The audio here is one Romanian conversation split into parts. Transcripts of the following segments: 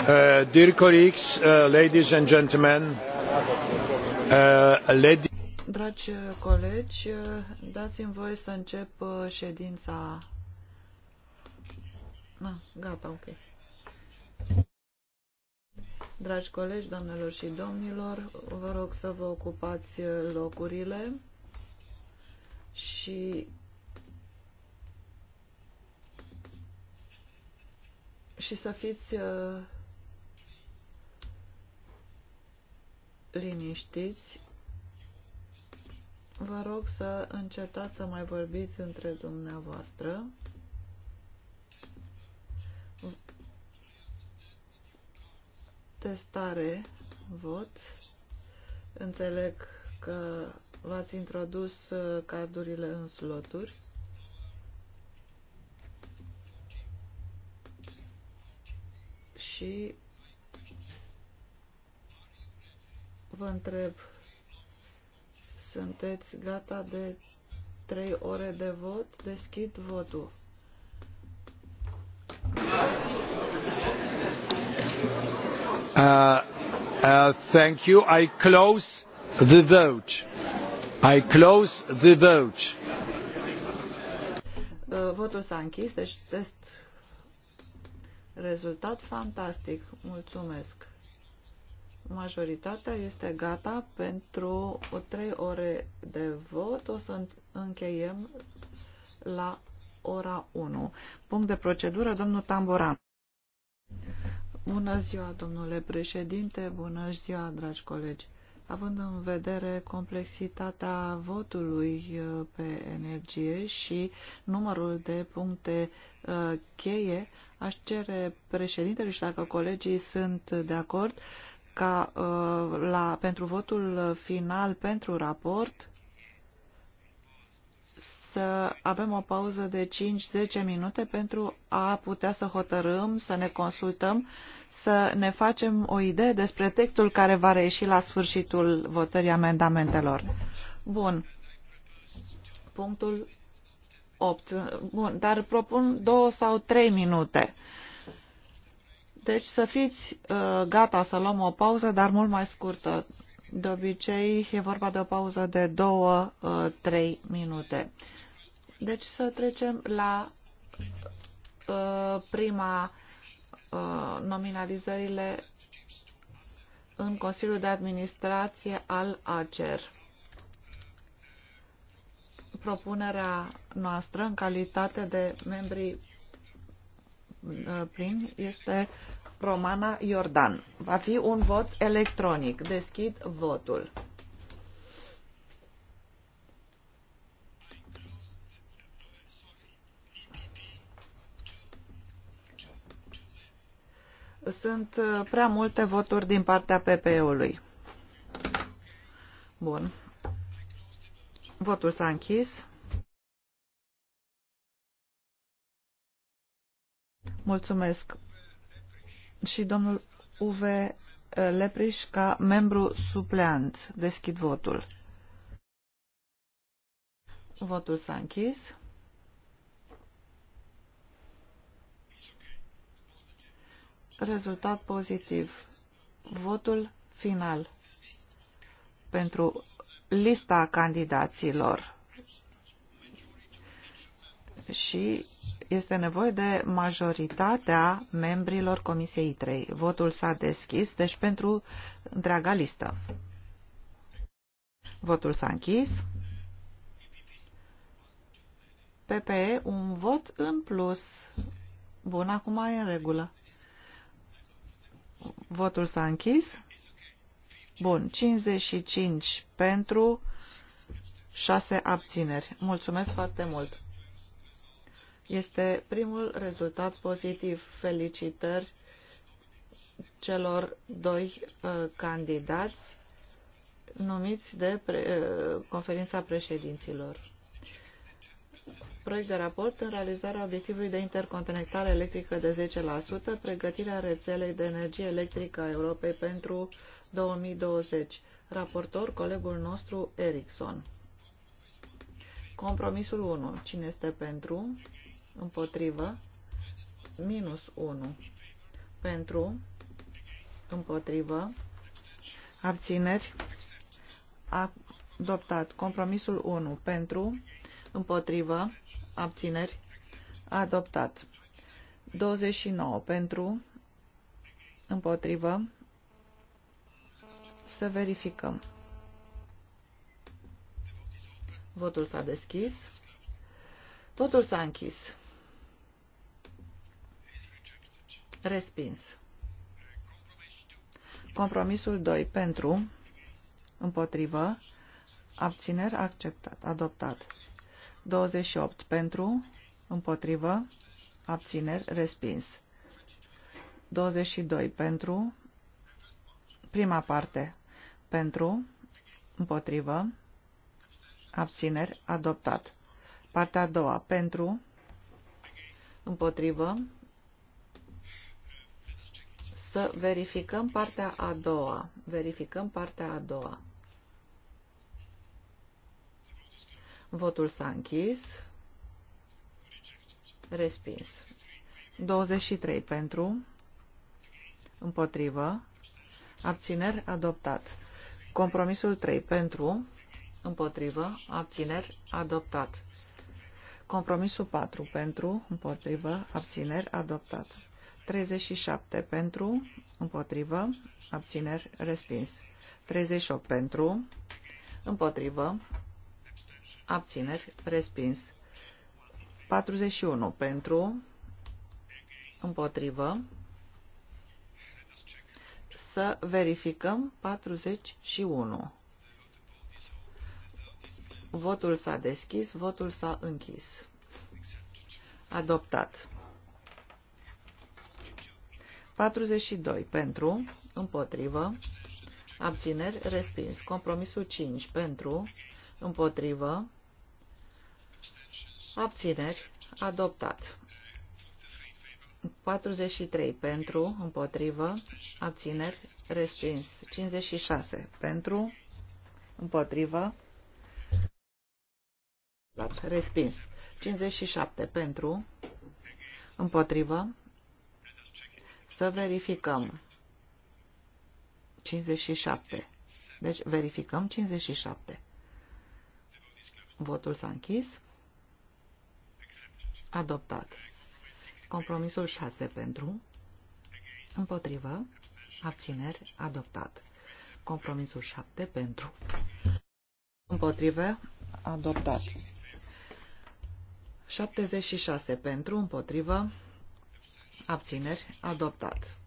Uh, uh, ladies and gentlemen, uh, Dragi colegi, dați-mi voie să încep ședința. Ah, gata, ok. Dragi colegi, doamnelor și domnilor, vă rog să vă ocupați locurile și și să fiți liniștiți. Vă rog să încetați să mai vorbiți între dumneavoastră. Testare, vot. Înțeleg că v-ați introdus uh, cardurile în sloturi. Și vă întreb, sunteți gata de trei ore de vot? Deschid votul. Uh, uh, thank you. I close the vote. I close the vote. Uh, votul s-a închis, deci test rezultat fantastic. Mulțumesc majoritatea este gata pentru o trei ore de vot. O să încheiem la ora 1. Punct de procedură, domnul Tamboran. Bună ziua, domnule președinte, bună ziua, dragi colegi. Având în vedere complexitatea votului uh, pe energie și numărul de puncte uh, cheie, aș cere președintele și dacă colegii sunt de acord, ca uh, la, pentru votul final pentru raport să avem o pauză de 5-10 minute pentru a putea să hotărâm, să ne consultăm, să ne facem o idee despre textul care va reieși la sfârșitul votării amendamentelor. Bun. Punctul 8. Bun, dar propun 2 sau 3 minute. Deci să fiți uh, gata să luăm o pauză, dar mult mai scurtă. De obicei e vorba de o pauză de 2-3 uh, minute. Deci să trecem la uh, prima uh, nominalizările în Consiliul de Administrație al ACER. Propunerea noastră în calitate de membri uh, plini este Romana Iordan. Va fi un vot electronic. Deschid votul. Sunt uh, prea multe voturi din partea PPE-ului. Bun. Votul s-a închis. Mulțumesc și domnul Uve eh, Lepriș ca membru supleant. Deschid votul. Votul s-a închis. Rezultat pozitiv. Votul final pentru lista candidaților și este nevoie de majoritatea membrilor Comisiei 3. Votul s-a deschis, deci pentru întreaga listă. Votul s-a închis. PPE, un vot în plus. Bun, acum e în regulă. Votul s-a închis. Bun, 55 pentru, 6 abțineri. Mulțumesc foarte mult! Este primul rezultat pozitiv. Felicitări celor doi uh, candidați numiți de pre, uh, conferința președinților. Proiect de raport în realizarea obiectivului de interconectare electrică de 10%, pregătirea rețelei de energie electrică a Europei pentru 2020. Raportor, colegul nostru, Ericsson. Compromisul 1. Cine este pentru? împotrivă, minus 1 pentru, împotrivă, abțineri, adoptat. Compromisul 1 pentru, împotrivă, abțineri, adoptat. 29 pentru, împotrivă, să verificăm. Votul s-a deschis. Votul s-a închis. Respins. Compromisul 2 pentru, împotrivă, abțineri acceptat, adoptat. 28 pentru, împotrivă, abțineri respins. 22 pentru, prima parte, pentru, împotrivă, abțineri adoptat. Partea a doua, pentru, împotrivă, să verificăm partea a doua. Verificăm partea a doua. Votul s-a închis. Respins. 23 pentru. Împotrivă. Abțineri adoptat. Compromisul 3 pentru. Împotrivă. Abțineri adoptat. Compromisul 4 pentru. Împotrivă. Abțineri adoptat. 37 pentru, împotrivă, abțineri, respins. 38 pentru, împotrivă, abțineri, respins. 41 pentru, împotrivă, să verificăm 41. Votul s-a deschis, votul s-a închis. Adoptat. 42 pentru, împotrivă, abțineri, respins. Compromisul 5 pentru, împotrivă, abțineri, adoptat. 43 pentru, împotrivă, abțineri, respins. 56 pentru, împotrivă, respins. 57 pentru, împotrivă, să verificăm. 57. Deci verificăm 57. Votul s-a închis. Adoptat. Compromisul 6 pentru. Împotrivă. Abțineri. Adoptat. Compromisul 7 pentru. Împotrivă. Adoptat. 76 pentru. Împotrivă. Abțineri. Adoptat.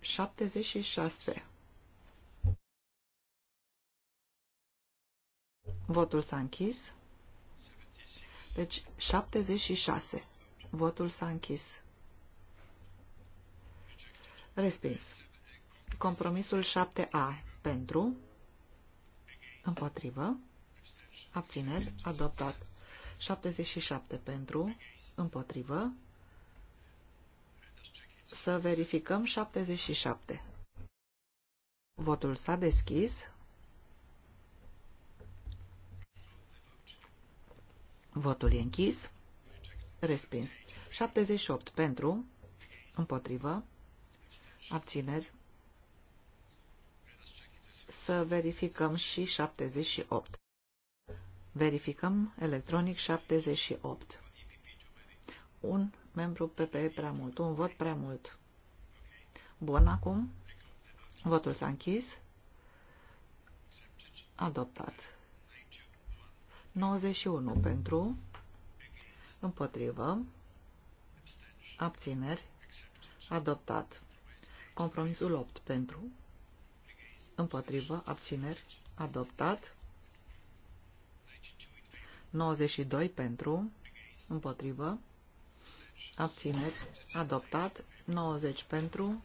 76. Votul s-a închis. Deci 76. Votul s-a închis. Respins. Compromisul 7A pentru, împotrivă, abțineri, adoptat. 77 pentru, împotrivă. Să verificăm 77. Votul s-a deschis. Votul e închis. Respins. 78 pentru, împotrivă, abțineri. Să verificăm și 78. Verificăm electronic 78. Un membru PPE prea mult, un vot prea mult. Bun, acum votul s-a închis. Adoptat. 91 pentru, împotrivă, abțineri, adoptat. Compromisul 8 pentru, împotrivă, abțineri, adoptat. 92 pentru, împotrivă, abțineri, adoptat, 90 pentru,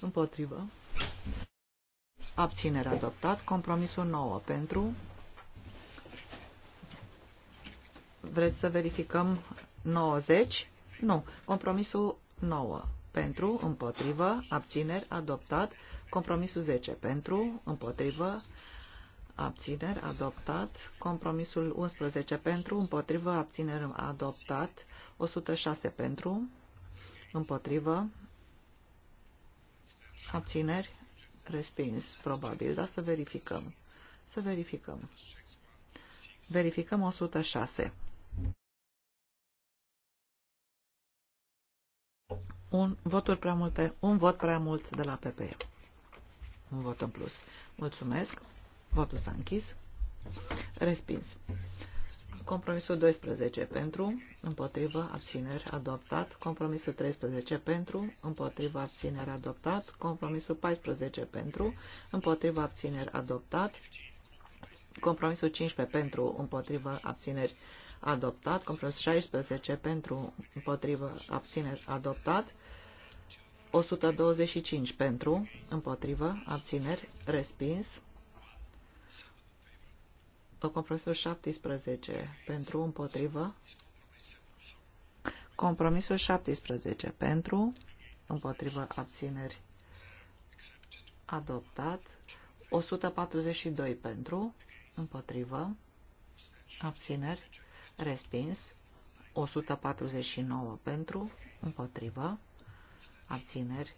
împotrivă, abținere, adoptat, compromisul 9 pentru, vreți să verificăm 90? Nu, compromisul 9 pentru, împotrivă, abțineri, adoptat, compromisul 10 pentru, împotrivă, abțineri, adoptat. Compromisul 11 pentru, împotrivă, abțineri, adoptat. 106 pentru, împotrivă, abțineri, respins, probabil, dar să verificăm. Să verificăm. Verificăm 106. Un, voturi prea multe, un vot prea mult de la PP. Un vot în plus. Mulțumesc. Votul s-a închis. Respins. Compromisul 12 pentru, împotrivă, abțineri, adoptat. Compromisul 13 pentru, împotrivă, abțineri, adoptat. Compromisul 14 pentru, împotrivă, abțineri, adoptat. Compromisul 15 pentru, împotrivă, abțineri, adoptat. Compromisul 16 pentru, împotrivă, abțineri, adoptat. 125 pentru, împotrivă, abțineri, respins compromisul 17 pentru împotrivă. Compromisul 17 pentru împotrivă abțineri adoptat. 142 pentru împotrivă abțineri respins. 149 pentru împotrivă abțineri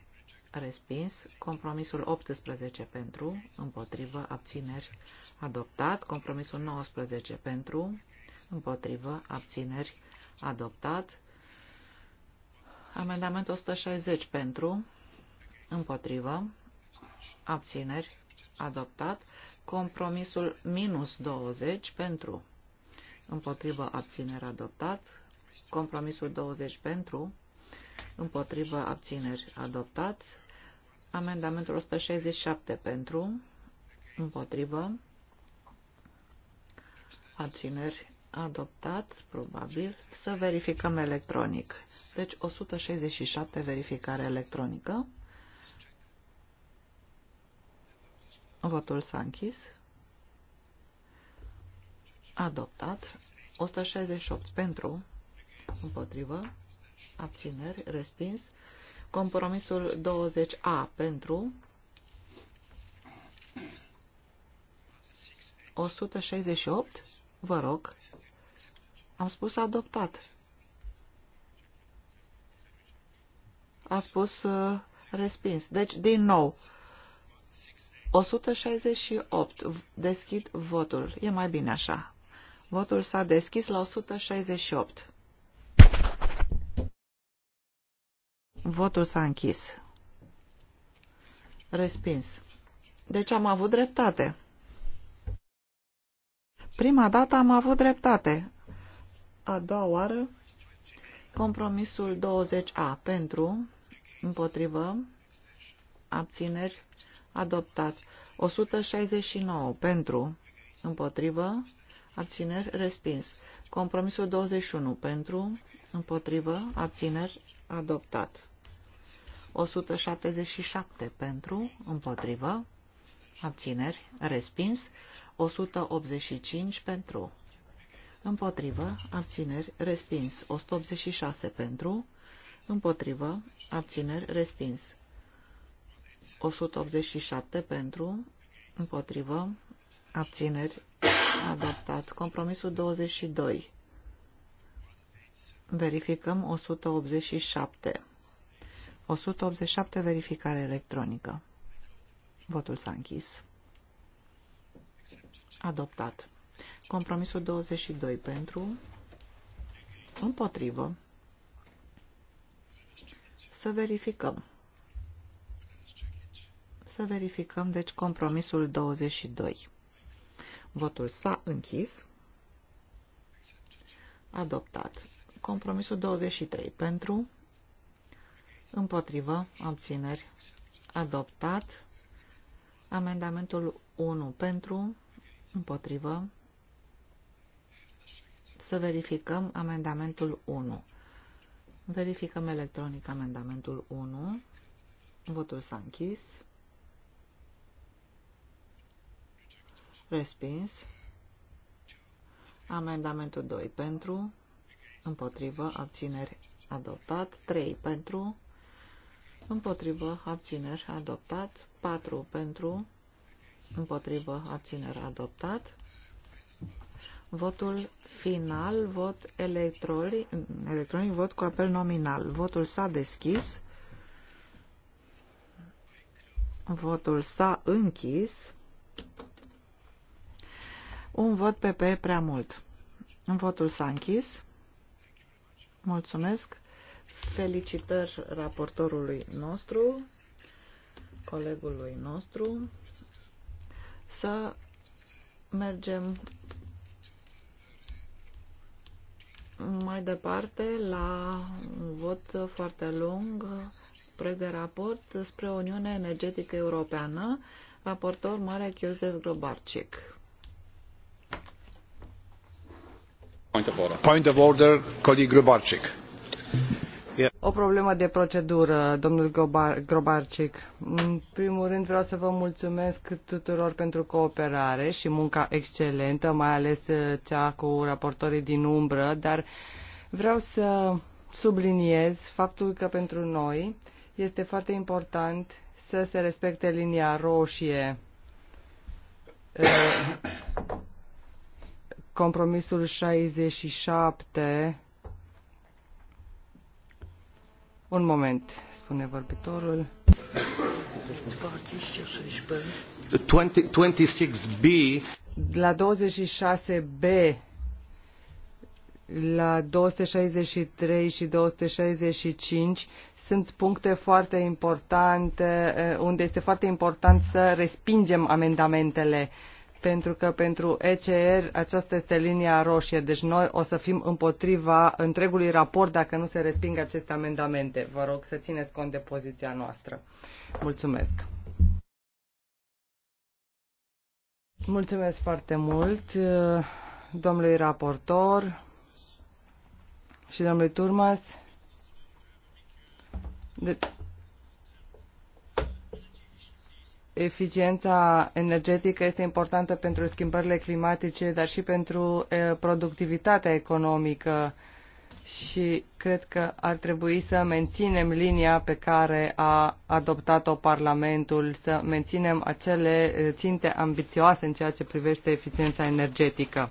respins, compromisul 18 pentru, împotrivă, abțineri, adoptat, compromisul 19 pentru, împotrivă, abțineri, adoptat, amendamentul 160 pentru, împotrivă, abțineri, adoptat, compromisul minus 20 pentru, împotrivă, abțineri, adoptat, compromisul 20 pentru, împotrivă, abțineri, adoptat, Amendamentul 167 pentru, împotrivă, abțineri adoptat, probabil, să verificăm electronic. Deci 167 verificare electronică. Votul s-a închis. Adoptat. 168 pentru, împotrivă, abțineri, respins. Compromisul 20A pentru 168, vă rog, am spus adoptat. A spus uh, respins. Deci, din nou, 168, deschid votul. E mai bine așa. Votul s-a deschis la 168. Votul s-a închis. Respins. Deci am avut dreptate. Prima dată am avut dreptate. A doua oară, compromisul 20A pentru, împotrivă, abțineri, adoptat. 169 pentru, împotrivă, abțineri, respins. Compromisul 21 pentru, împotrivă, abțineri, adoptat. 177 pentru, împotrivă, abțineri, respins, 185 pentru, împotrivă, abțineri, respins, 186 pentru, împotrivă, abțineri, respins, 187 pentru, împotrivă, abțineri, adoptat, compromisul 22, verificăm 187. 187 verificare electronică. Votul s-a închis. Adoptat. Compromisul 22 pentru. Împotrivă. Să verificăm. Să verificăm, deci, compromisul 22. Votul s-a închis. Adoptat. Compromisul 23 pentru împotrivă, Obțineri. adoptat. Amendamentul 1 pentru, împotrivă. Să verificăm amendamentul 1. Verificăm electronic amendamentul 1. Votul s-a închis. Respins. Amendamentul 2 pentru, împotrivă, abțineri adoptat, 3 pentru, împotrivă, abțineri, adoptat. 4 pentru, împotrivă, abțineri, adoptat. Votul final, vot electronic, electronic, vot cu apel nominal. Votul s-a deschis. Votul s-a închis. Un vot PP prea mult. Votul s-a închis. Mulțumesc. Felicitări raportorului nostru, colegului nostru, să mergem mai departe la un vot foarte lung, proiect de raport spre Uniunea Energetică Europeană, raportor Marek Iosef Grobarczyk. Point of order, Point of order colleague Grobarczyk o problemă de procedură, domnul Grobarcic. În primul rând vreau să vă mulțumesc tuturor pentru cooperare și munca excelentă, mai ales uh, cea cu raportorii din umbră, dar vreau să subliniez faptul că pentru noi este foarte important să se respecte linia roșie uh, compromisul 67 un moment, spune vorbitorul. 20, 26B. La 26B, la 263 și 265 sunt puncte foarte importante, eh, unde este foarte important să respingem amendamentele uh, pentru că pentru ECR aceasta este linia roșie, deci noi o să fim împotriva întregului raport dacă nu se resping aceste amendamente. Vă rog să țineți cont de poziția noastră. Mulțumesc! Mulțumesc foarte mult domnului raportor și domnului Turmas. De- deci, eficiența energetică este importantă pentru schimbările climatice, dar și pentru productivitatea economică și cred că ar trebui să menținem linia pe care a adoptat-o Parlamentul, să menținem acele ținte ambițioase în ceea ce privește eficiența energetică.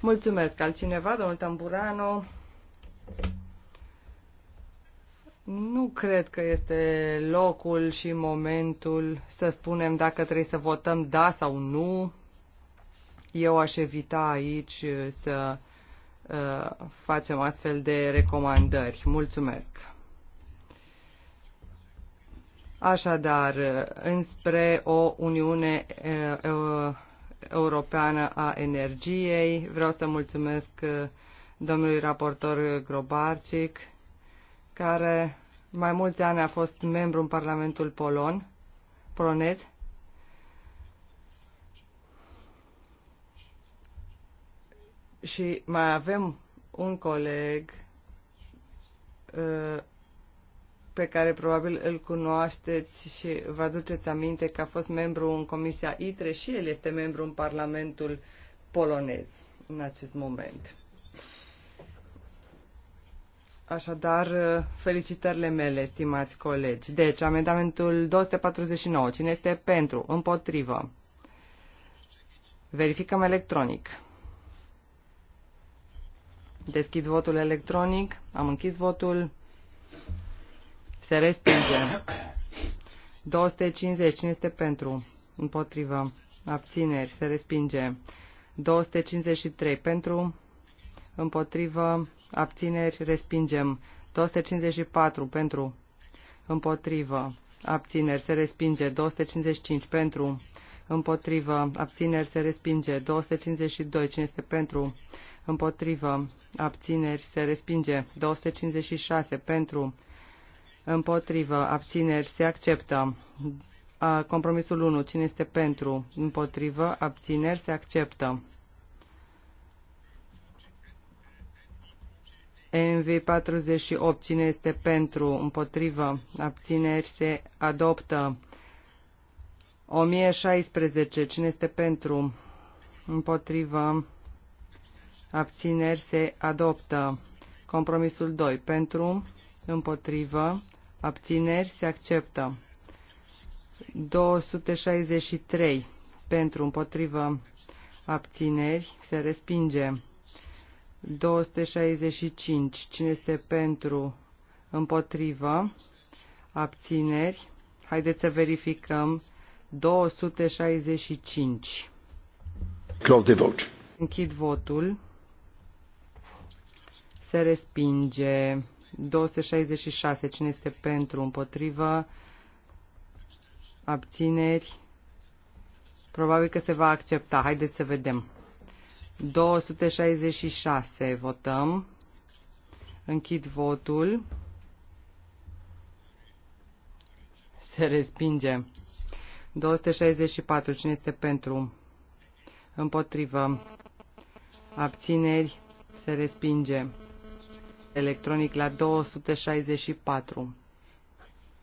Mulțumesc. Altcineva, domnul Tamburano? Nu cred că este locul și momentul să spunem dacă trebuie să votăm da sau nu. Eu aș evita aici uh, să uh, facem astfel de recomandări. Mulțumesc! Așadar, uh, înspre o Uniune uh, Europeană a Energiei, vreau să mulțumesc domnului raportor Grobarcic care mai mulți ani a fost membru în Parlamentul Polon, polonez. Și mai avem un coleg uh, pe care probabil îl cunoașteți și vă aduceți aminte că a fost membru în Comisia ITRE și el este membru în Parlamentul polonez în acest moment. Așadar, uh, felicitările mele, stimați colegi. Deci, amendamentul 249. Cine este pentru? Împotrivă. Verificăm electronic. Deschid votul electronic. Am închis votul. Se respinge. 250. Cine este pentru? Împotrivă. Abțineri. Se respinge. 253. Pentru împotrivă, abțineri, respingem. 254 pentru, împotrivă, abțineri, se respinge. 255 pentru, împotrivă, abțineri, se respinge. 252, cine este pentru, împotrivă, abțineri, se respinge. 256 pentru, împotrivă, abțineri, se acceptă. Compromisul 1, cine este pentru, împotrivă, abțineri, se acceptă. NV48 cine este pentru, împotrivă, abțineri se adoptă. 1016 cine este pentru, împotrivă, abțineri se adoptă. Compromisul 2 pentru, împotrivă, abțineri se acceptă. 263 pentru, împotrivă, abțineri se respinge. 265. Cine este pentru? Împotrivă. Abțineri. Haideți să verificăm. 265. Close the vote. Închid votul. Se respinge. 266. Cine este pentru? Împotrivă. Abțineri. Probabil că se va accepta. Haideți să vedem. 266 votăm. Închid votul. Se respinge. 264. Cine este pentru? Împotrivă. Abțineri. Se respinge. Electronic la 264.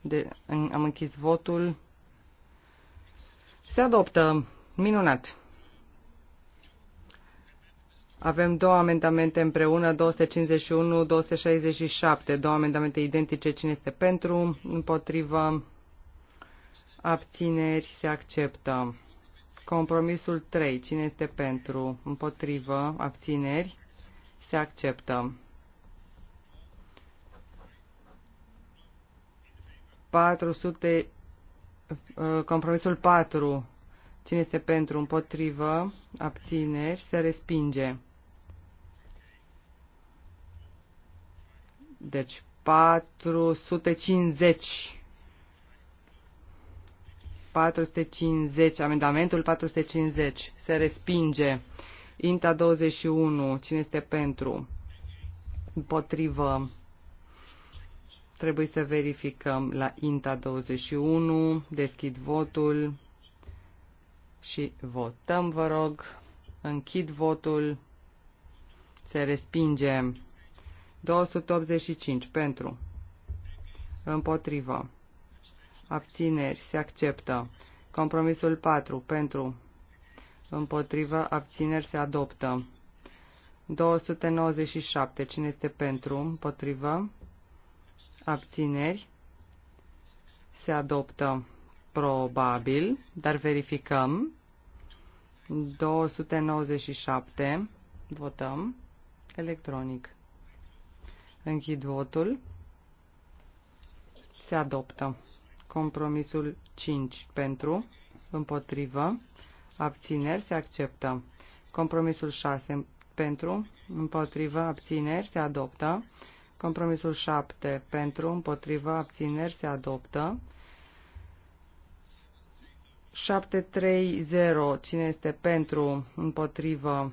De, am închis votul. Se adoptă. Minunat. Avem două amendamente împreună, 251, 267, două amendamente identice, cine este pentru, împotrivă, abțineri, se acceptă. Compromisul 3, cine este pentru, împotrivă, abțineri, se acceptă. 400, uh, compromisul 4, cine este pentru, împotrivă, abțineri, se respinge. Deci 450. 450. Amendamentul 450 se respinge. Inta 21. Cine este pentru? Împotrivă. Trebuie să verificăm la INTA 21. Deschid votul și votăm, vă rog. Închid votul. Se respinge. 285 pentru. Împotrivă. Abțineri. Se acceptă. Compromisul 4 pentru. Împotrivă. Abțineri. Se adoptă. 297. Cine este pentru? Împotrivă. Abțineri. Se adoptă. Probabil. Dar verificăm. 297. Votăm. Electronic. Închid votul. Se adoptă. Compromisul 5 pentru, împotrivă, abțineri se acceptă. Compromisul 6 pentru, împotrivă, abțineri se adoptă. Compromisul 7 pentru, împotrivă, abțineri se adoptă. 730 cine este pentru, împotrivă,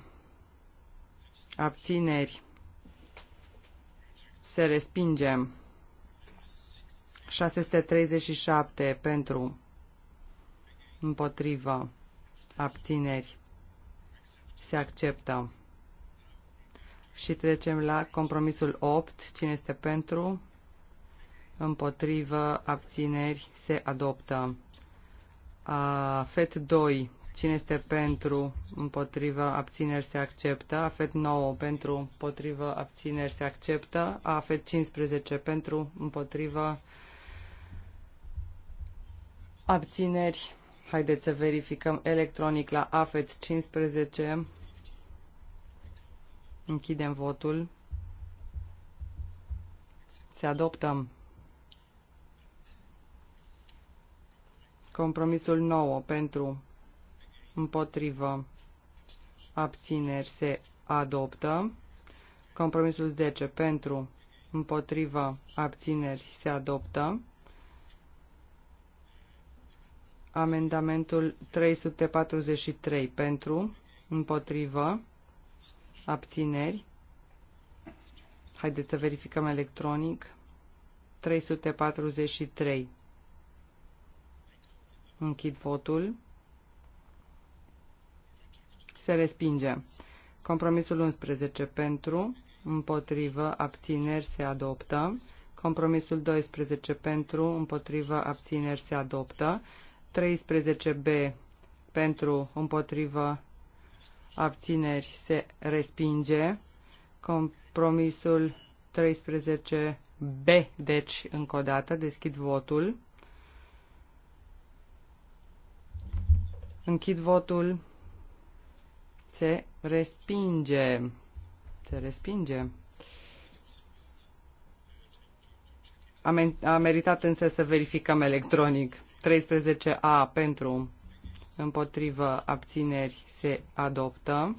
abțineri se respinge. 637 pentru împotrivă abțineri se acceptă. Și trecem la compromisul 8. Cine este pentru? Împotrivă abțineri se adoptă. A, FET 2 Cine este pentru, împotrivă, abțineri se acceptă. AFET 9 pentru, împotrivă, abțineri se acceptă. AFET 15 pentru, împotrivă, abțineri. Haideți să verificăm electronic la AFET 15. Închidem votul. Se adoptăm. Compromisul 9 pentru împotrivă, abțineri se adoptă. Compromisul 10 pentru, împotrivă, abțineri se adoptă. Amendamentul 343 pentru, împotrivă, abțineri. Haideți să verificăm electronic. 343. Închid votul se respinge. Compromisul 11 pentru, împotrivă, abțineri se adoptă. Compromisul 12 pentru, împotrivă, abțineri se adoptă. 13b pentru, împotrivă, abțineri se respinge. Compromisul 13b, deci încă o dată deschid votul. Închid votul se respinge. Se respinge. A, meritat însă să verificăm electronic. 13A pentru împotrivă abțineri se adoptă.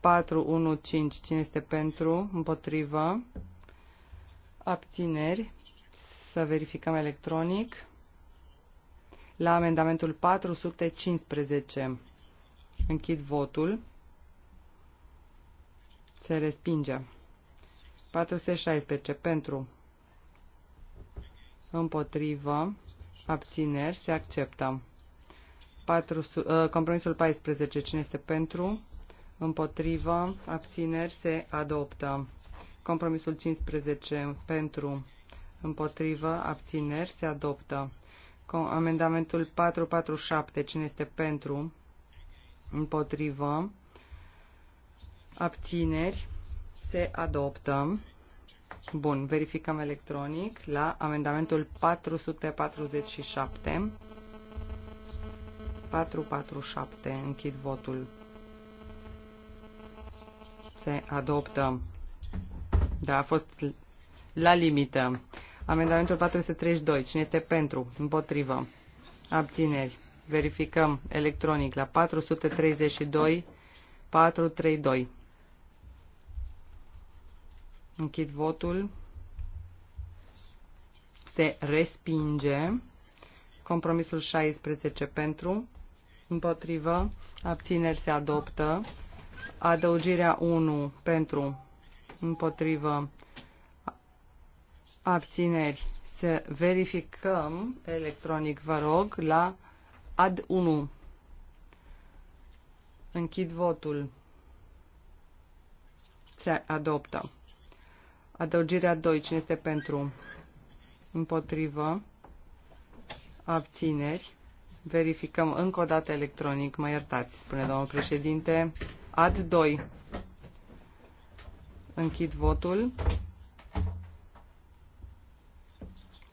415 cine este pentru împotrivă abțineri să verificăm electronic la amendamentul 415. Închid votul. Se respinge. 416 pentru. Împotrivă. Abțineri. Se acceptă. 4, uh, ă, compromisul 14. Cine este pentru? Împotrivă. Abțineri. Se adoptă. Compromisul 15. Pentru. Împotrivă. Abțineri. Se adoptă. Amendamentul 447. Cine este pentru? Împotrivă. Abțineri. Se adoptă. Bun, verificăm electronic la amendamentul 447. 447. Închid votul. Se adoptă. Da, a fost la limită. Amendamentul 432. Cine este pentru? Împotrivă. Abțineri. Verificăm electronic la 432. 432. Închid votul. Se respinge. Compromisul 16 pentru. Împotrivă. Abțineri se adoptă. Adăugirea 1 pentru. Împotrivă abțineri. Să verificăm electronic, vă rog, la ad 1. Închid votul. Se adoptă. Adăugirea 2. Cine este pentru? Împotrivă. Abțineri. Verificăm încă o dată electronic. Mă iertați, spune domnul președinte. Ad 2. Închid votul.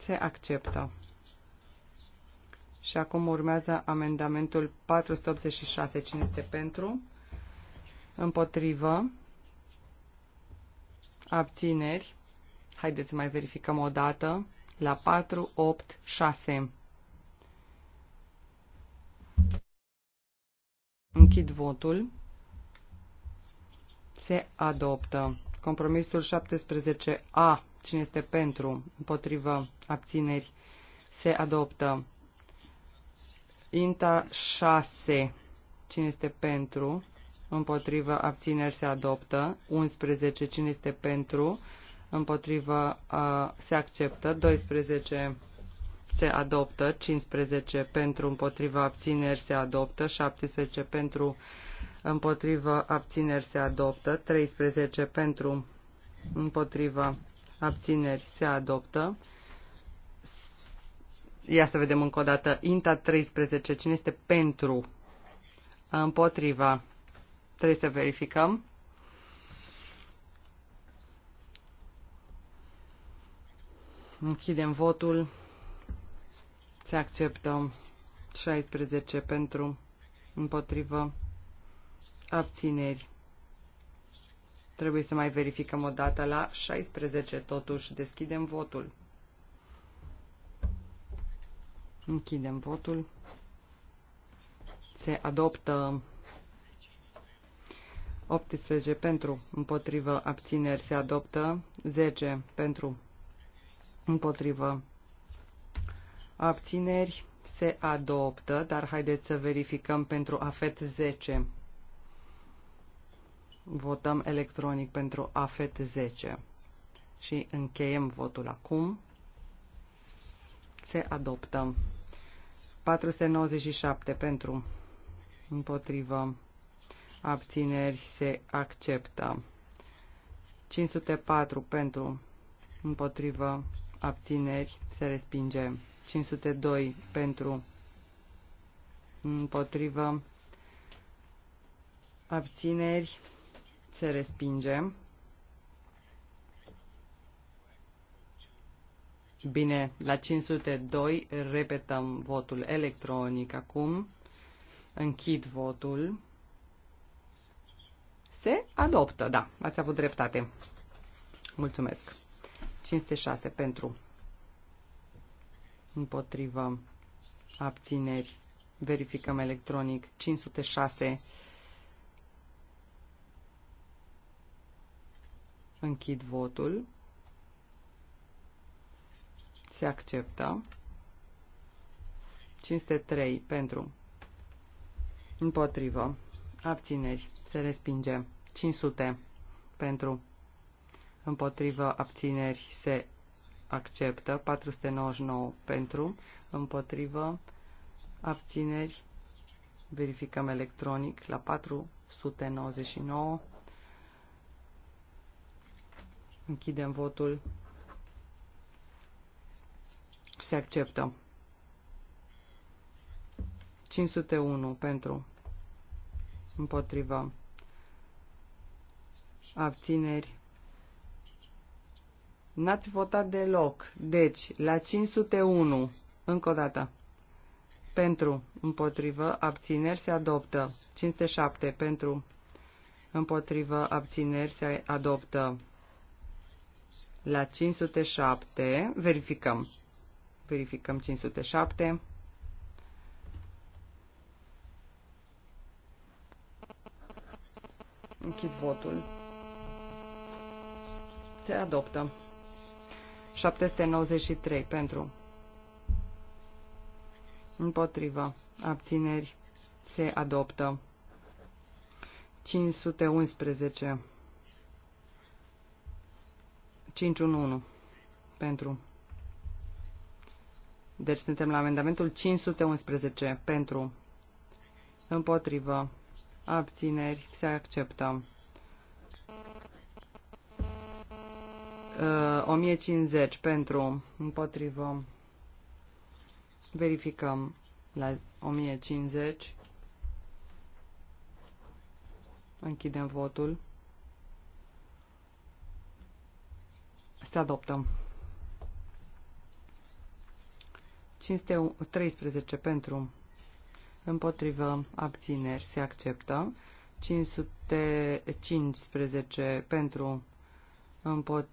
Se acceptă. Și acum urmează amendamentul 486. Cine este pentru? Împotrivă. Abțineri. Haideți să mai verificăm o dată. La 486. Închid votul. Se adoptă. Compromisul 17A Cine este pentru? Împotrivă. Abțineri. Se adoptă. Inta 6. Cine este pentru? Împotrivă. Abțineri. Se adoptă. 11. Cine este pentru? Împotrivă. se acceptă. 12 se adoptă, 15 pentru împotriva abțineri se adoptă, 17 pentru împotriva abțineri se adoptă, 13 pentru împotriva abțineri se adoptă. Ia să vedem încă o dată. Inta 13. Cine este pentru? Împotriva. Trebuie să verificăm. Închidem votul. Se acceptă 16 pentru, împotrivă, abțineri. Trebuie să mai verificăm o dată la 16, totuși deschidem votul. Închidem votul. Se adoptă 18 pentru, împotrivă, abțineri se adoptă, 10 pentru, împotrivă, abțineri se adoptă, dar haideți să verificăm pentru AFET 10. Votăm electronic pentru AFET 10. Și încheiem votul acum. Se adoptă. 497 pentru împotrivă abțineri se acceptă. 504 pentru împotrivă abțineri se respinge. 502 pentru împotrivă abțineri se respinge. Bine, la 502 repetăm votul electronic acum. Închid votul. Se adoptă, da, ați avut dreptate. Mulțumesc. 506 pentru. Împotrivă. Abțineri. Verificăm electronic. 506 Închid votul. Se acceptă. 503 pentru. Împotrivă. Abțineri. Se respinge. 500 pentru. Împotrivă. Abțineri. Se acceptă. 499 pentru. Împotrivă. Abțineri. Verificăm electronic la 499. Închidem votul. Se acceptă. 501 pentru. Împotriva. Abțineri. N-ați votat deloc. Deci, la 501, încă o dată. Pentru, împotrivă, abțineri se adoptă. 507, pentru, împotrivă, abțineri se adoptă. La 507, verificăm. Verificăm 507. Închid votul. Se adoptă. 793 pentru. Împotrivă. Abțineri. Se adoptă. 511. 511 pentru. Deci suntem la amendamentul 511 pentru. Împotrivă. Abțineri. Se acceptă. 1050 uh, pentru. Împotrivă. Verificăm la 1050. Închidem votul. se adoptă. 513 pentru, împotrivă, abțineri, se acceptă. 515 pentru, împo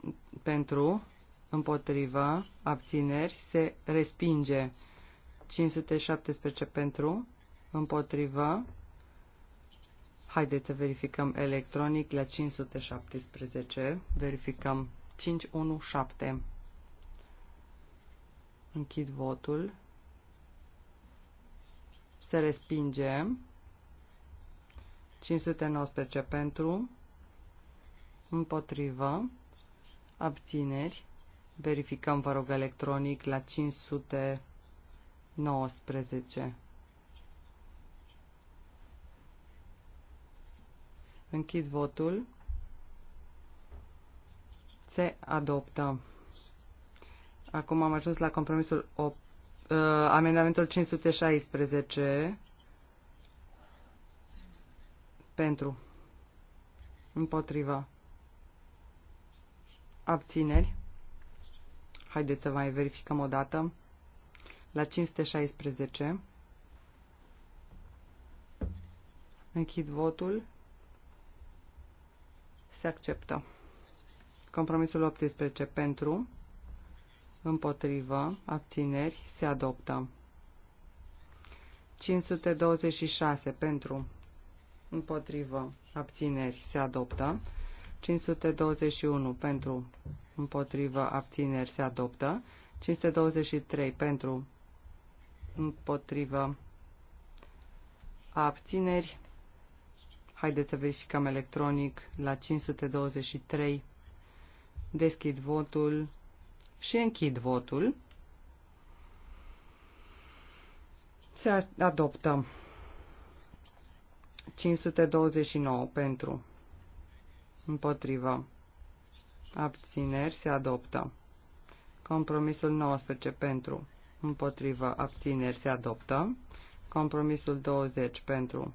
pentru împotrivă, abțineri, se respinge. 517 pentru, împotrivă. Haideți să verificăm electronic la 517. Verificăm 517. Închid votul. Se respinge. 519 pentru. Împotrivă. Abțineri. Verificăm, vă rog, electronic la 519. Închid votul se adoptă. Acum am ajuns la compromisul 8, uh, amendamentul 516 pentru împotriva abțineri. Haideți să mai verificăm o dată. La 516 închid votul. Se acceptă. Compromisul 18 pentru, împotrivă, abțineri, se adoptă. 526 pentru, împotrivă, abțineri, se adoptă. 521 pentru, împotrivă, abțineri, se adoptă. 523 pentru, împotrivă, abțineri. Haideți să verificăm electronic la 523 Deschid votul și închid votul. Se adoptă 529 pentru, împotrivă, abțineri, se adoptă. Compromisul 19 pentru, împotrivă, abțineri, se adoptă. Compromisul 20 pentru,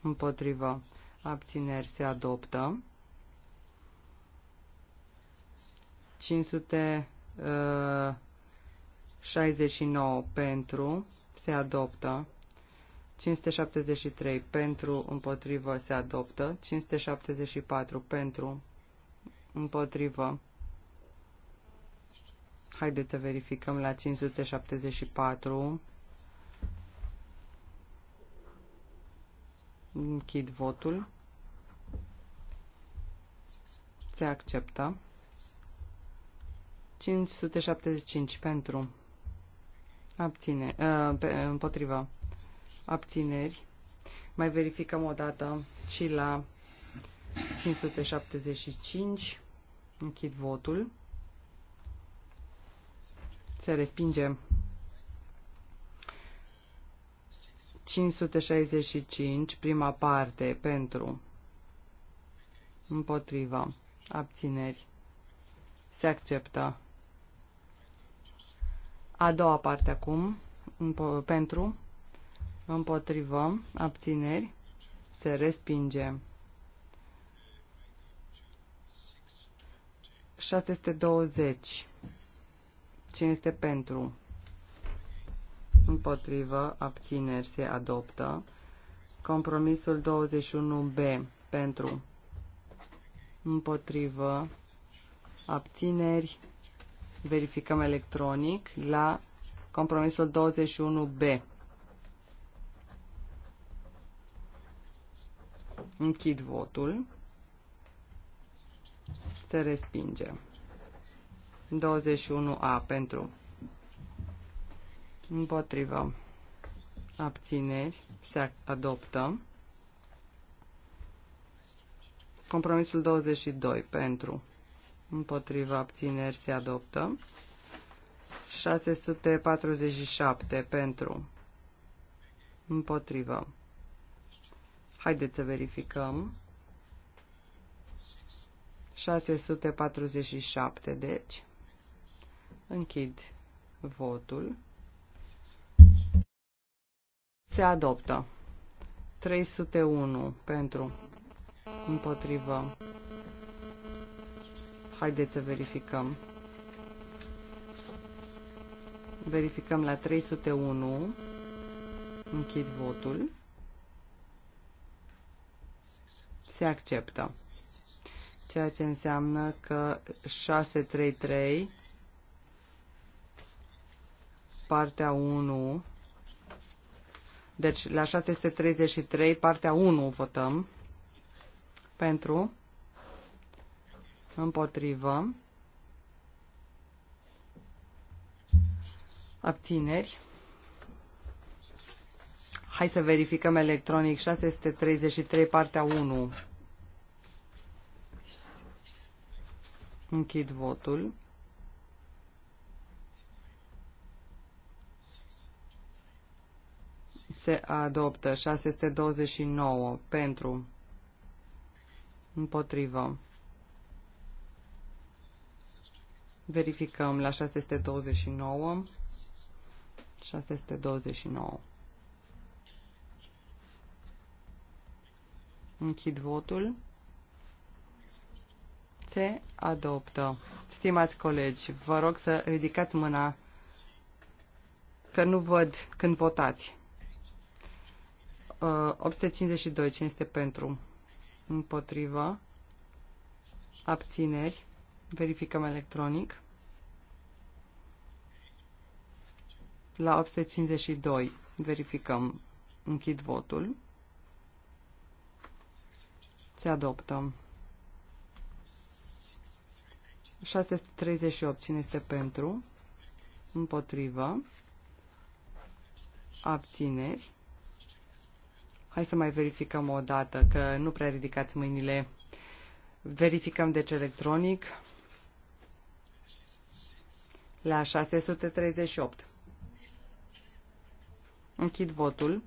împotrivă, abțineri, se adoptă. 569 uh, pentru, se adoptă. 573 pentru, împotrivă, se adoptă. 574 pentru, împotrivă. Haideți să verificăm la 574. Închid votul. Se acceptă. 575 pentru. Abține, uh, pe, împotriva. Abțineri. Mai verificăm o dată și la 575. Închid votul. Se respinge 565, prima parte, pentru, împotriva, abțineri. Se acceptă a doua parte acum, împo- pentru, împotrivă, abțineri, se respinge. 620. Cine este pentru? Împotrivă, abțineri, se adoptă. Compromisul 21B, pentru. Împotrivă, abțineri, verificăm electronic la compromisul 21B. Închid votul. Se respinge. 21A pentru. Împotrivă. Abțineri. Se adoptă. Compromisul 22 pentru împotriva abțineri se adoptă. 647 pentru împotrivă. Haideți să verificăm. 647, deci. Închid votul. Se adoptă. 301 pentru împotrivă Haideți să verificăm. Verificăm la 301. Închid votul. Se acceptă. Ceea ce înseamnă că 633 partea 1 deci la 633 partea 1 votăm pentru împotrivă, abțineri. Hai să verificăm electronic 633, partea 1. Închid votul. Se adoptă 629 pentru împotrivă. Verificăm la 629. 629. Închid votul. Se adoptă. Stimați colegi, vă rog să ridicați mâna că nu văd când votați. 852, uh, cine este pentru? Împotrivă. Abțineri. Verificăm electronic. La 852 verificăm. Închid votul. Se adoptă. 638. Cine este pentru? Împotrivă. Abțineri. Hai să mai verificăm o dată, că nu prea ridicați mâinile. Verificăm deci electronic la 638. Închid votul.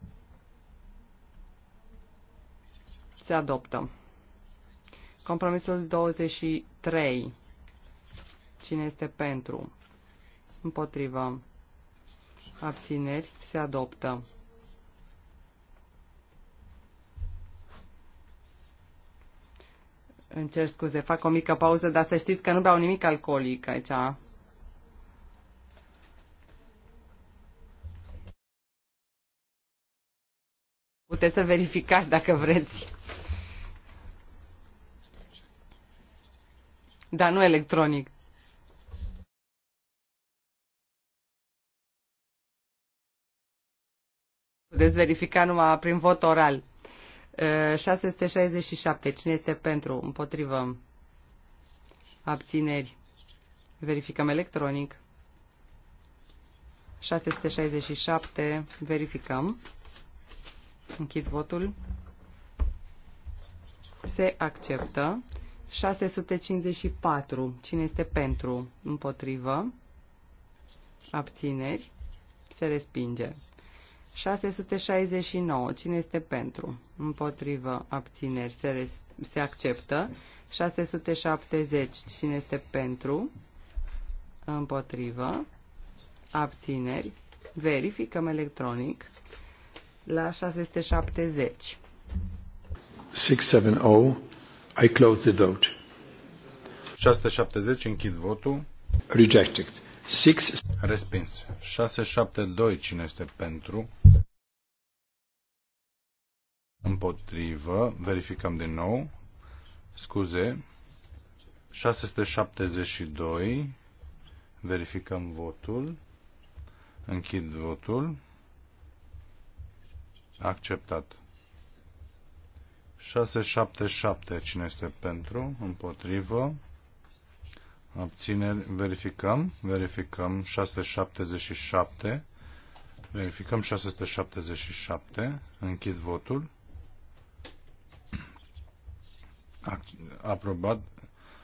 Se adoptă. Compromisul 23. Cine este pentru? Împotrivă. Abțineri. Se adoptă. Îmi cer scuze, fac o mică pauză, dar să știți că nu beau nimic alcoolic aici. Puteți să verificați dacă vreți. Dar nu electronic. Puteți verifica numai prin vot oral. 667. Cine este pentru? Împotrivă. Abțineri. Verificăm electronic. 667. Verificăm. Închid votul. Se acceptă. 654. Cine este pentru? Împotrivă. Abțineri. Se respinge. 669. Cine este pentru? Împotrivă. Abțineri. Se, res- se acceptă. 670. Cine este pentru? Împotrivă. Abțineri. Verificăm electronic la 670. 670. I close the vote. 670. Închid votul. Rejected. 6... Respins. 672. Cine este pentru? Împotrivă. Verificăm din nou. Scuze. 672. Verificăm votul. Închid votul. Acceptat. 677. Cine este pentru? Împotrivă. Abțineri. Verificăm. Verificăm. 677. Verificăm 677. Închid votul. Aprobat.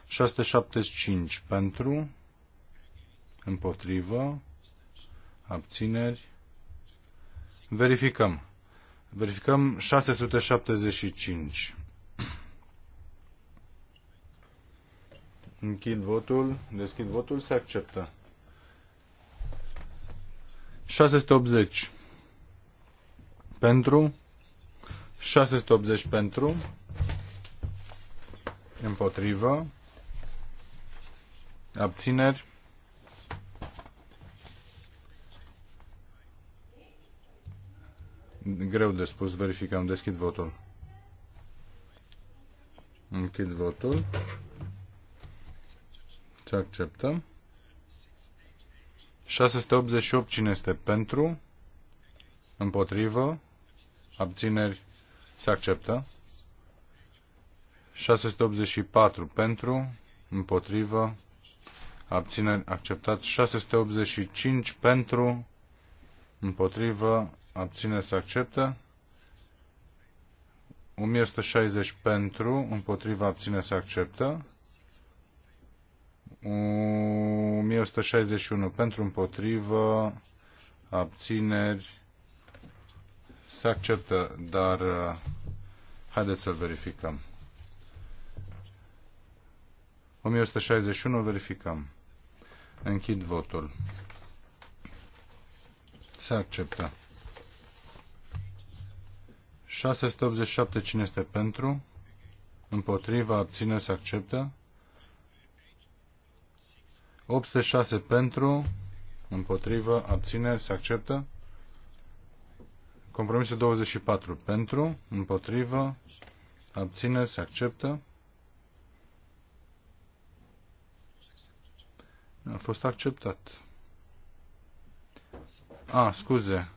675 pentru, împotrivă, abțineri. Verificăm. Verificăm 675. Închid votul, deschid votul, se acceptă. 680 pentru, 680 pentru, împotrivă, abțineri, greu de spus, verificăm, deschid votul. Închid votul. Se acceptă. 688 cine este pentru? Împotrivă? Abțineri? Se acceptă. 684 pentru? Împotrivă? Abțineri? Acceptat. 685 pentru? Împotrivă? abține să acceptă. 1160 pentru, împotriva abține să acceptă. 1161 pentru împotrivă, abțineri, se acceptă, dar uh, haideți să-l verificăm. 1161 verificăm. Închid votul. Se acceptă. 687 cine este pentru? Împotriva, abține se acceptă. 806 pentru, împotrivă, abține se acceptă. Compromisul 24 pentru, împotrivă, abține se acceptă. A fost acceptat. A, scuze.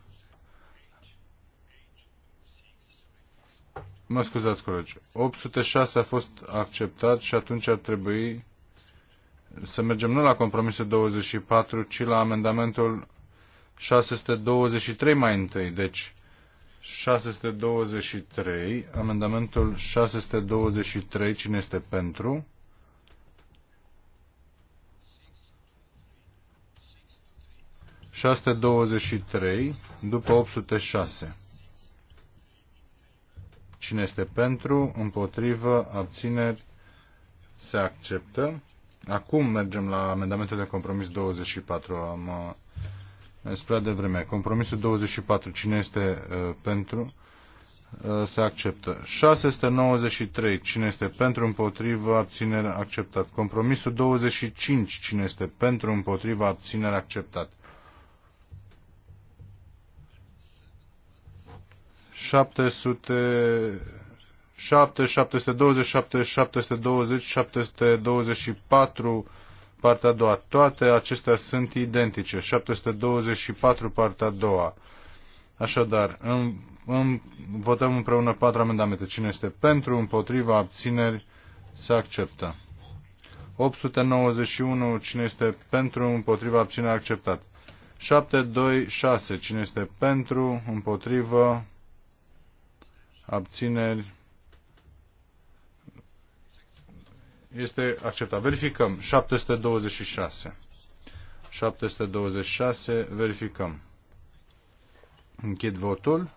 Mă scuzați, colegi. 806 a fost acceptat și atunci ar trebui să mergem nu la compromisul 24, ci la amendamentul 623 mai întâi. Deci, 623, amendamentul 623, cine este pentru? șase douăzeci și după 806. Cine este pentru, împotrivă, abțineri, se acceptă. Acum mergem la amendamentul de compromis 24. Uh, am spus de vreme. Compromisul 24. Cine este uh, pentru? Uh, se acceptă. 693. Cine este pentru, împotrivă, abțineri, acceptat. Compromisul 25. Cine este pentru, împotrivă, abțineri, acceptat. 700 7, 727, 720, 724, partea a doua. Toate acestea sunt identice. 724, partea a doua. Așadar, în, în, votăm împreună patru amendamente. Cine este pentru, împotriva, abțineri, se acceptă. 891, cine este pentru, împotriva, abțineri, acceptat. 726, cine este pentru, împotriva abțineri, este acceptat. Verificăm. 726. 726. Verificăm. Închid votul.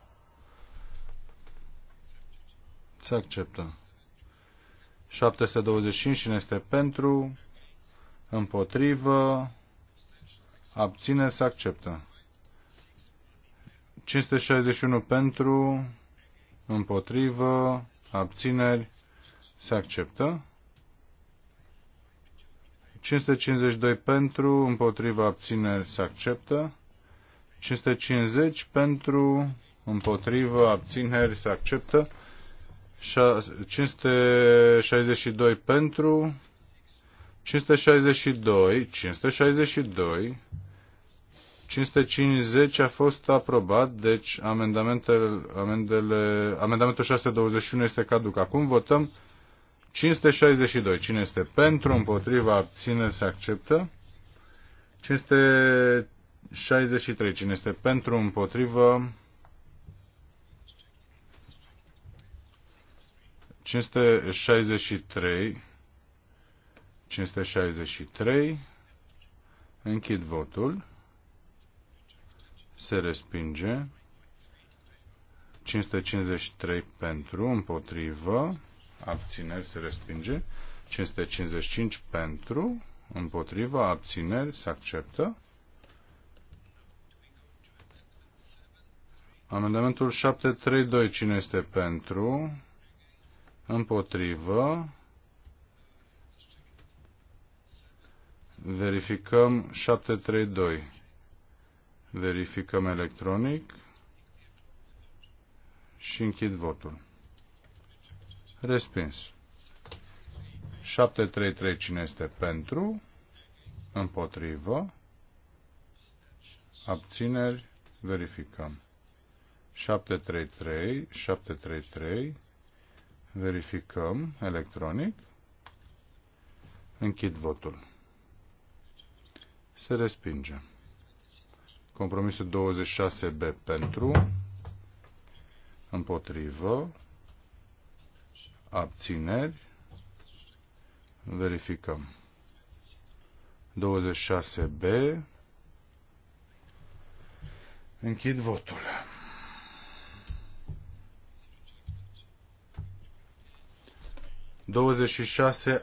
Se acceptă. 725. Cine este pentru? Împotrivă? Abține? Se acceptă. 561 pentru împotrivă, abțineri, se acceptă. 552 pentru, împotriva abțineri se acceptă. 550 pentru, împotriva abțineri se acceptă. 562 pentru, 562, 562 550 a fost aprobat, deci amendamentele, amendele, amendamentul 621 este caduc. Acum votăm 562. Cine este pentru, împotriva, abține, se acceptă. 563. Cine este pentru, împotrivă, 563. 563. Închid votul se respinge. 553 pentru, împotrivă, abțineri se respinge. 555 pentru, împotrivă, abțineri se acceptă. Amendamentul 732, cine este pentru? Împotrivă. Verificăm 732. Verificăm electronic și închid votul. Respins. 733 cine este pentru? Împotrivă. Abțineri. Verificăm. 733, 733. Verificăm electronic. Închid votul. Se respinge. Compromisul 26B pentru, împotrivă, abțineri, verificăm. 26B, închid votul.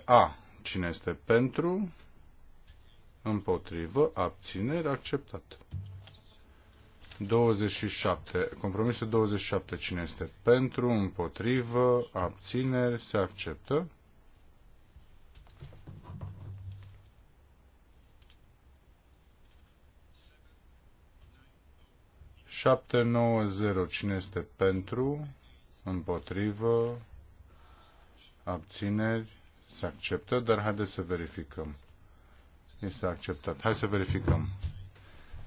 A. Cine este pentru? Împotrivă, abțineri, acceptat. 27. Compromisul 27. Cine este pentru, împotrivă, abțineri, se acceptă. Șapte, nouă, zero. Cine este pentru, împotrivă, abțineri, se acceptă, dar haideți să verificăm. Este acceptat. Hai să verificăm.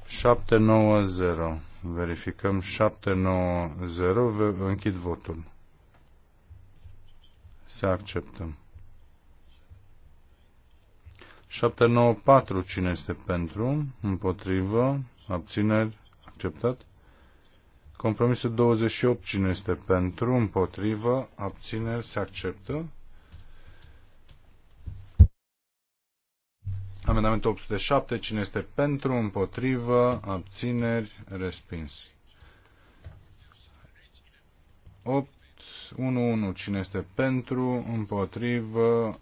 790. Verificăm 790. Închid votul. Se acceptăm. 794. Cine este pentru? Împotrivă? Abțineri? Acceptat? Compromisul 28. Cine este pentru? Împotrivă? Abțineri? Se acceptă? Amendamentul 807. Cine este pentru, împotrivă, abțineri, respins. 811. Cine este pentru, împotrivă,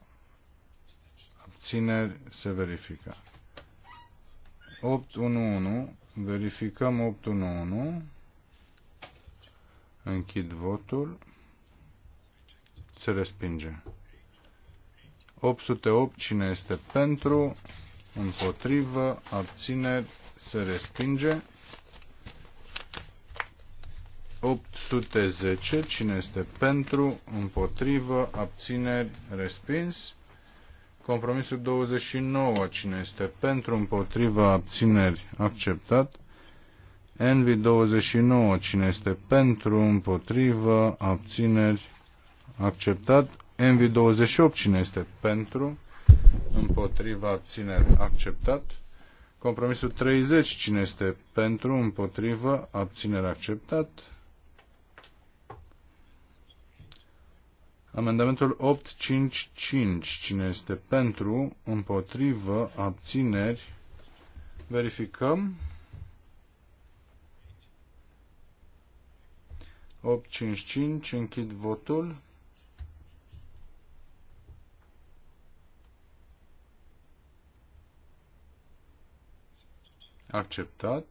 abțineri, se verifică. 811. Verificăm 811. Închid votul. Se respinge. 808. Cine este pentru? Împotrivă. Abțineri. Se respinge. 810. Cine este pentru? Împotrivă. Abțineri. Respins. Compromisul 29. Cine este pentru? Împotrivă. Abțineri. Acceptat. Envi 29. Cine este pentru? Împotrivă. Abțineri. Acceptat mv 28 cine este pentru, împotriva abțineri acceptat. Compromisul 30 cine este pentru, împotriva abțineri acceptat. Amendamentul 855 cine este pentru, împotriva abțineri. Verificăm. 855 închid votul. acceptat.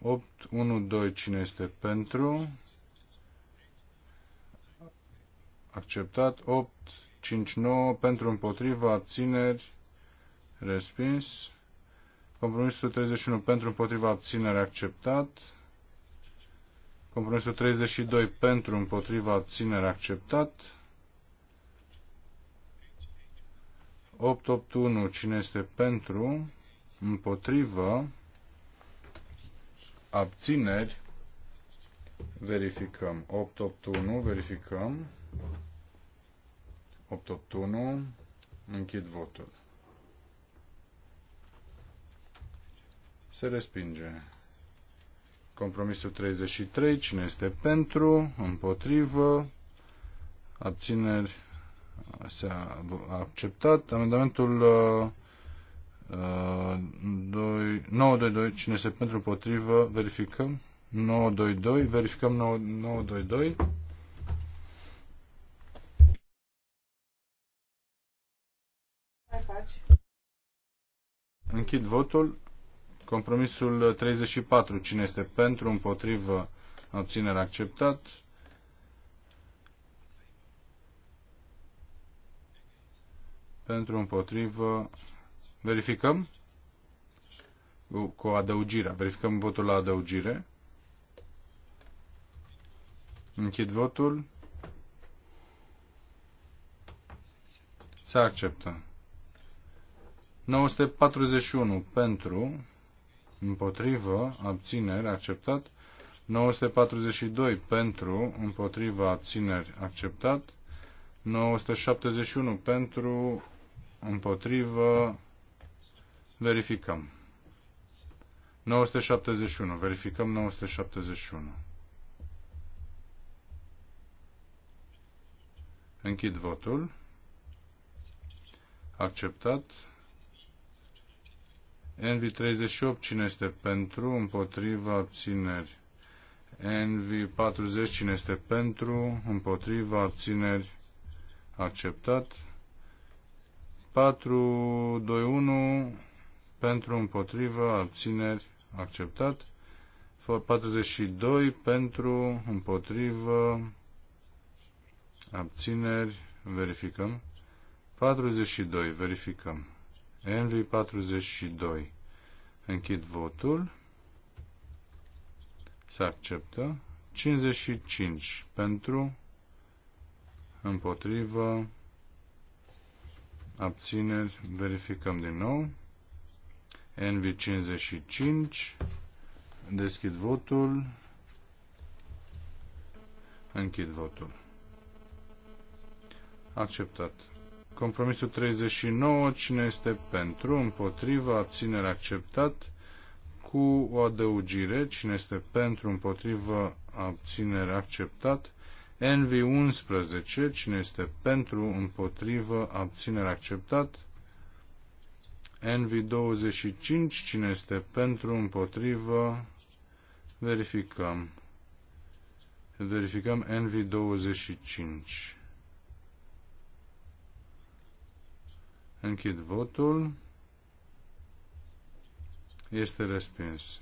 8, 1, 2, cine este pentru? Acceptat. 8, 5, 9, pentru împotriva, abțineri, respins. Compromisul 31 pentru împotriva abținere acceptat. Compromisul 32 pentru împotriva abținere acceptat. 881 cine este pentru împotrivă, abțineri, verificăm. 881, verificăm. 881, închid votul. Se respinge. Compromisul 33, cine este pentru, împotrivă, abțineri, s-a acceptat. Amendamentul uh, 922, cine este pentru împotrivă, verificăm. 922, verificăm 922. Închid votul. Compromisul 34. Cine este pentru, împotrivă, obținere acceptat. Pentru, împotrivă, Verificăm cu adăugirea. Verificăm votul la adăugire. Închid votul. Se acceptă. 941 pentru, împotrivă, abțineri, acceptat. 942 pentru, împotrivă, abțineri, acceptat. 971 pentru, împotrivă, Verificăm. 971. Verificăm 971. Închid votul. Acceptat. nv 38. Cine este pentru? Împotriva abțineri. nv 40. Cine este pentru? Împotriva abțineri. Acceptat. 421 pentru, împotrivă, abțineri, acceptat. 42 pentru, împotrivă, abțineri, verificăm. 42, verificăm. Envy 42. Închid votul. Se acceptă. 55 pentru, împotrivă, abțineri, verificăm din nou. NV55. Deschid votul. Închid votul. Acceptat. Compromisul 39. Cine este pentru? Împotriva? Abținere? Acceptat. Cu o adăugire. Cine este pentru? Împotriva? Abținere? Acceptat. NV11. Cine este pentru? Împotrivă? Abținere? Acceptat. NV25, cine este pentru, împotrivă, verificăm. Verificăm NV25. Închid votul. Este respins.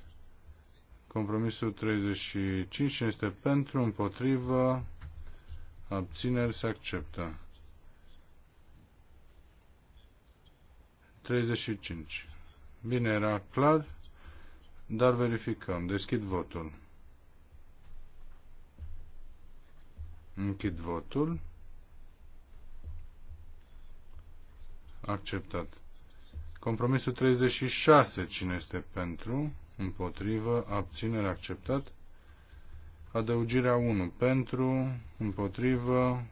Compromisul 35 este pentru, împotrivă, abțineri se acceptă. 35. Bine, era clar, dar verificăm. Deschid votul. Închid votul. Acceptat. Compromisul 36. Cine este pentru? Împotrivă. Abținere. Acceptat. Adăugirea 1. Pentru. Împotrivă.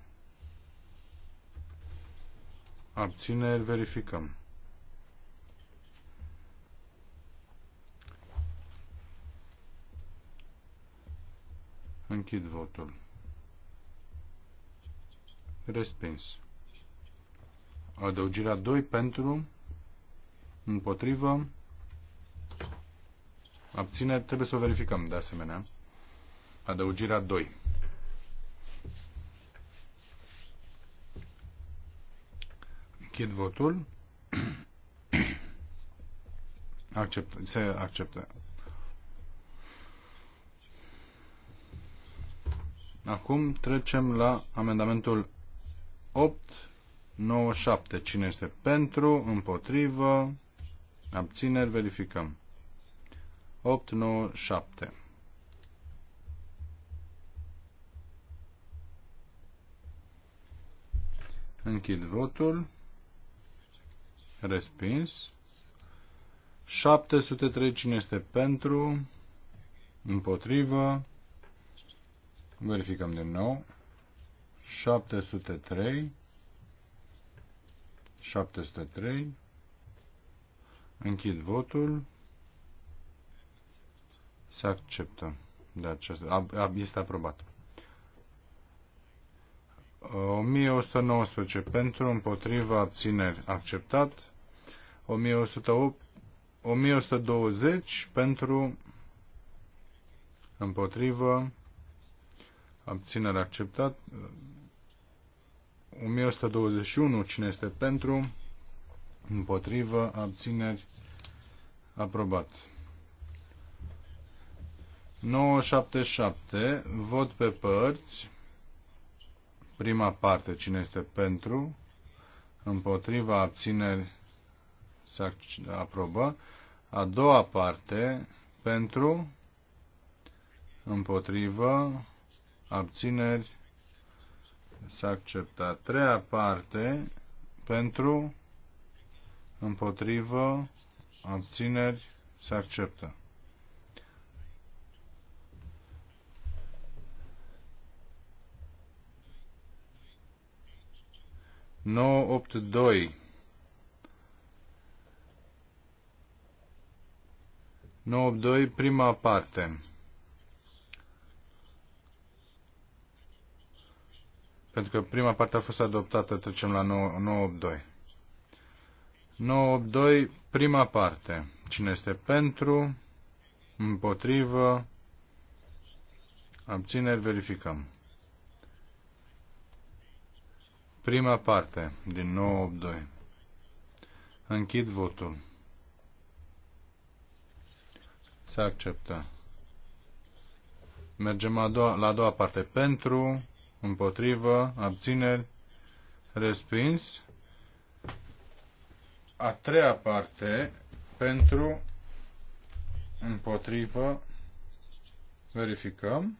Abținere. Verificăm. Închid votul. Respins. Adăugirea 2 pentru, împotrivă, abține, trebuie să o verificăm de asemenea. Adăugirea 2. Închid votul. Acceptă. se acceptă. Acum trecem la amendamentul 8, 9, 7. Cine este pentru, împotrivă, abțineri, verificăm. 8, 9, 7. Închid votul. Respins. 703 cine este pentru, împotrivă, Verificăm din nou. 703. 703. Închid votul. Se acceptă. De aceasta. Este aprobat. 1119 pentru, împotriva, abțineri, acceptat. 1108, 1120 pentru, împotriva abținere acceptat. 1121, cine este pentru, împotrivă, abțineri, aprobat. 977, vot pe părți, prima parte, cine este pentru, împotriva, abțineri, se aprobă. A doua parte, pentru, împotrivă, abțineri, s-a acceptat. Treia parte, pentru, împotrivă, abțineri, se acceptă. No, 8, opt doi prima parte. Pentru că prima parte a fost adoptată, trecem la 982. 982, prima parte. Cine este pentru, împotrivă, abțineri, verificăm. Prima parte din 982. Închid votul. Se acceptă. Mergem la a doua, la a doua parte. Pentru, împotrivă, abțineri, respins. A treia parte, pentru, împotrivă, verificăm.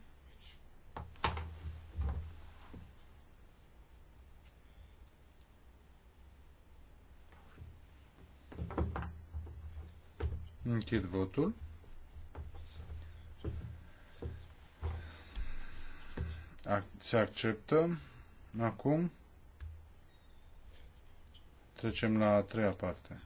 Închid votul. Se acceptă. Acum trecem la a treia parte.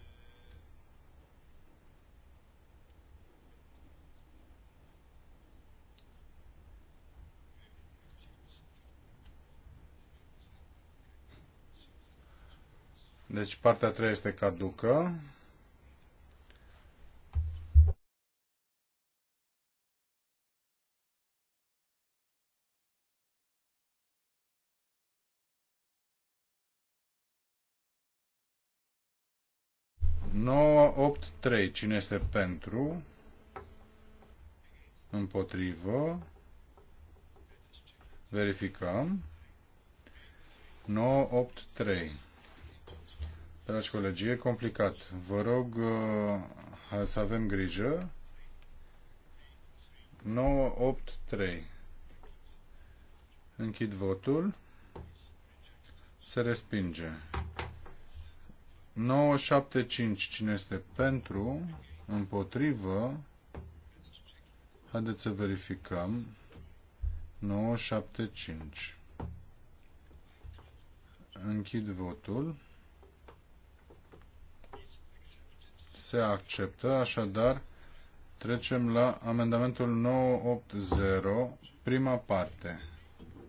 Deci partea a treia este caducă. 3. Cine este pentru? Împotrivă. Verificăm. 9, 8, 3. Dragi colegi, e complicat. Vă rog uh, să avem grijă. 9, 8, 3. Închid votul. Se respinge. 975. Cine este pentru? Împotrivă? Haideți să verificăm. 975. Închid votul. Se acceptă, așadar trecem la amendamentul 980, prima parte.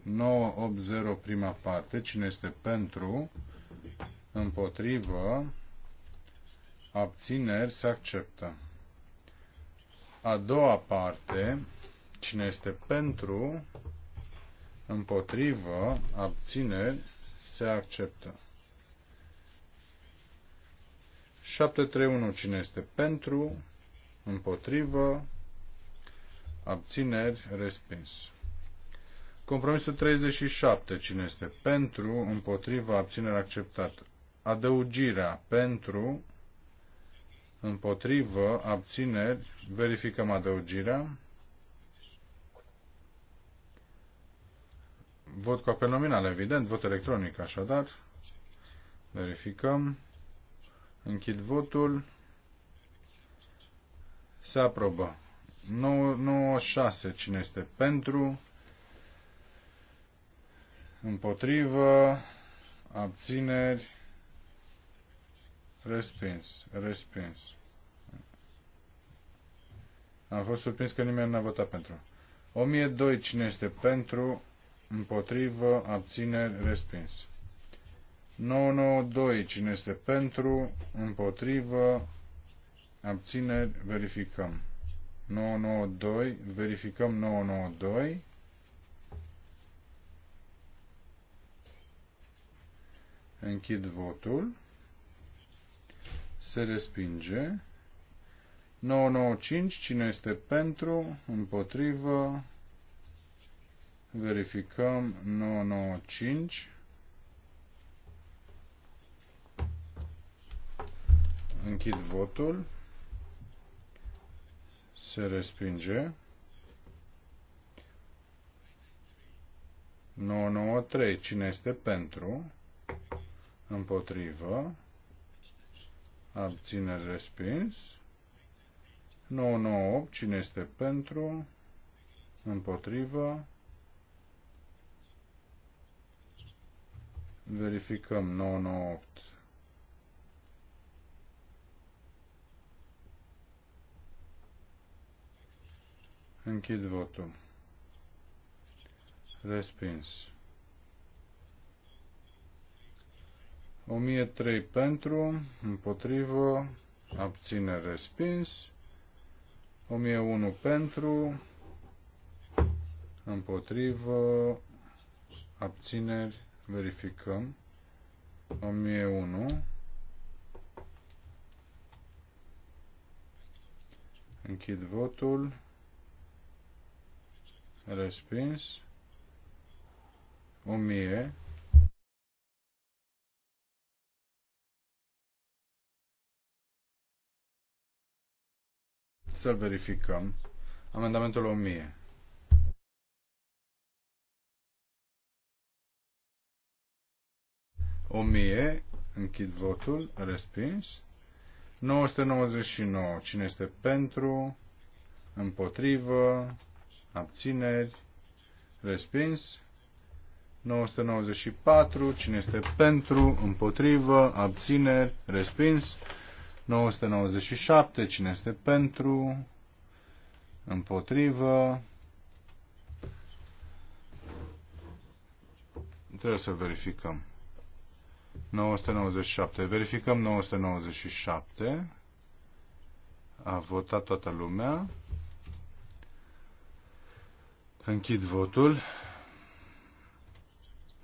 980, prima parte. Cine este pentru? împotrivă, abțineri, se acceptă. A doua parte, cine este pentru, împotrivă, abțineri, se acceptă. 731, cine este pentru, împotrivă, abțineri, respins. Compromisul 37. Cine este pentru, împotriva, abținere, acceptată adăugirea pentru, împotrivă, abțineri, verificăm adăugirea. Vot cu apel nominal, evident, vot electronic, așadar. Verificăm. Închid votul. Se aprobă. 96 cine este pentru, împotrivă, abțineri, Respins. Respins. Am fost surprins că nimeni n-a votat pentru. 1002 cine este pentru, împotrivă, abțineri, respins. 992 cine este pentru, împotrivă, abțineri, verificăm. 992, verificăm 992. Închid votul se respinge. 995, cine este pentru, împotrivă, verificăm 995. Închid votul. Se respinge. 993. Cine este pentru? Împotrivă abțineri respins. 998, cine este pentru, împotrivă. Verificăm 998. Închid votul. Respins. 1003 pentru, împotrivă, abține respins. 1001 pentru, împotrivă, abțineri, verificăm. 1001. Închid votul. Respins. 1000. Să-l verificăm. Amendamentul 1000. O mie, închid votul, respins. 999, cine este pentru, împotrivă, abțineri, respins. 994, cine este pentru, împotrivă, abțineri, respins. 997, cine este pentru, împotrivă. Trebuie să verificăm. 997. Verificăm 997. A votat toată lumea. Închid votul.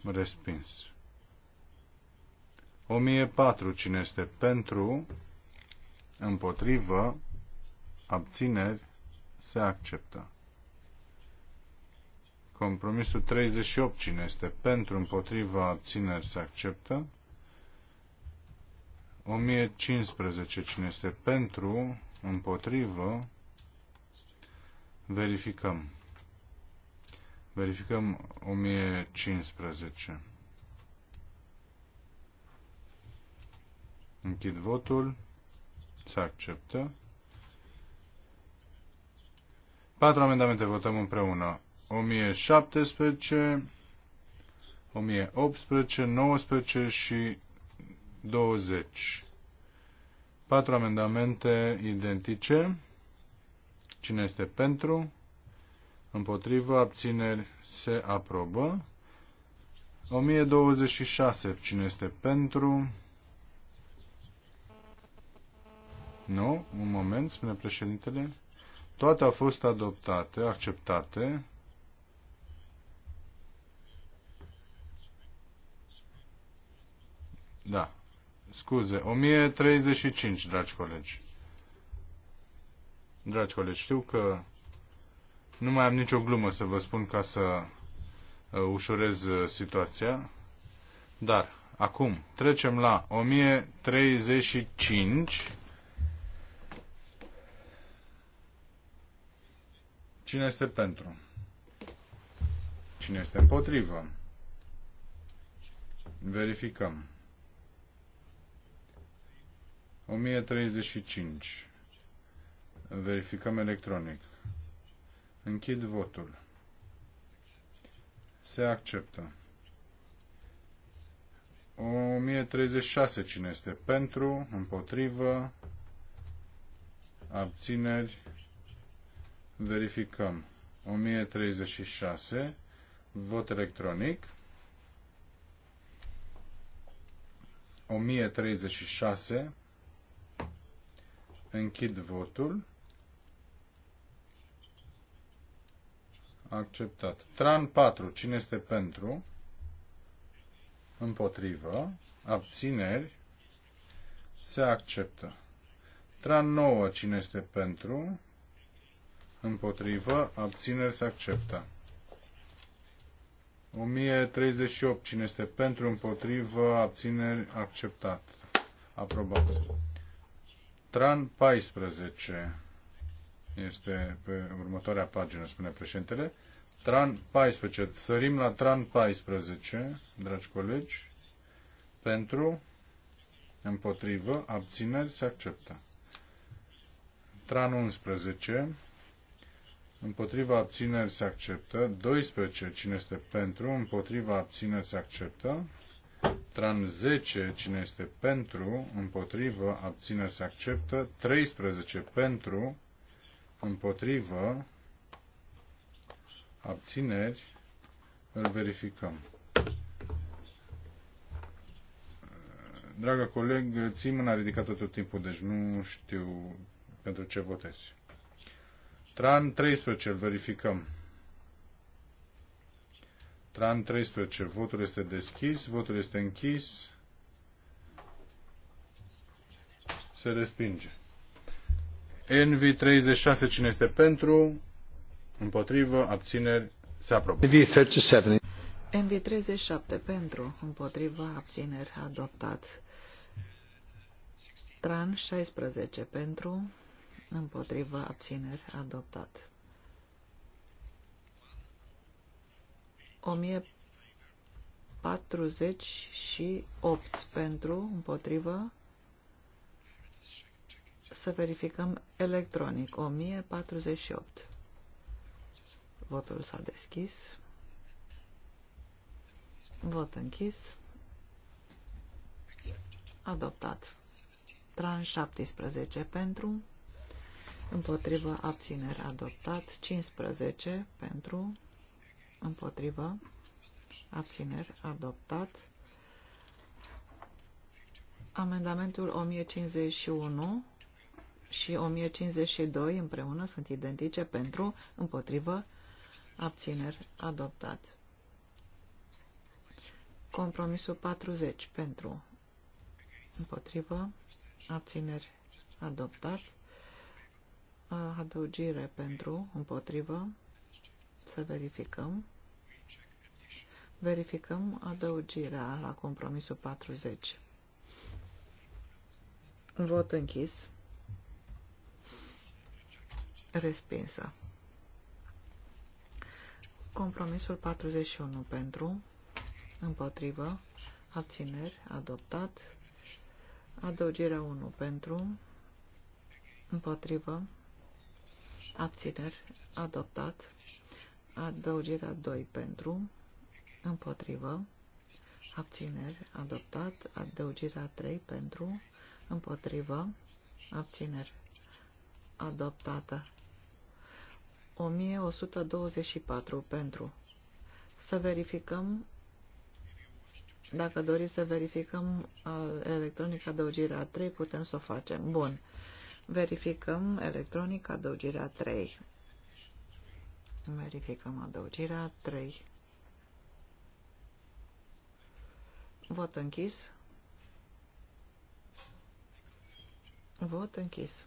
Respins. 1004. Cine este pentru? împotrivă, abțineri, se acceptă. Compromisul 38, cine este pentru, împotrivă, abțineri, se acceptă. 1015, cine este pentru, împotrivă, verificăm. Verificăm 1015. Închid votul. Se acceptă. Patru amendamente votăm împreună. 1017, 1018, 19 și 20. Patru amendamente identice. Cine este pentru? Împotrivă, abțineri, se aprobă. 1026. Cine este pentru? Nu? Un moment, spune președintele. Toate au fost adoptate, acceptate. Da. Scuze, 1035, dragi colegi. Dragi colegi, știu că nu mai am nicio glumă să vă spun ca să uh, ușurez uh, situația, dar acum trecem la 1035. Cine este pentru? Cine este împotrivă? Verificăm. 1035. Verificăm electronic. Închid votul. Se acceptă. 1036 cine este pentru, împotrivă, abțineri, Verificăm. 1036. Vot electronic. 1036. Închid votul. Acceptat. Tran 4. Cine este pentru? Împotrivă. Abțineri. Se acceptă. Tran 9. Cine este pentru? împotrivă, abțineri se acceptă. 1038. Cine este pentru, împotrivă, abțineri, acceptat. Aprobat. Tran 14 este pe următoarea pagină, spune președintele. Tran 14. Sărim la Tran 14, dragi colegi. Pentru, împotrivă, abțineri, se acceptă. Tran 11 împotriva abțineri se acceptă, 12 cine este pentru, împotriva abțineri se acceptă, tran 10 cine este pentru, împotriva abțineri se acceptă, 13 pentru, împotrivă, abțineri, îl verificăm. Dragă coleg, ții mâna ridicată tot timpul, deci nu știu pentru ce votezi. Tran 13, îl verificăm. Tran 13, votul este deschis, votul este închis. Se respinge. nv 36, cine este pentru? Împotrivă, abțineri, se aprobă. nv 37. nv 37, pentru, împotrivă, abțineri, adoptat. Tran 16, pentru, Împotriva abțineri, adoptat. 1048 pentru, împotrivă, să verificăm electronic. 1048. Votul s-a deschis. Vot închis. Adoptat. Tran 17 pentru, împotrivă, abțineri, adoptat. 15 pentru, împotrivă, abțineri, adoptat. Amendamentul 1051 și 1052 împreună sunt identice pentru, împotrivă, abțineri, adoptat. Compromisul 40 pentru, împotrivă, abțineri, adoptat adăugire pentru, împotrivă, să verificăm. Verificăm adăugirea la compromisul 40. Vot închis. Respinsă. Compromisul 41 pentru, împotrivă, abțineri, adoptat. Adăugirea 1 pentru, împotrivă, abțineri, adoptat, adăugirea 2 pentru, împotrivă, abțineri, adoptat, adăugirea 3 pentru, împotrivă, abțineri, adoptată. 1124 pentru. Să verificăm, dacă doriți să verificăm uh, electronic adăugirea 3, putem să o facem. Bun. Verificăm electronic adăugirea 3. Verificăm adăugirea 3. Vot închis. Vot închis.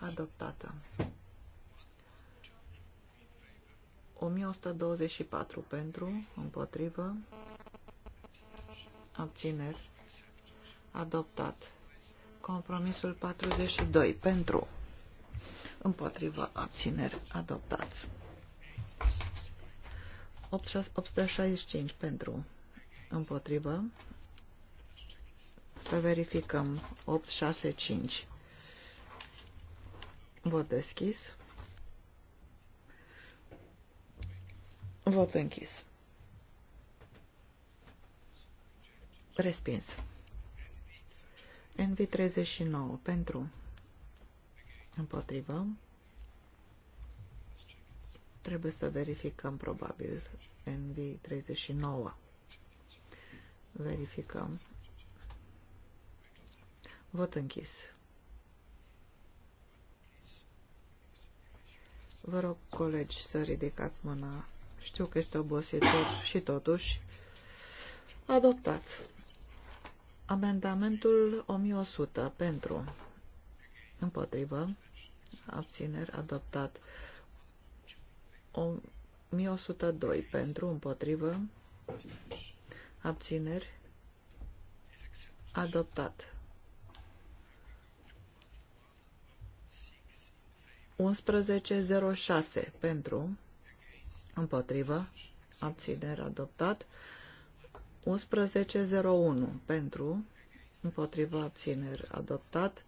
Adoptată. 1124 pentru, împotrivă, abțineri, adoptat. Compromisul 42 pentru împotriva abțineri adoptat. 865 pentru împotrivă. Să verificăm 865. Vot deschis. Vot închis. Respins. NV39 pentru împotrivă. Trebuie să verificăm probabil NV39. Verificăm. Vot închis. Vă rog, colegi, să ridicați mâna. Știu că este obositor și totuși adoptat. Amendamentul 1100 pentru, împotrivă, abțineri adoptat. 1102 pentru, împotrivă, abțineri adoptat. 1106 pentru, împotrivă, abțineri adoptat. 1101 pentru, împotriva abțineri adoptat,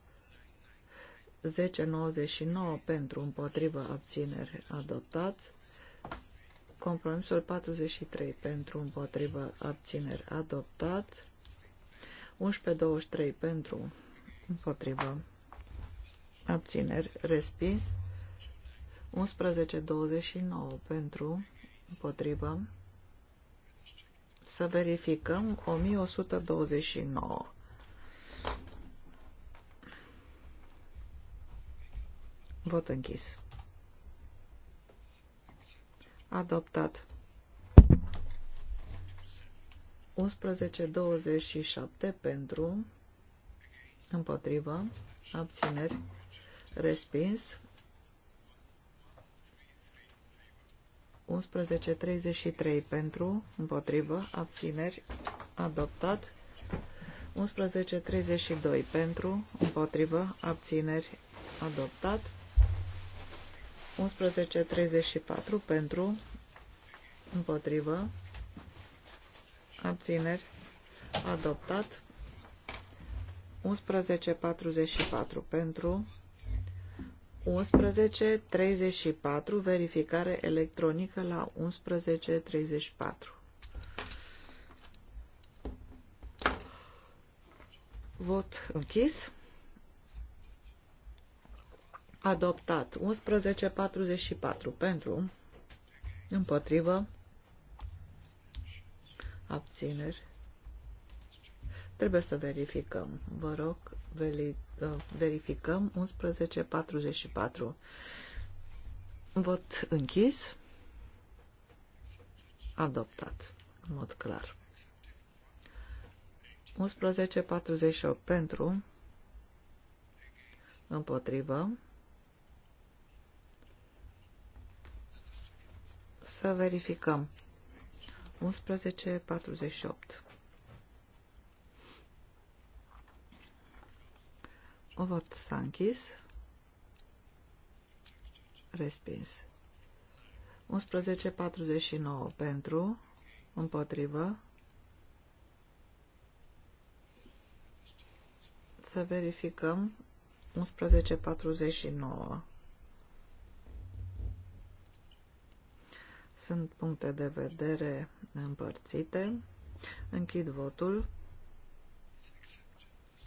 1099 pentru, împotriva abțineri adoptat, compromisul 43 pentru, împotriva abțineri adoptat, 1123 pentru, împotriva abțineri respins, 1129 pentru, împotriva să verificăm 1129. Vot închis. Adoptat. 11.27 pentru, împotrivă, abțineri, respins, 11.33 pentru, împotrivă, abțineri, adoptat. 11.32 pentru, împotrivă, abțineri, adoptat. 11.34 pentru, împotrivă, abțineri, adoptat. 11.44 pentru, 11.34, verificare electronică la 11.34. Vot închis. Adoptat. 11.44 pentru. Împotrivă. Abțineri. Trebuie să verificăm. Vă rog, Uh, verificăm 11.44. Vot închis. Adoptat, în mod clar. 11.48 pentru, împotrivă, să verificăm. 11.48 Vot s-a închis. Respins. 11.49 pentru, împotrivă. Să verificăm 11.49. Sunt puncte de vedere împărțite. Închid votul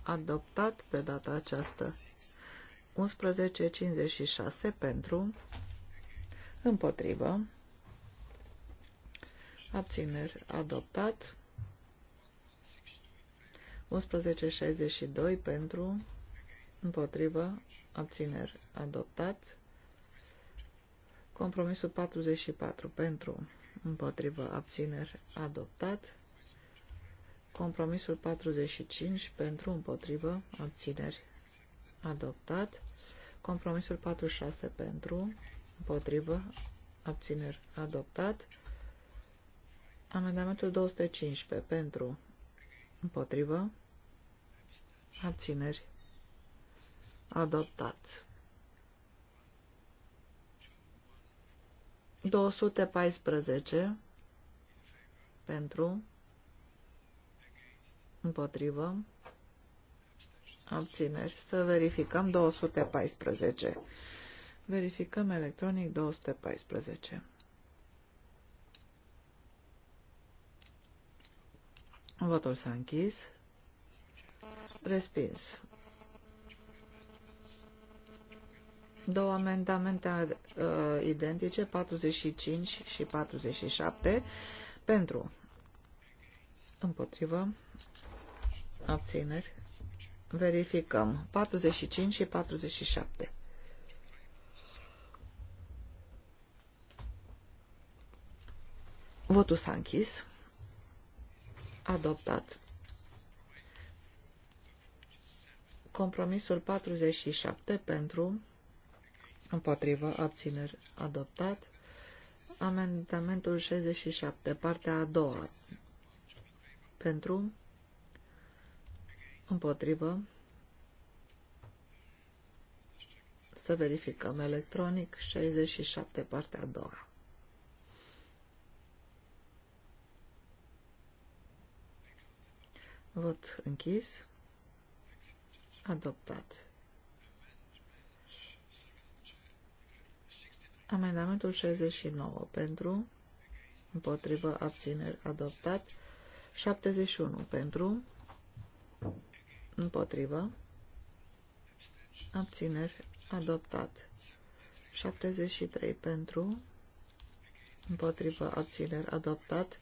adoptat de data aceasta. 11.56 pentru, împotrivă, abțineri, adoptat. 11.62 pentru, împotrivă, abțineri, adoptat. Compromisul 44 pentru, împotrivă, abțineri, adoptat. Compromisul 45 pentru, împotrivă, abțineri, adoptat. Compromisul 46 pentru, împotrivă, abțineri, adoptat. Amendamentul 215 pentru, împotrivă, abțineri, adoptat. 214 pentru, împotrivă, abțineri. Să verificăm 214. Verificăm electronic 214. Votul s-a închis. Respins. Două amendamente uh, identice, 45 și 47, pentru, împotrivă, abțineri. Verificăm. 45 și 47. Votul s-a închis. Adoptat. Compromisul 47 pentru împotrivă abțineri. Adoptat. Amendamentul 67, partea a doua. Pentru împotrivă, să verificăm electronic 67, partea a doua. Vot închis. Adoptat. Amendamentul 69 pentru, împotrivă, abțineri, adoptat. 71 pentru, Împotrivă. Abțineri. Adoptat. 73 pentru. Împotrivă. Abțineri. Adoptat.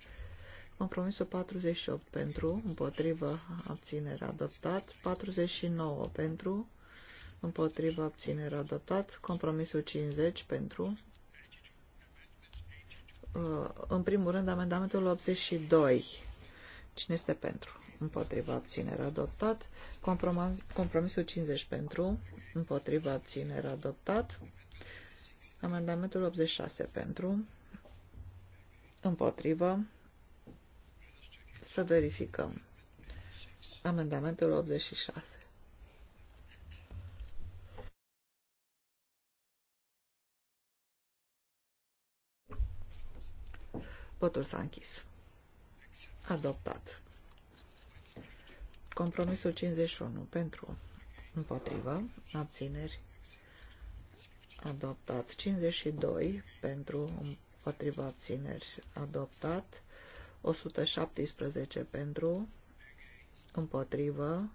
Compromisul 48 pentru. Împotrivă. Abțineri. Adoptat. 49 pentru. Împotrivă. Abțineri. Adoptat. Compromisul 50 pentru. Uh, în primul rând, amendamentul 82. Cine este pentru? împotriva abținere adoptat, compromisul 50 pentru, împotriva abținere adoptat, amendamentul 86 pentru, împotrivă, să verificăm. Amendamentul 86. Votul s-a închis. Adoptat. Compromisul 51 pentru împotrivă, abțineri, adoptat. 52 pentru împotriva abțineri, adoptat. 117 pentru împotrivă,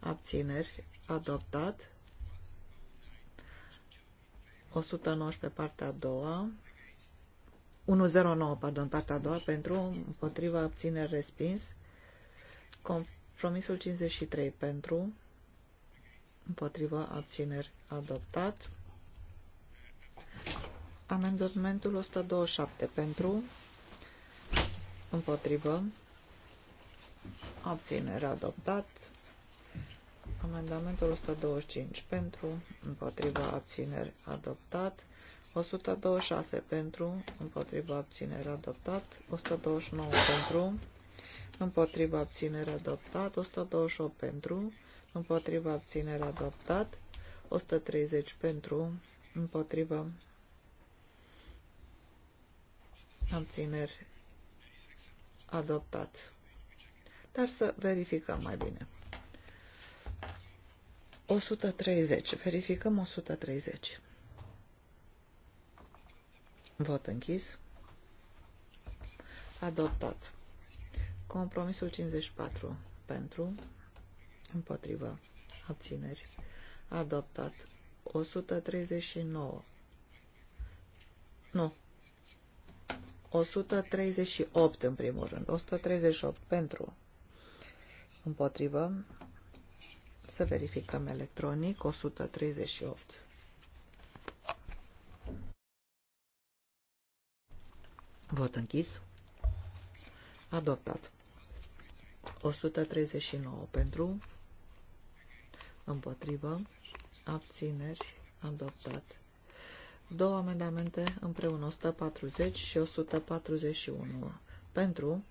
abțineri, adoptat. 119 partea a doua, 109, pardon, partea a doua, pentru, împotriva, abțineri, respins, Compromisul 53 pentru, împotriva abțineri adoptat. Amendamentul 127 pentru, împotrivă, abținere adoptat. Amendamentul 125 pentru, împotriva abțineri adoptat. 126 pentru, împotriva abțineri adoptat. 129 pentru, împotriva abținere adoptat, 128 pentru, împotriva abținere adoptat, 130 pentru, împotriva abțineri adoptat. Dar să verificăm mai bine. 130. Verificăm 130. Vot închis. Adoptat. Compromisul 54 pentru, împotriva, abțineri, adoptat. 139. Nu. 138 în primul rând. 138 pentru, împotrivă. Să verificăm electronic. 138. Vot închis. Adoptat. 139 pentru, împotrivă, abțineri, adoptat. Două amendamente împreună, 140 și 141. Pentru,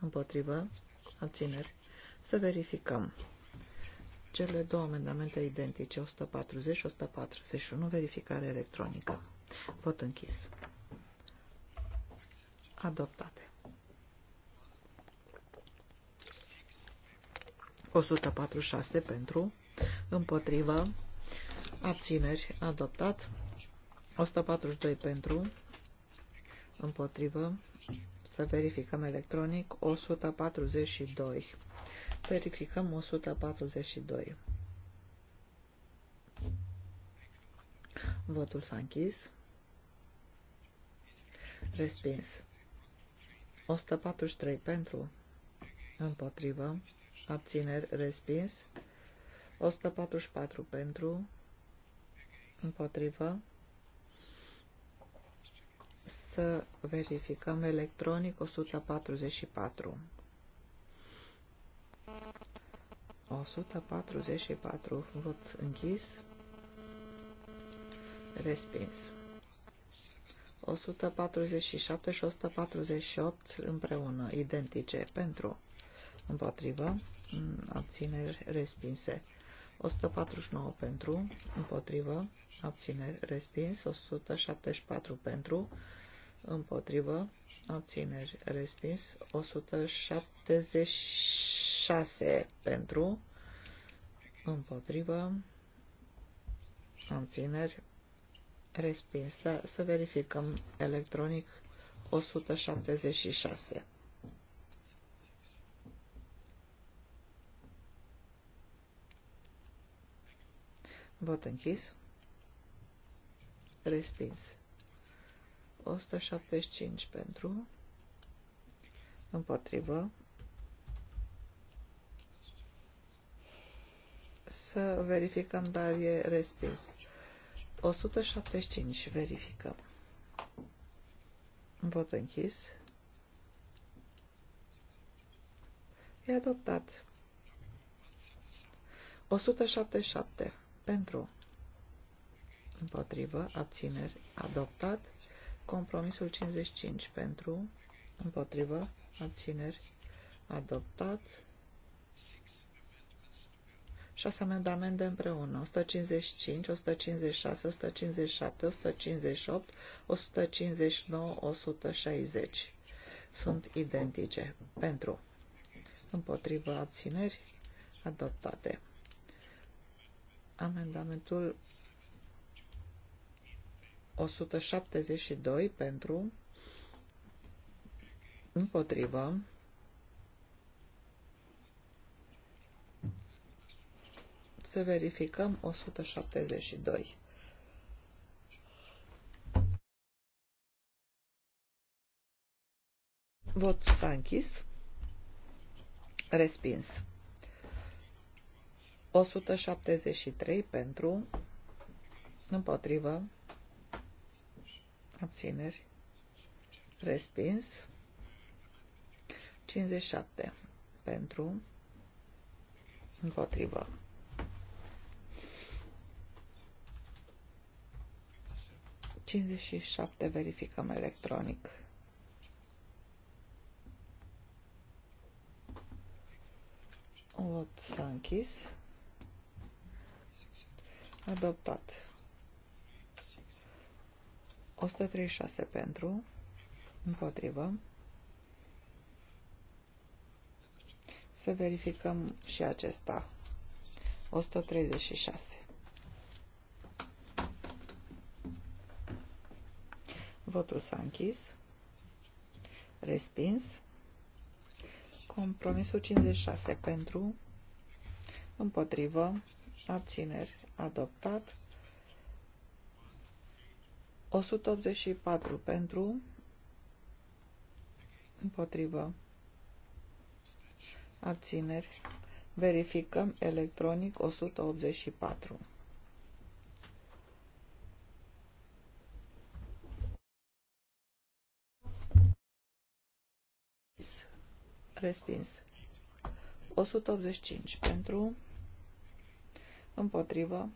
împotrivă, abțineri. Să verificăm. Cele două amendamente identice, 140 și 141, verificare electronică. Vot închis. Adoptate. 146 pentru, împotrivă, abțineri, adoptat, 142 pentru, împotrivă, să verificăm electronic, 142. Verificăm 142. Votul s-a închis. Respins. 143 pentru, împotrivă, abțineri, respins. 144 pentru, împotrivă. Să verificăm electronic 144. 144 vot închis, respins. 147 și 148 împreună, identice, pentru, împotrivă, abțineri respinse. 149 pentru, împotrivă, abțineri respins, 174 pentru, împotrivă, abțineri respins, 176 pentru, împotrivă, abțineri respins, dar să verificăm electronic 176. Vot închis. Respins. 175 pentru. Împotrivă. Să verificăm, dar e respins. 175. Verificăm. Vot închis. E adoptat. 177 pentru, împotrivă, abțineri, adoptat. Compromisul 55 pentru, împotrivă, abțineri, adoptat. 6 amendamente împreună, 155, 156, 157, 158, 159, 160. Sunt identice pentru, împotrivă, abțineri, adoptate. Amendamentul 172 pentru împotrivă să verificăm 172. Votul s-a închis. Respins. 173 pentru, împotrivă, abțineri, respins, 57 pentru, împotrivă. Cincizeci și șapte verificăm electronic. Vot s-a închis. Adoptat. 136 pentru, împotrivă. Să verificăm și acesta. 136. Votul s-a închis. Respins. Compromisul 56 pentru, împotrivă, abțineri, adoptat. 184 pentru, împotrivă, abțineri. Verificăm electronic 184. Respins. 185 pentru împotrivă.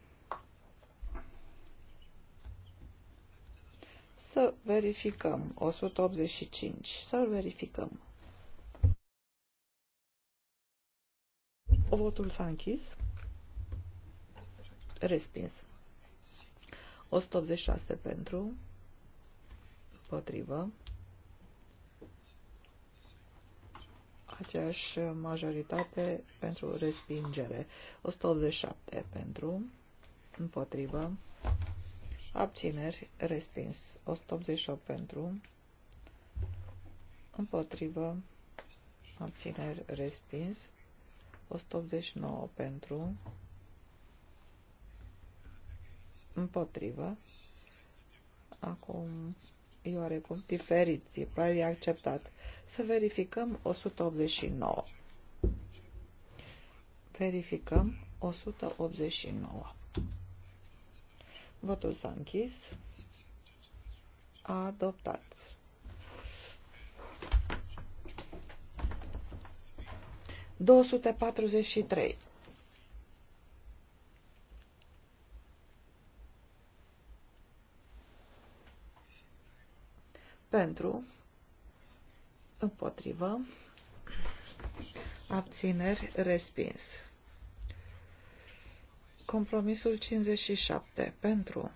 Să verificăm. 185. să verificăm. Votul s-a închis. Respins. 186 pentru. împotrivă aceeași majoritate pentru respingere. 187 pentru, împotrivă, abțineri, respins. 188 pentru, împotrivă, abțineri, respins. 189 pentru, împotrivă. Acum e oarecum diferit, e probabil acceptat. Să verificăm 189. Verificăm 189. Votul s-a închis. A adoptat. Două sute patruzeci și trei. pentru, împotrivă, abțineri, respins. Compromisul 57, pentru,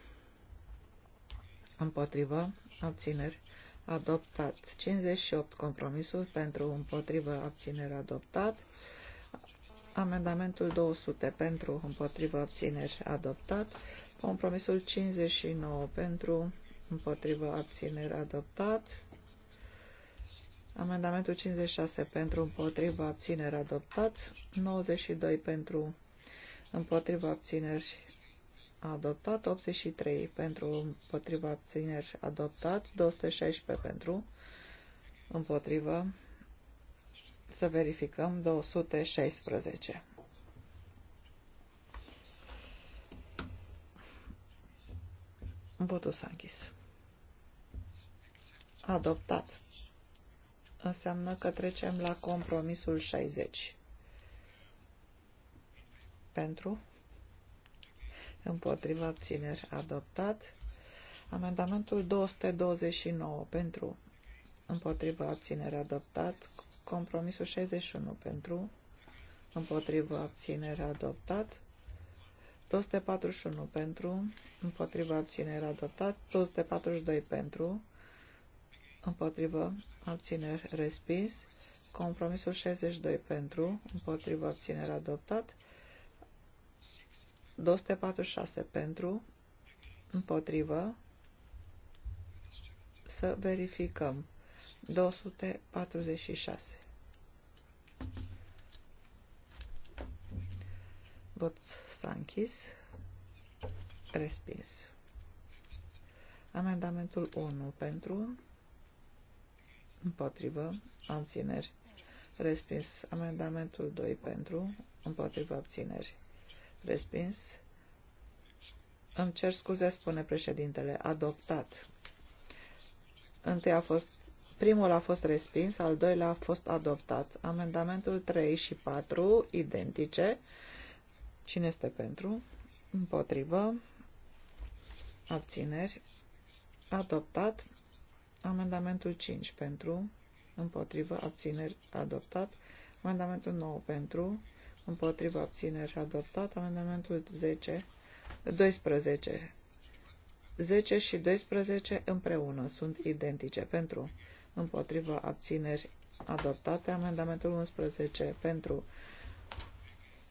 împotrivă, abțineri, adoptat. 58, compromisul pentru, împotrivă, abțineri, adoptat. Amendamentul 200 pentru, împotrivă, abțineri, adoptat. Compromisul 59 pentru, împotrivă abțineri adoptat. Amendamentul 56 pentru împotrivă abțineri adoptat. 92 pentru împotrivă abțineri adoptat. 83 pentru împotrivă abțineri adoptat. 216 pentru împotrivă. Să verificăm 216. Votul s-a închis. Adoptat. Înseamnă că trecem la compromisul 60. Pentru. Împotriva abțineri. Adoptat. Amendamentul 229 pentru împotriva abțineri. adoptat, compromisul 61 pentru împotriva abțineri. adoptat, 241 pentru, împotriva abțineri adoptat, 242 pentru, împotriva abțineri respins, compromisul 62 pentru, împotriva abțineri adoptat, 246 pentru, împotrivă, să verificăm, 246. Vot S-a închis. Respins. Amendamentul 1 pentru, împotrivă, abțineri. Respins. Amendamentul 2 pentru, împotrivă, abțineri. Respins. Îmi cer scuze, spune președintele. Adoptat. Întâi a fost Primul a fost respins, al doilea a fost adoptat. Amendamentul 3 și 4, identice, Cine este pentru? Împotrivă. Abțineri. Adoptat. Amendamentul 5 pentru. Împotrivă. Abțineri. Adoptat. Amendamentul 9 pentru. Împotrivă. Abțineri. Adoptat. Amendamentul 10. 12. 10 și 12 împreună sunt identice pentru. Împotrivă. Abțineri. Adoptate. Amendamentul 11 pentru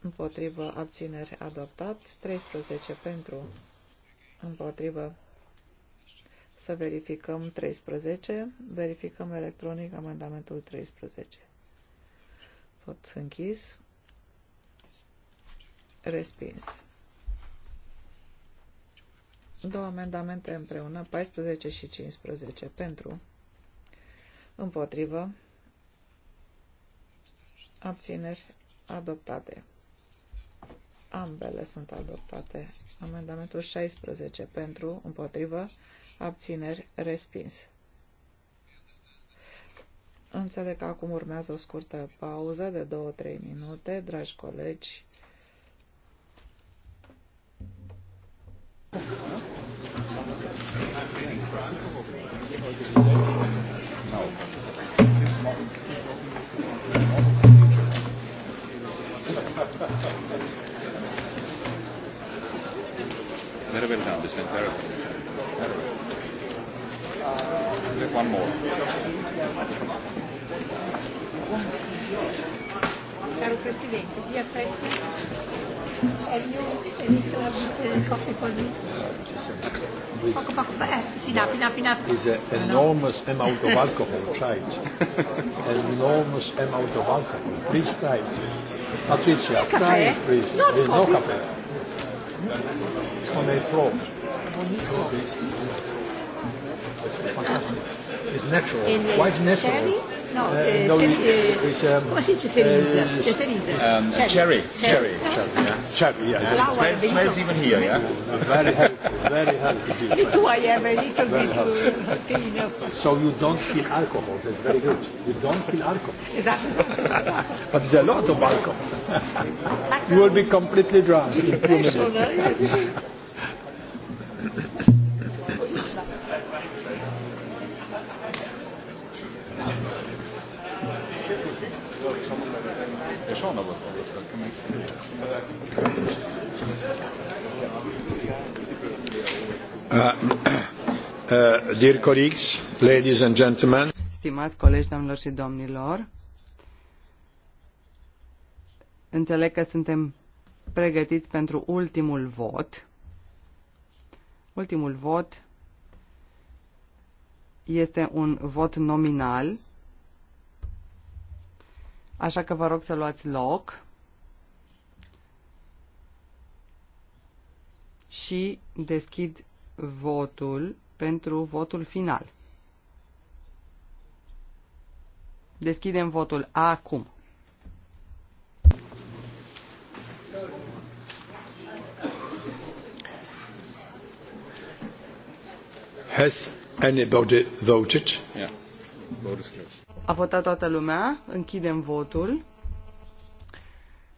împotrivă, abțineri, adoptat. 13 pentru, împotrivă, să verificăm 13. Verificăm electronic amendamentul 13. Vot închis. Respins. Două amendamente împreună, 14 și 15, pentru, împotrivă, abțineri adoptate. Ambele sunt adoptate. Amendamentul 16 pentru, împotrivă, abțineri, respins. Înțeleg că acum urmează o scurtă pauză de 2-3 minute, dragi colegi. Very well done. It's been terrible. Terrible. We have one more. Caro Presidente, dia presto è il mio inizio a buttare le cose con lui. Poco poco, eh, sì, da, da, da. Is an enormous amount of alcohol, child. an enormous amount of alcohol. Please try it. Patricia, try it, please. Not eh, no coffee. coffee on a frog. It's fantastic. It's natural. In uh, Quite natural. No, uh, uh, it's, uh, um, uh, um, cherry. Cherry. Cherry, cherry, yeah. Cherry, yeah. yeah. It smells, even here, yeah. very healthy, very healthy. It's why I have a little bit So you don't feel alcohol, that's very good. You don't feel alcohol. Exactly. but there's a lot of alcohol. you will be completely drunk in two minutes. Uh, uh, dear colleagues, ladies and gentlemen. Stimați colegi, doamnelor și domnilor, înțeleg că suntem pregătiți pentru ultimul vot. Ultimul vot este un vot nominal, așa că vă rog să luați loc și deschid votul pentru votul final. Deschidem votul acum. Has anybody voted? A votat toată lumea. Închidem votul.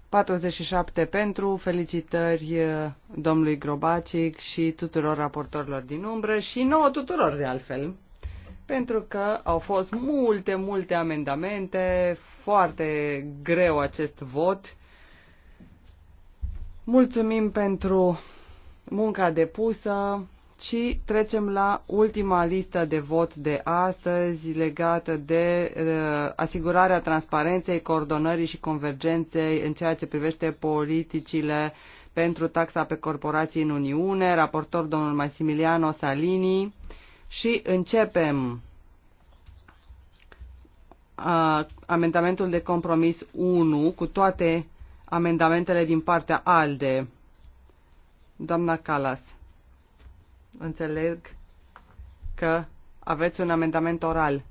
47 pentru, felicitări uh, domnului Grobacic și tuturor raportorilor din umbră și nouă tuturor de altfel, pentru că au fost multe, multe amendamente, foarte greu acest vot. Mulțumim pentru munca depusă, și trecem la ultima listă de vot de astăzi legată de uh, asigurarea transparenței, coordonării și convergenței în ceea ce privește politicile pentru taxa pe corporații în Uniune, raportor domnul Massimiliano Salini. Și începem uh, amendamentul de compromis 1 cu toate amendamentele din partea ALDE. Doamna Calas. Înțeleg că aveți un amendament oral.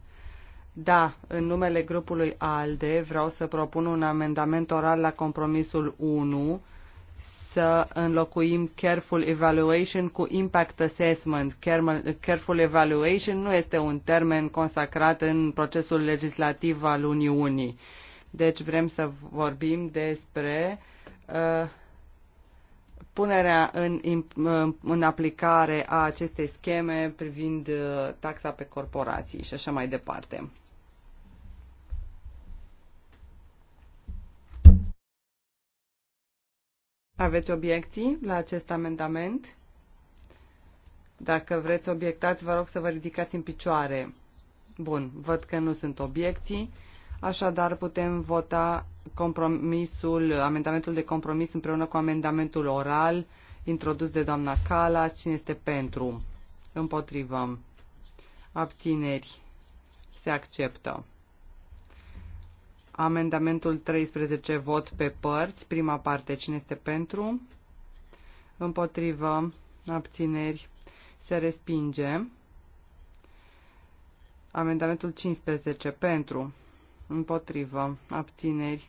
Da, în numele grupului ALDE vreau să propun un amendament oral la compromisul 1 să înlocuim careful evaluation cu impact assessment. Careful evaluation nu este un termen consacrat în procesul legislativ al Uniunii. Deci vrem să vorbim despre uh, punerea în, în, aplicare a acestei scheme privind uh, taxa pe corporații și așa mai departe. Aveți obiecții la acest amendament? Dacă vreți obiectați, vă rog să vă ridicați în picioare. Bun, văd că nu sunt obiecții, așadar putem vota compromisul, amendamentul de compromis împreună cu amendamentul oral introdus de doamna Cala. Cine este pentru? Împotrivă. Abțineri. Se acceptă. Amendamentul 13, vot pe părți. Prima parte, cine este pentru? Împotrivă. Abțineri. Se respinge. Amendamentul 15, pentru. Împotrivă. Abțineri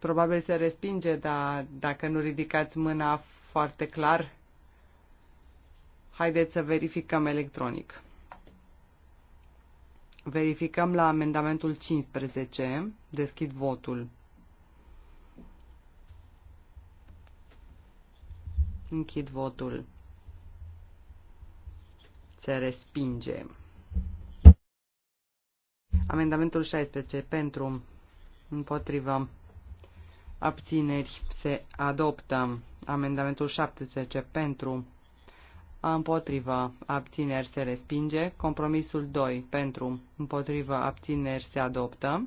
probabil se respinge, dar dacă nu ridicați mâna foarte clar, haideți să verificăm electronic. Verificăm la amendamentul 15. Deschid votul. Închid votul. Se respinge. Amendamentul 16. Pentru. Împotrivă abțineri se adoptă. Amendamentul 17 pentru, împotriva abțineri se respinge. Compromisul 2 pentru, împotriva abțineri se adoptă.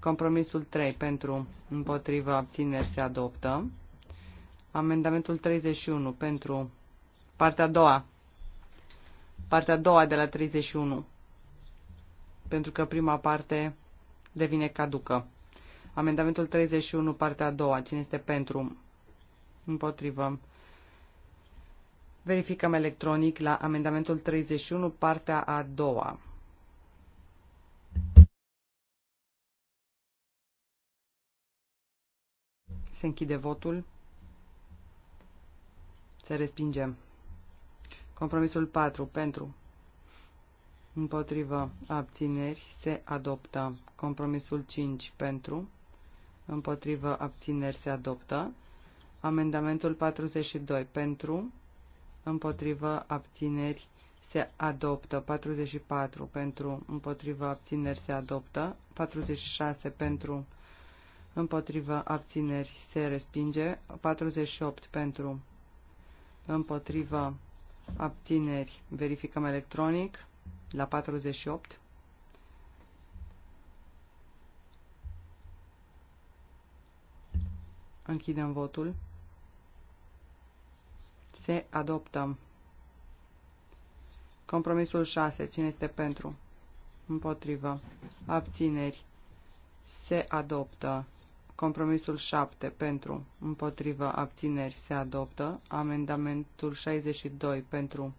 Compromisul 3 pentru, împotriva abțineri se adoptă. Amendamentul 31 pentru partea a doua. Partea a doua de la 31. Pentru că prima parte devine caducă. Amendamentul 31, partea a doua. Cine este pentru? Împotrivă. Verificăm electronic la amendamentul 31, partea a doua. Se închide votul. Se respinge. Compromisul 4. Pentru. Împotrivă. Abțineri. Se adoptă. Compromisul 5. Pentru împotrivă, abțineri se adoptă. Amendamentul 42 pentru, împotrivă, abțineri se adoptă. 44 pentru, împotrivă, abțineri se adoptă. 46 pentru, împotrivă, abțineri se respinge. 48 pentru, împotrivă, abțineri verificăm electronic la 48. Închidem votul. Se adoptă. Compromisul 6. Cine este pentru? Împotrivă. Abțineri. Se adoptă. Compromisul 7. Pentru. Împotrivă. Abțineri. Se adoptă. Amendamentul 62. Pentru.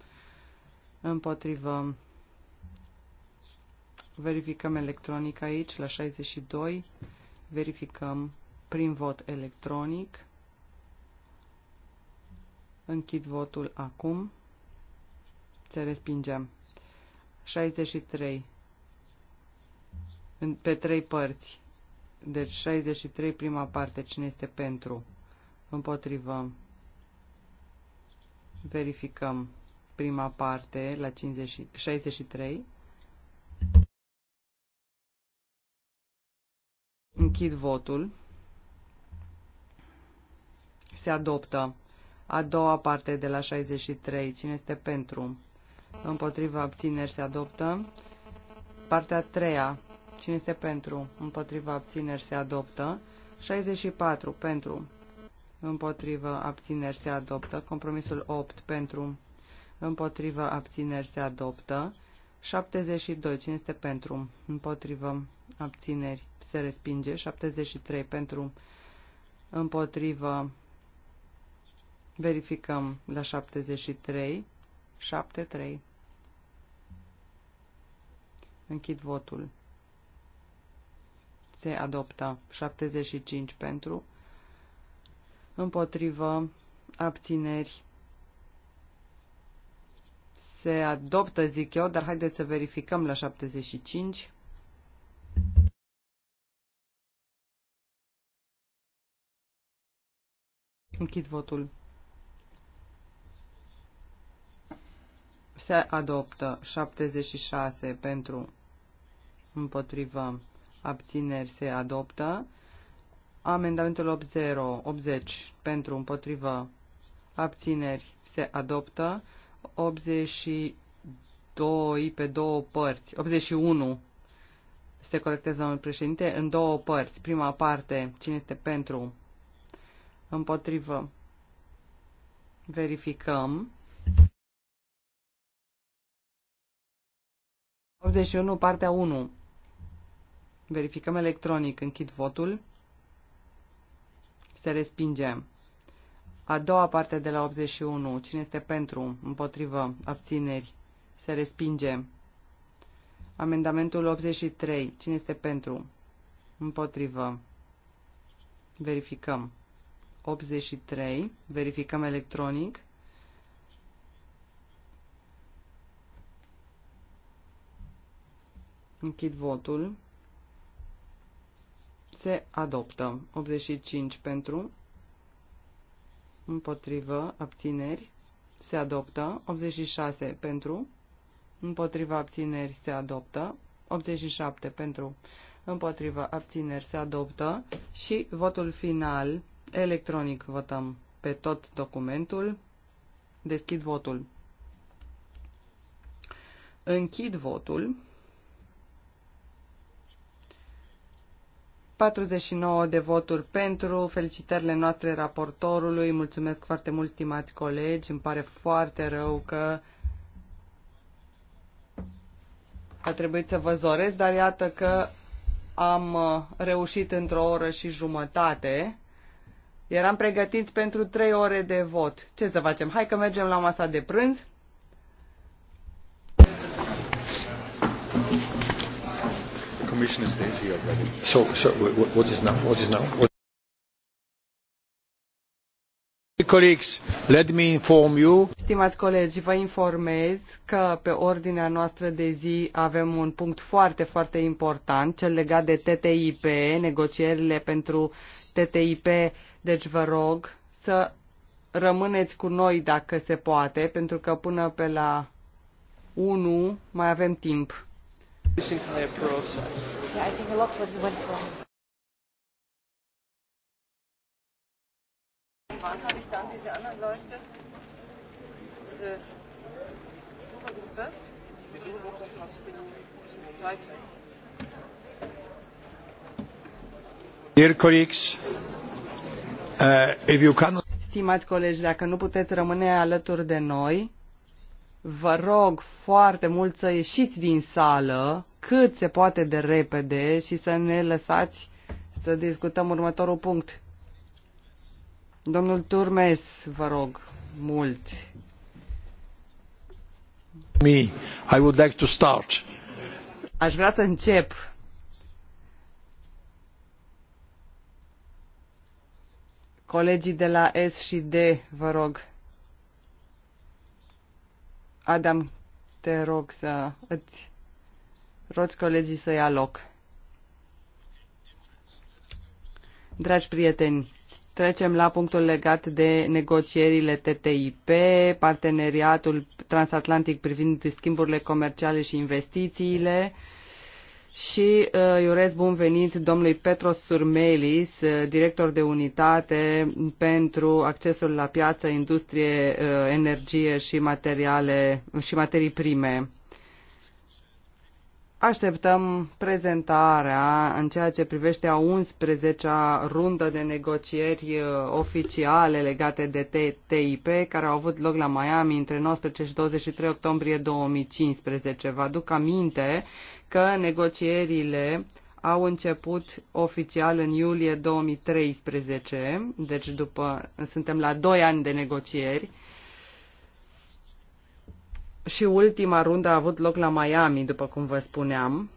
Împotrivă. Verificăm electronic aici, la 62. Verificăm prin vot electronic. Închid votul acum. Se respingem. 63 pe trei părți. Deci 63 prima parte. Cine este pentru? Împotrivă. Verificăm prima parte la 50, 63. Închid votul se adoptă. A doua parte de la 63. Cine este pentru? Împotriva abțineri se adoptă. Partea a treia. Cine este pentru? Împotriva abțineri se adoptă. 64. Pentru. Împotrivă abțineri se adoptă. Compromisul 8. Pentru. Împotrivă abțineri se adoptă. 72. Cine este pentru? Împotrivă abțineri se respinge. 73. Pentru. Împotrivă Verificăm la 73. 73. Închid votul. Se adoptă 75 pentru, împotrivă, abțineri. Se adoptă, zic eu, dar haideți să verificăm la 75. Închid votul. se adoptă 76 pentru împotrivă abțineri se adoptă. Amendamentul 80, pentru împotrivă abțineri se adoptă. 82 pe două părți. 81 se colectează domnul președinte în două părți. Prima parte, cine este pentru împotrivă verificăm 81, partea 1. Verificăm electronic. Închid votul. Se respinge. A doua parte de la 81. Cine este pentru? Împotrivă. Abțineri. Se respinge. Amendamentul 83. Cine este pentru? Împotrivă. Verificăm. 83. Verificăm electronic. Închid votul. Se adoptă. 85 pentru. Împotrivă. Abțineri. Se adoptă. 86 pentru. Împotriva abțineri se adoptă. 87 pentru. Împotriva abțineri se adoptă. Și votul final. Electronic votăm pe tot documentul. Deschid votul. Închid votul. 49 de voturi pentru. Felicitările noastre raportorului. Mulțumesc foarte mult, stimați colegi. Îmi pare foarte rău că a trebuit să vă zoresc, dar iată că am uh, reușit într-o oră și jumătate. Eram pregătiți pentru trei ore de vot. Ce să facem? Hai că mergem la masa de prânz. Commissioner here already. So, so what is now? What is now? What Colegi, let me inform you. Stimați colegi, vă informez că pe ordinea noastră de zi avem un punct foarte, foarte important, cel legat de TTIP, negocierile pentru TTIP, deci vă rog să rămâneți cu noi dacă se poate, pentru că până pe la 1 mai avem timp. Yeah, I think a lot went wrong. Wann habe ich dann diese anderen Leute, diese Dear colleagues, uh, if you cannot... Stimați colegi, dacă nu puteți rămâne alături de noi, vă rog foarte mult să ieșiți din sală cât se poate de repede și să ne lăsați să discutăm următorul punct. Domnul Turmes, vă rog mult. Me, I would like to start. Aș vrea să încep. Colegii de la S și D, vă rog. Adam, te rog să îți roți colegii să ia loc. Dragi prieteni, trecem la punctul legat de negocierile TTIP, parteneriatul transatlantic privind schimburile comerciale și investițiile și uh, îi urez bun venit domnului Petros Surmelis, uh, director de unitate pentru accesul la piață, industrie, uh, energie și materiale și materii prime. Așteptăm prezentarea în ceea ce privește a 11-a rundă de negocieri oficiale legate de TTIP, care au avut loc la Miami între 19 și 23 octombrie 2015. Vă aduc aminte că negocierile au început oficial în iulie 2013, deci după, suntem la 2 ani de negocieri și ultima rundă a avut loc la Miami, după cum vă spuneam.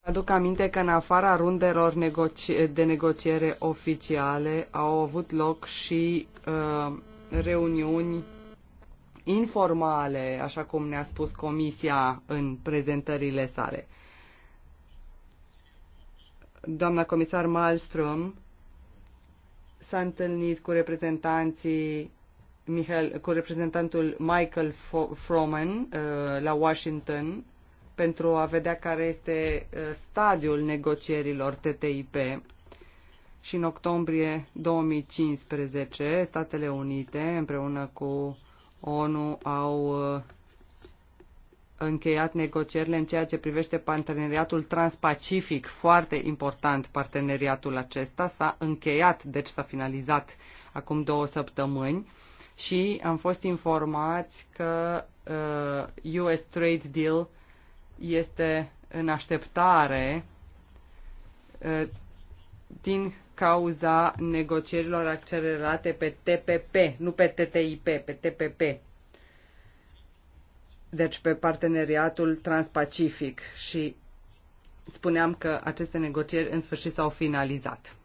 Aduc aminte că în afara rundelor de negociere oficiale au avut loc și uh, reuniuni informale, așa cum ne-a spus Comisia în prezentările sale. Doamna comisar Malmström s-a întâlnit cu reprezentanții Michael, cu reprezentantul Michael Froman uh, la Washington pentru a vedea care este uh, stadiul negocierilor TTIP și în octombrie 2015 Statele Unite împreună cu ONU au uh, încheiat negocierile în ceea ce privește parteneriatul transpacific, foarte important parteneriatul acesta, s-a încheiat, deci s-a finalizat acum două săptămâni și am fost informați că uh, US Trade Deal este în așteptare uh, din cauza negocierilor accelerate pe TPP, nu pe TTIP, pe TPP. Deci pe parteneriatul transpacific și spuneam că aceste negocieri în sfârșit s-au finalizat.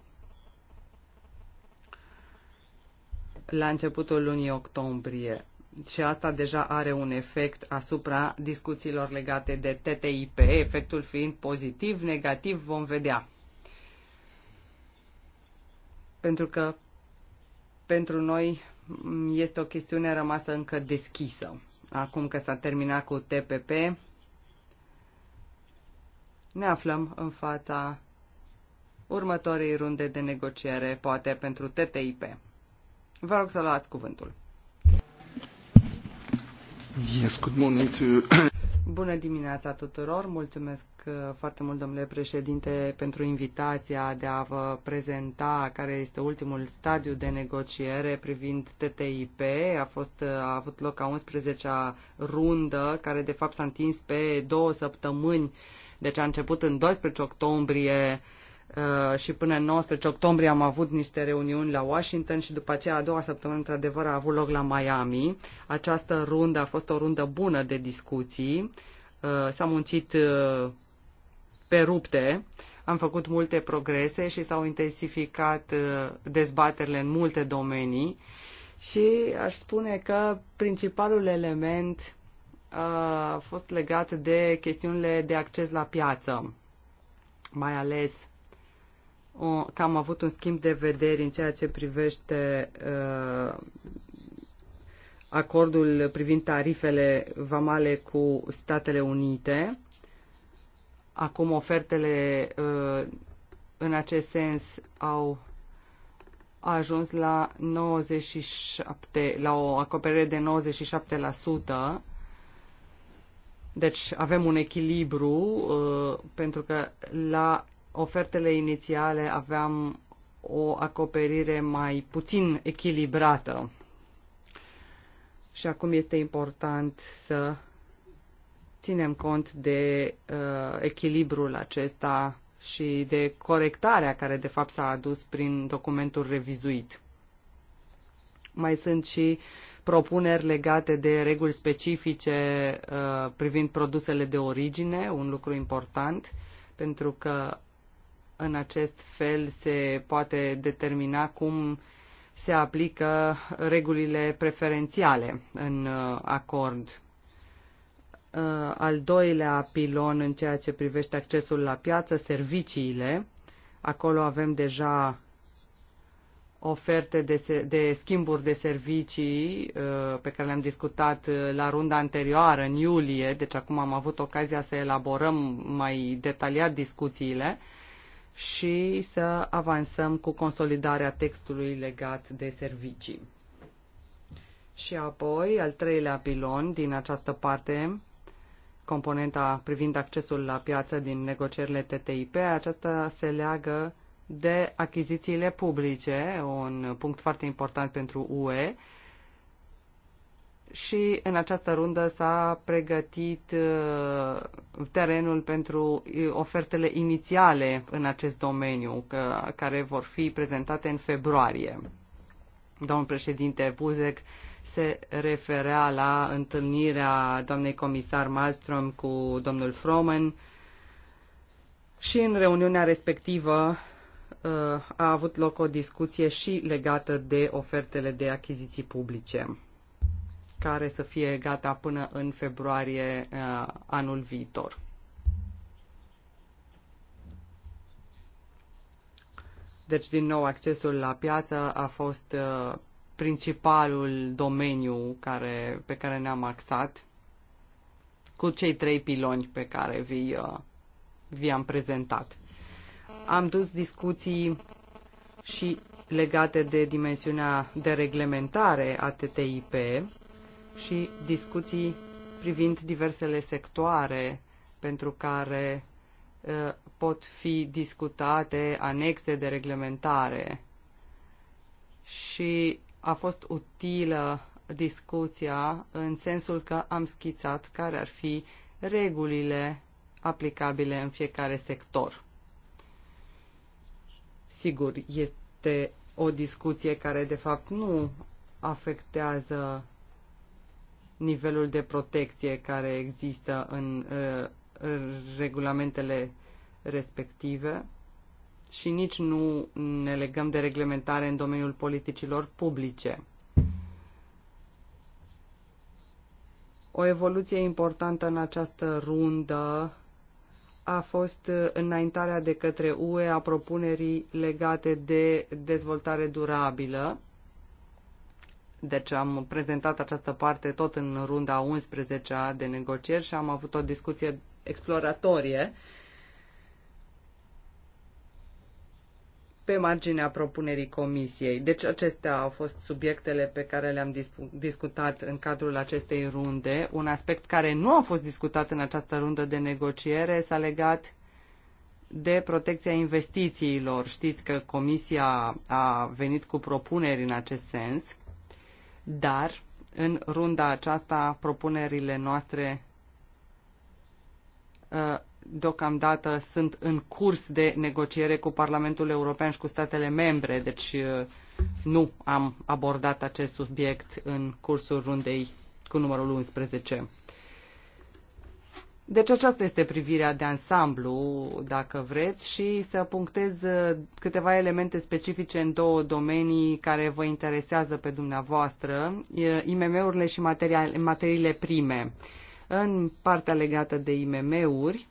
La începutul lunii octombrie și asta deja are un efect asupra discuțiilor legate de TTIP, efectul fiind pozitiv, negativ, vom vedea pentru că pentru noi este o chestiune rămasă încă deschisă. Acum că s-a terminat cu TPP, ne aflăm în fața următoarei runde de negociere, poate pentru TTIP. Vă rog să luați cuvântul. Yes, good morning to Bună dimineața tuturor! Mulțumesc uh, foarte mult, domnule președinte, pentru invitația de a vă prezenta care este ultimul stadiu de negociere privind TTIP. A, fost, uh, a avut loc a 11-a rundă, care de fapt s-a întins pe două săptămâni, deci a început în 12 octombrie Uh, și până în 19 octombrie am avut niște reuniuni la Washington și după aceea a doua săptămână într-adevăr a avut loc la Miami. Această rundă a fost o rundă bună de discuții. Uh, S-a muncit uh, pe rupte, am făcut multe progrese și s-au intensificat dezbaterile în multe domenii și aș spune că principalul element a fost legat de chestiunile de acces la piață, mai ales o, că am avut un schimb de vederi în ceea ce privește uh, acordul privind tarifele vamale cu Statele Unite. Acum ofertele uh, în acest sens au ajuns la 97, la o acoperire de 97%. Deci avem un echilibru uh, pentru că la ofertele inițiale aveam o acoperire mai puțin echilibrată. Și acum este important să ținem cont de uh, echilibrul acesta și de corectarea care de fapt s-a adus prin documentul revizuit. Mai sunt și propuneri legate de reguli specifice uh, privind produsele de origine, un lucru important, pentru că în acest fel se poate determina cum se aplică regulile preferențiale în uh, acord. Uh, al doilea pilon în ceea ce privește accesul la piață, serviciile. Acolo avem deja oferte de, de schimburi de servicii uh, pe care le-am discutat la runda anterioară, în iulie, deci acum am avut ocazia să elaborăm mai detaliat discuțiile și să avansăm cu consolidarea textului legat de servicii. Și apoi, al treilea pilon din această parte, componenta privind accesul la piață din negocierile TTIP, aceasta se leagă de achizițiile publice, un punct foarte important pentru UE, și în această rundă s-a pregătit uh, terenul pentru uh, ofertele inițiale în acest domeniu, care vor fi prezentate în februarie. Domnul președinte Buzek se referea la întâlnirea doamnei comisar Malmström cu domnul Fromen și în reuniunea respectivă uh, a avut loc o discuție și legată de ofertele de achiziții publice care să fie gata până în februarie uh, anul viitor. Deci, din nou, accesul la piață a fost uh, principalul domeniu care, pe care ne-am axat cu cei trei piloni pe care vi, uh, vi-am prezentat. Am dus discuții și legate de dimensiunea de reglementare a TTIP, și discuții privind diversele sectoare pentru care uh, pot fi discutate anexe de reglementare. Și a fost utilă discuția în sensul că am schițat care ar fi regulile aplicabile în fiecare sector. Sigur, este o discuție care de fapt nu afectează nivelul de protecție care există uh, în regulamentele respective și nici nu ne legăm de reglementare în domeniul politicilor publice. O evoluție importantă în această rundă a fost înaintarea de către UE a propunerii legate de dezvoltare durabilă deci am prezentat această parte tot în runda 11-a de negocieri și am avut o discuție exploratorie pe marginea propunerii comisiei. Deci acestea au fost subiectele pe care le-am discutat în cadrul acestei runde. Un aspect care nu a fost discutat în această rundă de negociere s-a legat de protecția investițiilor. Știți că comisia a venit cu propuneri în acest sens dar în runda aceasta propunerile noastre uh, deocamdată sunt în curs de negociere cu Parlamentul European și cu statele membre, deci uh, nu am abordat acest subiect în cursul rundei cu numărul 11. Deci aceasta este privirea de ansamblu, dacă vreți, și să punctez uh, câteva elemente specifice în două domenii care vă interesează pe dumneavoastră, IMM-urile și materiile prime. În partea legată de IMM-uri,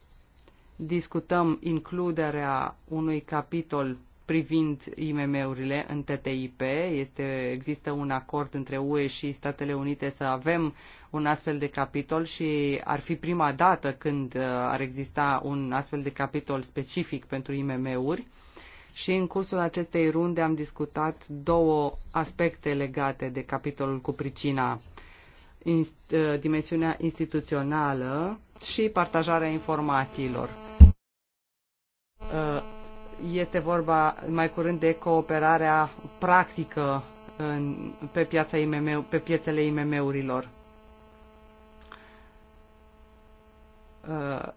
discutăm includerea unui capitol privind IMM-urile în TTIP. Este, există un acord între UE și Statele Unite să avem un astfel de capitol și ar fi prima dată când uh, ar exista un astfel de capitol specific pentru IMM-uri. Și în cursul acestei runde am discutat două aspecte legate de capitolul cu pricina uh, dimensiunea instituțională și partajarea informațiilor uh, este vorba mai curând de cooperarea practică în, pe, piața IMM, pe piețele IMM-urilor. Uh,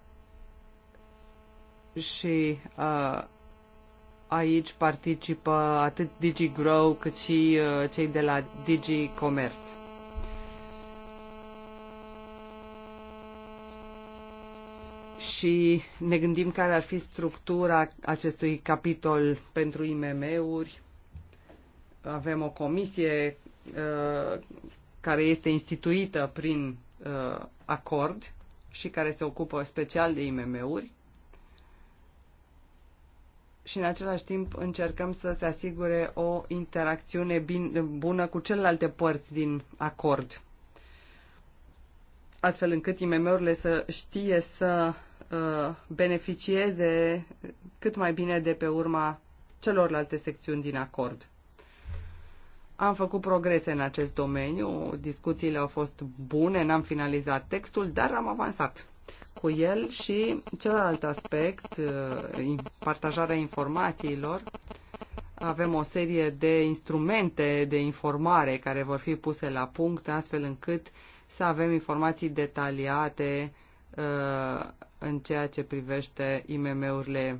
și uh, aici participă atât DigiGrow cât și uh, cei de la DigiCommerce. și ne gândim care ar fi structura acestui capitol pentru IMM-uri. Avem o comisie uh, care este instituită prin uh, acord și care se ocupă special de IMM-uri. Și în același timp încercăm să se asigure o interacțiune bin, bună cu celelalte părți din acord astfel încât IMM-urile să știe să Uh, beneficieze cât mai bine de pe urma celorlalte secțiuni din acord. Am făcut progrese în acest domeniu, discuțiile au fost bune, n-am finalizat textul, dar am avansat cu el și celălalt aspect, uh, partajarea informațiilor. Avem o serie de instrumente de informare care vor fi puse la punct astfel încât să avem informații detaliate Uh, în ceea ce privește IMM-urile.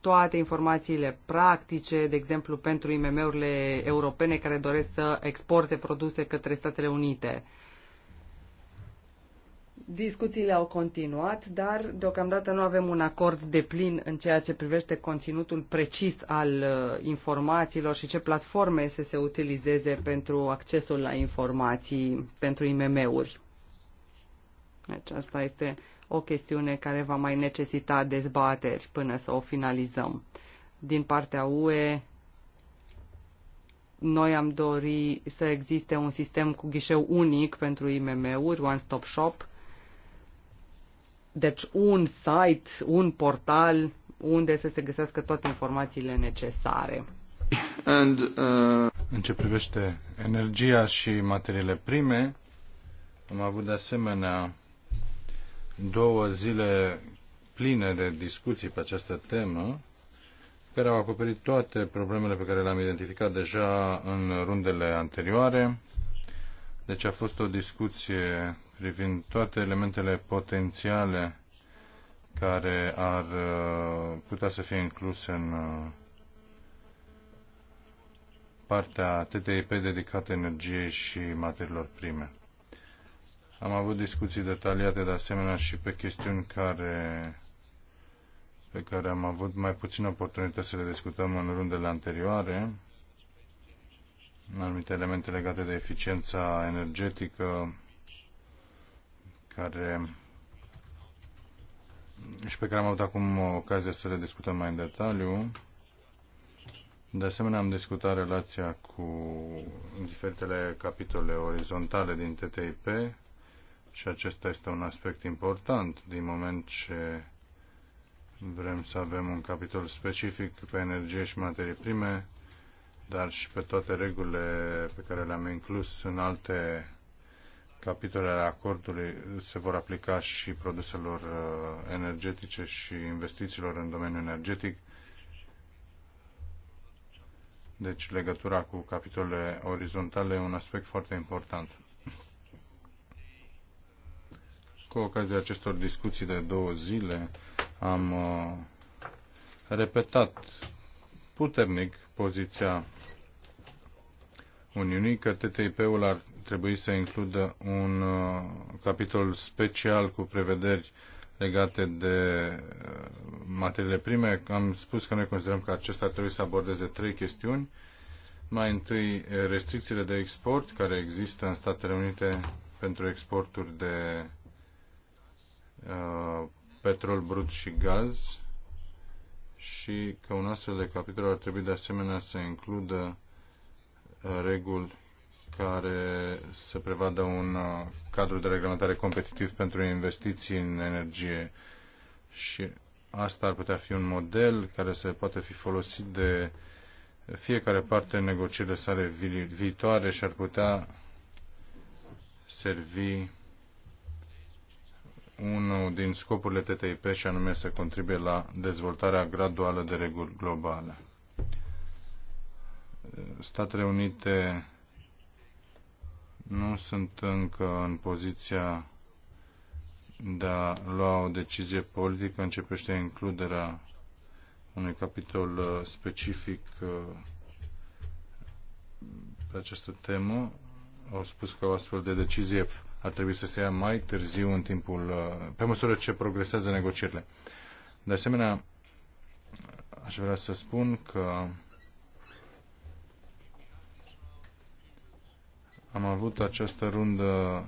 Toate informațiile practice, de exemplu pentru IMM-urile europene care doresc să exporte produse către Statele Unite. Uh, Discuțiile au continuat, dar deocamdată nu avem un acord de plin în ceea ce privește conținutul precis al uh, informațiilor și ce platforme să se utilizeze pentru accesul la informații pentru IMM-uri. Deci asta este o chestiune care va mai necesita dezbateri până să o finalizăm. Din partea UE, noi am dori să existe un sistem cu ghișeu unic pentru IMM-uri, one-stop shop, deci un site, un portal unde să se găsească toate informațiile necesare. And, uh... În ce privește energia și materiile prime, am avut de asemenea două zile pline de discuții pe această temă, care au acoperit toate problemele pe care le-am identificat deja în rundele anterioare. Deci a fost o discuție privind toate elementele potențiale care ar uh, putea să fie incluse în uh, partea TTIP dedicată energiei și materiilor prime. Am avut discuții detaliate de asemenea și pe chestiuni care, pe care am avut mai puțin oportunitate să le discutăm în rundele anterioare anumite elemente legate de eficiența energetică care și pe care am avut acum ocazia să le discutăm mai în detaliu. De asemenea, am discutat relația cu diferitele capitole orizontale din TTIP și acesta este un aspect important din moment ce vrem să avem un capitol specific pe energie și materii prime dar și pe toate regulile pe care le-am inclus în alte capitole ale acordului, se vor aplica și produselor uh, energetice și investițiilor în domeniul energetic. Deci legătura cu capitolele orizontale e un aspect foarte important. Cu ocazia acestor discuții de două zile am uh, repetat puternic poziția Uniunii că TTIP-ul ar trebui să includă un uh, capitol special cu prevederi legate de uh, materiile prime. Am spus că noi considerăm că acesta ar trebui să abordeze trei chestiuni. Mai întâi, restricțiile de export care există în Statele Unite pentru exporturi de uh, petrol brut și gaz și că un astfel de capitol ar trebui de asemenea să includă reguli care să prevadă un uh, cadru de reglementare competitiv pentru investiții în energie și asta ar putea fi un model care să poate fi folosit de fiecare parte în negocierile sale viitoare și ar putea servi unul din scopurile TTIP și anume să contribuie la dezvoltarea graduală de reguli globale. Statele Unite nu sunt încă în poziția de a lua o decizie politică, începește includerea unui capitol uh, specific uh, pe această temă. Au spus că o astfel de decizie ar trebui să se ia mai târziu în timpul, uh, pe măsură ce progresează negocierile. De asemenea, aș vrea să spun că Am avut această rundă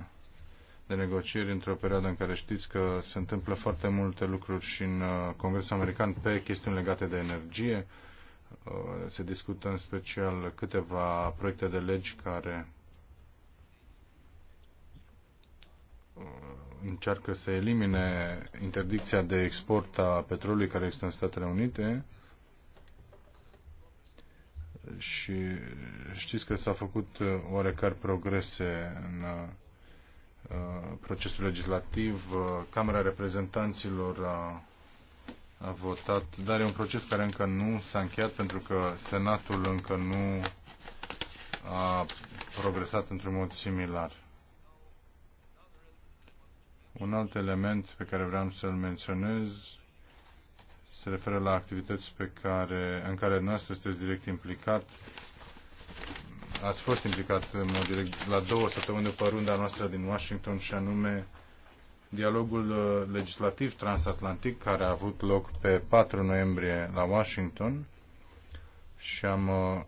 de negocieri într-o perioadă în care știți că se întâmplă foarte multe lucruri și în uh, Congresul American pe chestiuni legate de energie. Uh, se discută în special câteva proiecte de legi care uh, încearcă să elimine interdicția de export a petrolului care există în Statele Unite și știți că s-a făcut uh, oarecare progrese în uh, uh, procesul legislativ. Camera Reprezentanților a, a votat, dar e un proces care încă nu s-a încheiat pentru că Senatul încă nu a progresat într-un mod similar. Un alt element pe care vreau să-l menționez se referă la activități pe care, în care noastră sunteți direct implicat. Ați fost implicat în mod direct la două săptămâni după runda noastră din Washington și anume dialogul uh, legislativ transatlantic care a avut loc pe 4 noiembrie la Washington și am uh,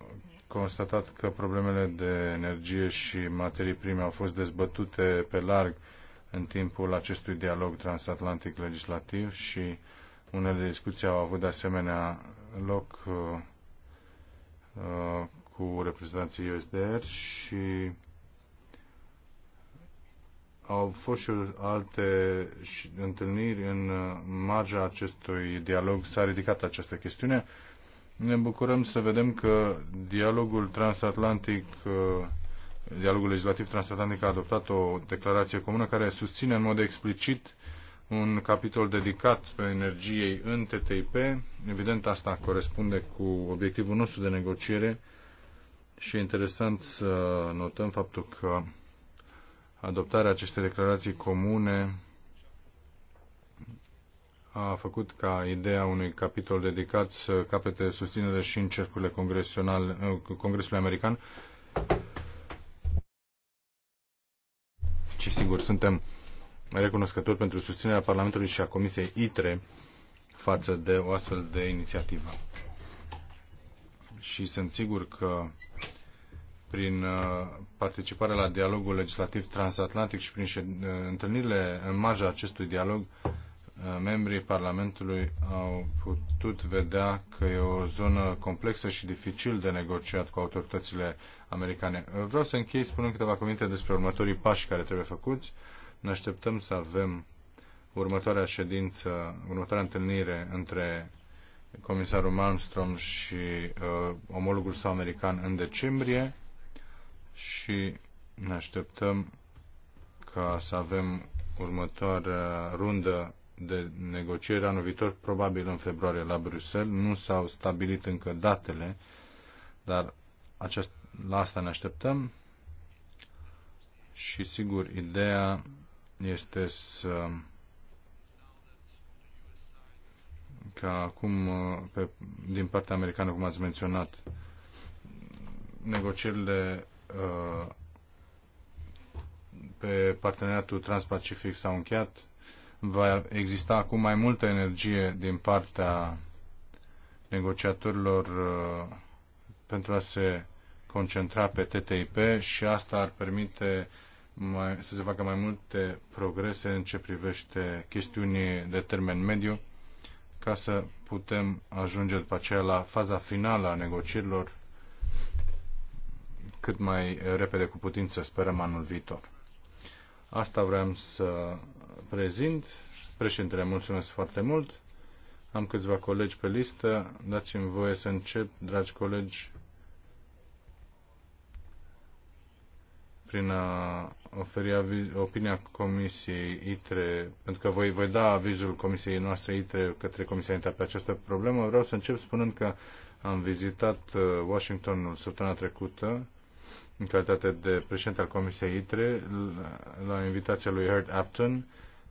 constatat că problemele de energie și materii prime au fost dezbătute pe larg în timpul acestui dialog transatlantic legislativ și unele discuții au avut de asemenea loc uh, uh, cu reprezentanții USDR și au fost și alte întâlniri în marja acestui dialog. S-a ridicat această chestiune. Ne bucurăm să vedem că dialogul transatlantic, uh, dialogul legislativ transatlantic a adoptat o declarație comună care susține în mod explicit un capitol dedicat pe energiei în TTIP. Evident, asta corespunde cu obiectivul nostru de negociere și e interesant să notăm faptul că adoptarea acestei declarații comune a făcut ca ideea unui capitol dedicat să capete susținere și în cercurile Congresului American. Și sigur, suntem recunoscători pentru susținerea Parlamentului și a Comisiei ITRE față de o astfel de inițiativă. Și sunt sigur că prin uh, participarea la dialogul legislativ transatlantic și prin uh, întâlnirile în marja acestui dialog, uh, membrii Parlamentului au putut vedea că e o zonă complexă și dificil de negociat cu autoritățile americane. Vreau să închei spunând câteva cuvinte despre următorii pași care trebuie făcuți. Ne așteptăm să avem următoarea ședință, următoarea întâlnire între comisarul Malmström și uh, omologul său american în decembrie și ne așteptăm ca să avem următoarea rundă de negociere anul viitor, probabil în februarie la Bruxelles. Nu s-au stabilit încă datele, dar aceast, la asta ne așteptăm. Și sigur, ideea este să ca acum pe, din partea americană, cum ați menționat, negocierile uh, pe parteneriatul transpacific s-au încheiat, va exista acum mai multă energie din partea negociatorilor uh, pentru a se concentra pe TTIP și asta ar permite mai, să se facă mai multe progrese în ce privește chestiuni de termen mediu ca să putem ajunge după aceea la faza finală a negocierilor cât mai repede cu putință, sperăm anul viitor. Asta vreau să prezint. Președintele, mulțumesc foarte mult. Am câțiva colegi pe listă. Dați-mi voie să încep, dragi colegi, prin a oferi opinia Comisiei ITRE, pentru că voi, voi da avizul Comisiei noastre ITRE către Comisia ITRE pe această problemă, vreau să încep spunând că am vizitat uh, Washingtonul săptămâna trecută în calitate de președinte al Comisiei ITRE la invitația lui Herd Apton,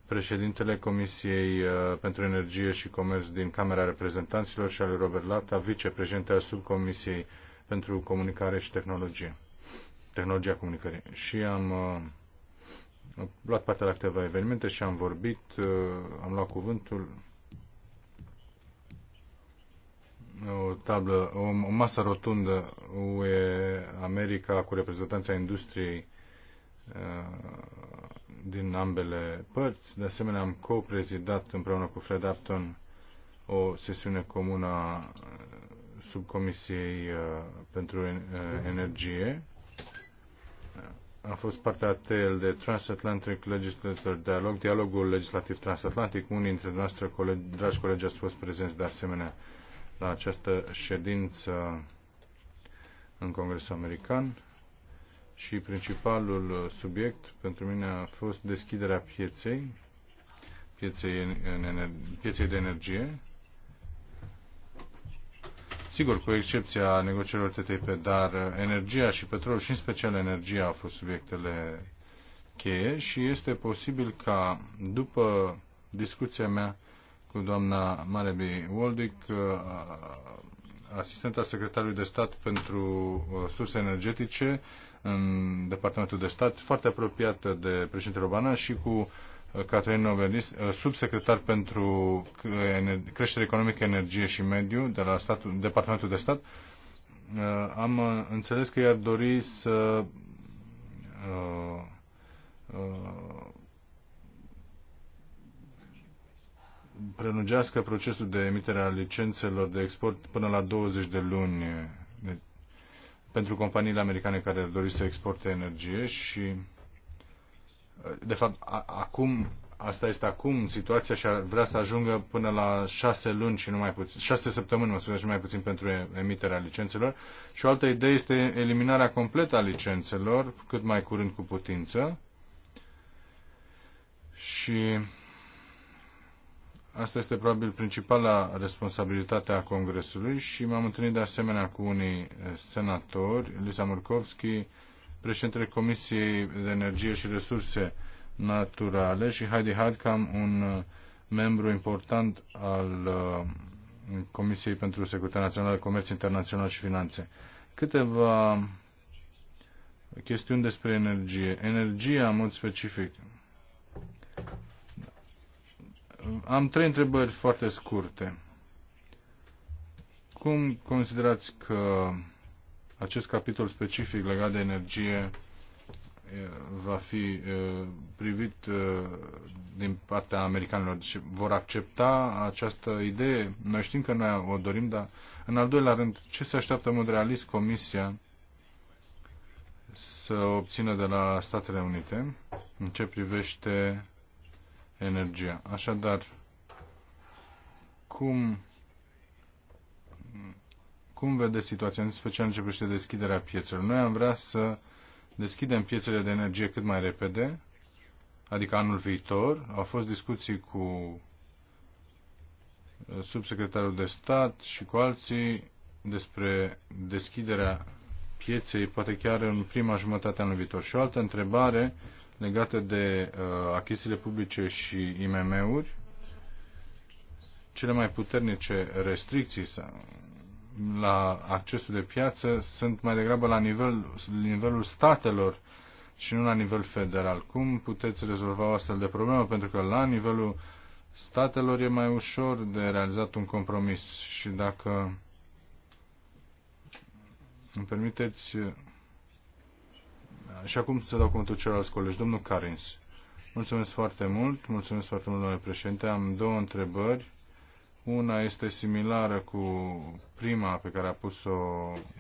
președintele Comisiei uh, pentru Energie și Comerț din Camera Reprezentanților și al lui Robert Lata, vicepreședinte al subcomisiei pentru comunicare și tehnologie tehnologia comunicării. Și am uh, luat parte la câteva evenimente și am vorbit, uh, am luat cuvântul o tablă, o, o masă rotundă UE America cu reprezentanța industriei uh, din ambele părți. De asemenea, am co-prezidat împreună cu Fred Apton o sesiune comună a uh, subcomisiei uh, pentru uh, energie a fost partea TL de Transatlantic Legislative dialog, dialogul legislativ transatlantic. Unii dintre noastre colegi, dragi colegi ați fost prezenți de asemenea la această ședință în Congresul American și principalul subiect pentru mine a fost deschiderea pieței, pieței, în, pieței de energie Sigur, cu excepția negocierilor TTIP, dar energia și petrolul și în special energia au fost subiectele cheie și este posibil ca după discuția mea cu doamna Mareby Waldick, uh, asistenta secretarului de stat pentru uh, surse energetice în Departamentul de Stat, foarte apropiată de președintele Obama și cu Catherine Novelis, uh, subsecretar pentru creștere economică, energie și mediu de la statul, Departamentul de Stat. Uh, am uh, înțeles că i-ar dori să prelungească procesul de emitere a licențelor de export până la 20 de luni deci, pentru companiile americane care ar dori să exporte energie și de fapt, a, acum, asta este acum situația și ar vrea să ajungă până la șase luni și nu mai puțin, șase săptămâni, mă spune, și mai puțin pentru emiterea licențelor. Și o altă idee este eliminarea completă a licențelor, cât mai curând cu putință. Și asta este probabil principala responsabilitate a Congresului și m-am întâlnit de asemenea cu unii senatori, Lisa Murkowski, președintele Comisiei de Energie și Resurse Naturale și Heidi Hadkam, un uh, membru important al uh, Comisiei pentru Securitatea Națională, Comerț Internațional și Finanțe. Câteva chestiuni despre energie. Energia, în mod specific. Am trei întrebări foarte scurte. Cum considerați că acest capitol specific legat de energie va fi privit din partea americanilor. Deci vor accepta această idee? Noi știm că noi o dorim, dar în al doilea rând, ce se așteaptă în mod realist Comisia să obțină de la Statele Unite în ce privește energia? Așadar, cum cum vedeți situația, în special în ce privește deschiderea piețelor? Noi am vrea să deschidem piețele de energie cât mai repede, adică anul viitor. Au fost discuții cu uh, subsecretarul de stat și cu alții despre deschiderea pieței, poate chiar în prima jumătate a anului viitor. Și o altă întrebare legată de uh, achizițiile publice și IMM-uri. Cele mai puternice restricții la accesul de piață sunt mai degrabă la nivel, nivelul statelor și nu la nivel federal. Cum puteți rezolva o astfel de problemă? Pentru că la nivelul statelor e mai ușor de realizat un compromis și dacă îmi permiteți și acum să dau cuvântul celorlalți colegi. Domnul Carins. Mulțumesc foarte mult. Mulțumesc foarte mult, domnule președinte. Am două întrebări una este similară cu prima pe care a pus-o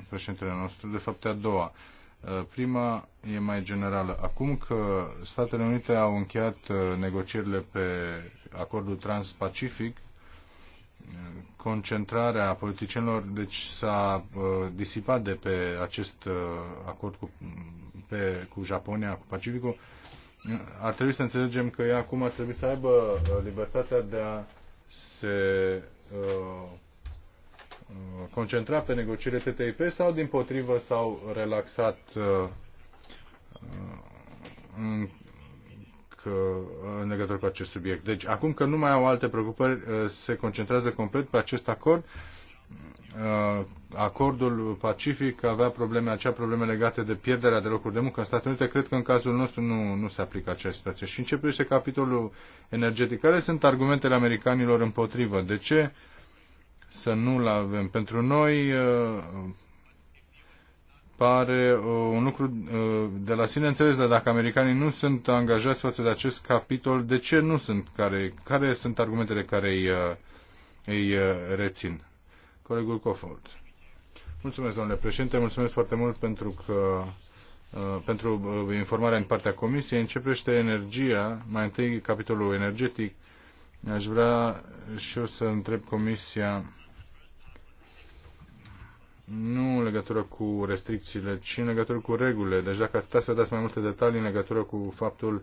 președintele nostru, de fapt a doua. Uh, prima e mai generală. Acum că Statele Unite au încheiat uh, negocierile pe acordul transpacific, uh, concentrarea politicienilor deci s-a disipat de pe acest acord cu, pe, cu Japonia, cu Pacificul, ar trebui să înțelegem că ea acum ar trebui să aibă libertatea de a se uh, uh, concentra pe negocierile TTIP sau, din potrivă, s-au relaxat uh, uh, în, că, în legătură cu acest subiect. Deci, acum că nu mai au alte preocupări, uh, se concentrează complet pe acest acord Uh, acordul pacific avea probleme, acea probleme legate de pierderea de locuri de muncă în Statele Unite. Cred că în cazul nostru nu, nu se aplică această situație. Și este capitolul energetic. Care sunt argumentele americanilor împotrivă? De ce să nu-l avem? Pentru noi uh, pare uh, un lucru de la sine înțeles, dar dacă americanii nu sunt angajați față de acest capitol, de ce nu sunt? Care, care sunt argumentele care îi, îi rețin? Colegul Cofold. Mulțumesc, domnule președinte, mulțumesc foarte mult pentru că uh, pentru uh, informarea în partea Comisiei. Începește energia, mai întâi capitolul energetic. Aș vrea și eu să întreb Comisia nu în legătură cu restricțiile, ci în legătură cu regulile. Deci dacă ați putea să dați mai multe detalii în legătură cu faptul uh,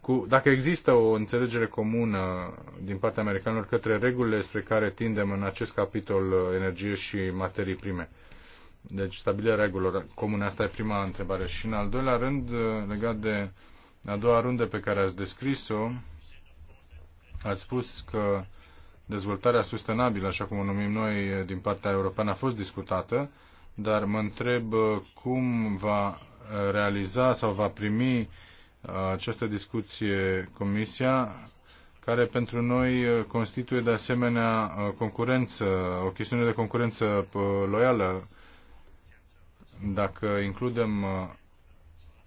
cu, dacă există o înțelegere comună din partea americanilor către regulile spre care tindem în acest capitol uh, energie și materii prime. Deci stabilirea regulilor comune, asta e prima întrebare. Și în al doilea rând, uh, legat de a doua rundă pe care ați descris-o, ați spus că dezvoltarea sustenabilă, așa cum o numim noi din partea europeană, a fost discutată, dar mă întreb uh, cum va realiza sau va primi această discuție Comisia, care pentru noi uh, constituie de asemenea uh, concurență, o chestiune de concurență uh, loială. Dacă includem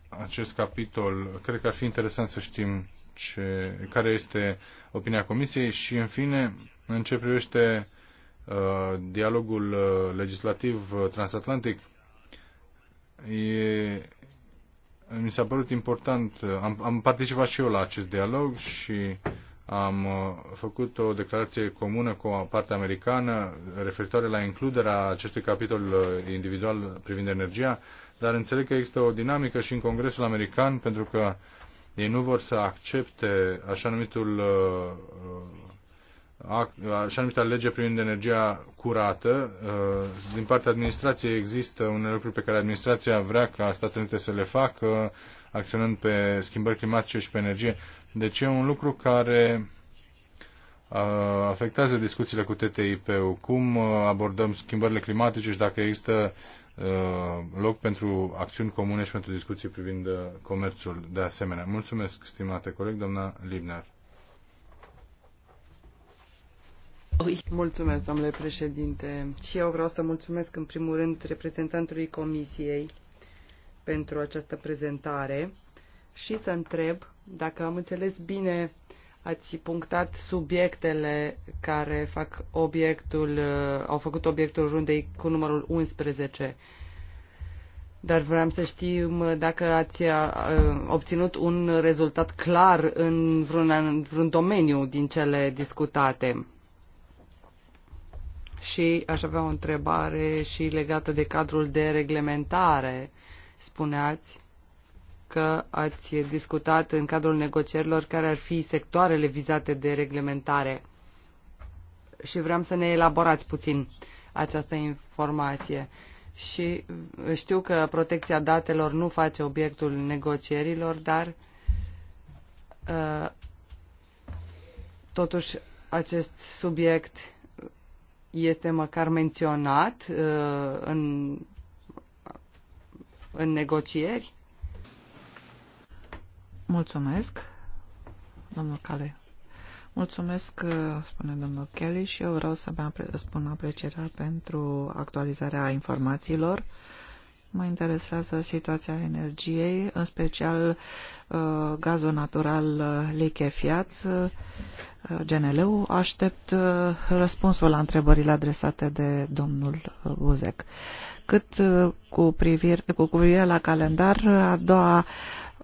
acest capitol, cred că ar fi interesant să știm ce, care este opinia Comisiei și, în fine, în ce privește dialogul legislativ transatlantic, e mi s-a părut important, am, am participat și eu la acest dialog și am uh, făcut o declarație comună cu partea americană referitoare la includerea acestui capitol uh, individual privind energia, dar înțeleg că există o dinamică și în Congresul american pentru că ei nu vor să accepte așa numitul uh, așa numită lege privind energia curată. Uh, din partea administrației există unele lucruri pe care administrația vrea ca Statele Unite să le facă, acționând pe schimbări climatice și pe energie. Deci e un lucru care uh, afectează discuțiile cu TTIP-ul. Cum uh, abordăm schimbările climatice și dacă există loc pentru acțiuni comune și pentru discuții privind comerțul de asemenea. Mulțumesc, stimate coleg, doamna Libner. Mulțumesc, domnule președinte. Și eu vreau să mulțumesc în primul rând reprezentantului Comisiei pentru această prezentare și să întreb dacă am înțeles bine ați punctat subiectele care fac obiectul, uh, au făcut obiectul rundei cu numărul 11. Dar vreau să știm dacă ați uh, obținut un rezultat clar în vreun, în vreun domeniu din cele discutate. Și aș avea o întrebare și legată de cadrul de reglementare. Spuneați că ați discutat în cadrul negocierilor care ar fi sectoarele vizate de reglementare. Și vreau să ne elaborați puțin această informație. Și știu că protecția datelor nu face obiectul negocierilor, dar uh, totuși acest subiect este măcar menționat uh, în, în negocieri? Mulțumesc, domnul Cale. Mulțumesc, uh, spune domnul Kelly, și eu vreau să vă spun aprecierea pentru actualizarea informațiilor. Uh, Mă interesează situația energiei, în special uh, gazul natural uh, lichefiat, uh, GNL-ul. Aștept răspunsul la întrebările adresate de domnul Buzec. Cât cu privire, cu privire la calendar, a doua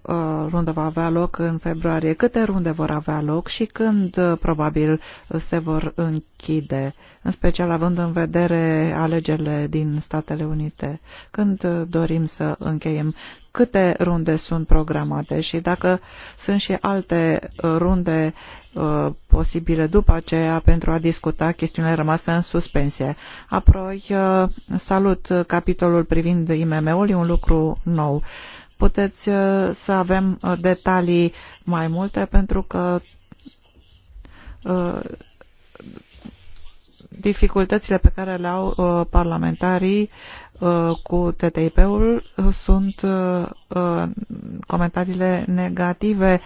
Uh, rundă va avea loc în februarie, câte runde vor avea loc și când uh, probabil se vor închide, în special având în vedere alegerile din Statele Unite. Când uh, dorim să încheiem, câte runde sunt programate și dacă sunt și alte runde posibile după aceea pentru a discuta chestiunile rămase în suspensie. Apoi salut capitolul privind IMM-ul, e un lucru nou puteți uh, să avem uh, detalii mai multe pentru că uh, dificultățile pe care le au parlamentarii cu TTIP-ul sunt comentariile negative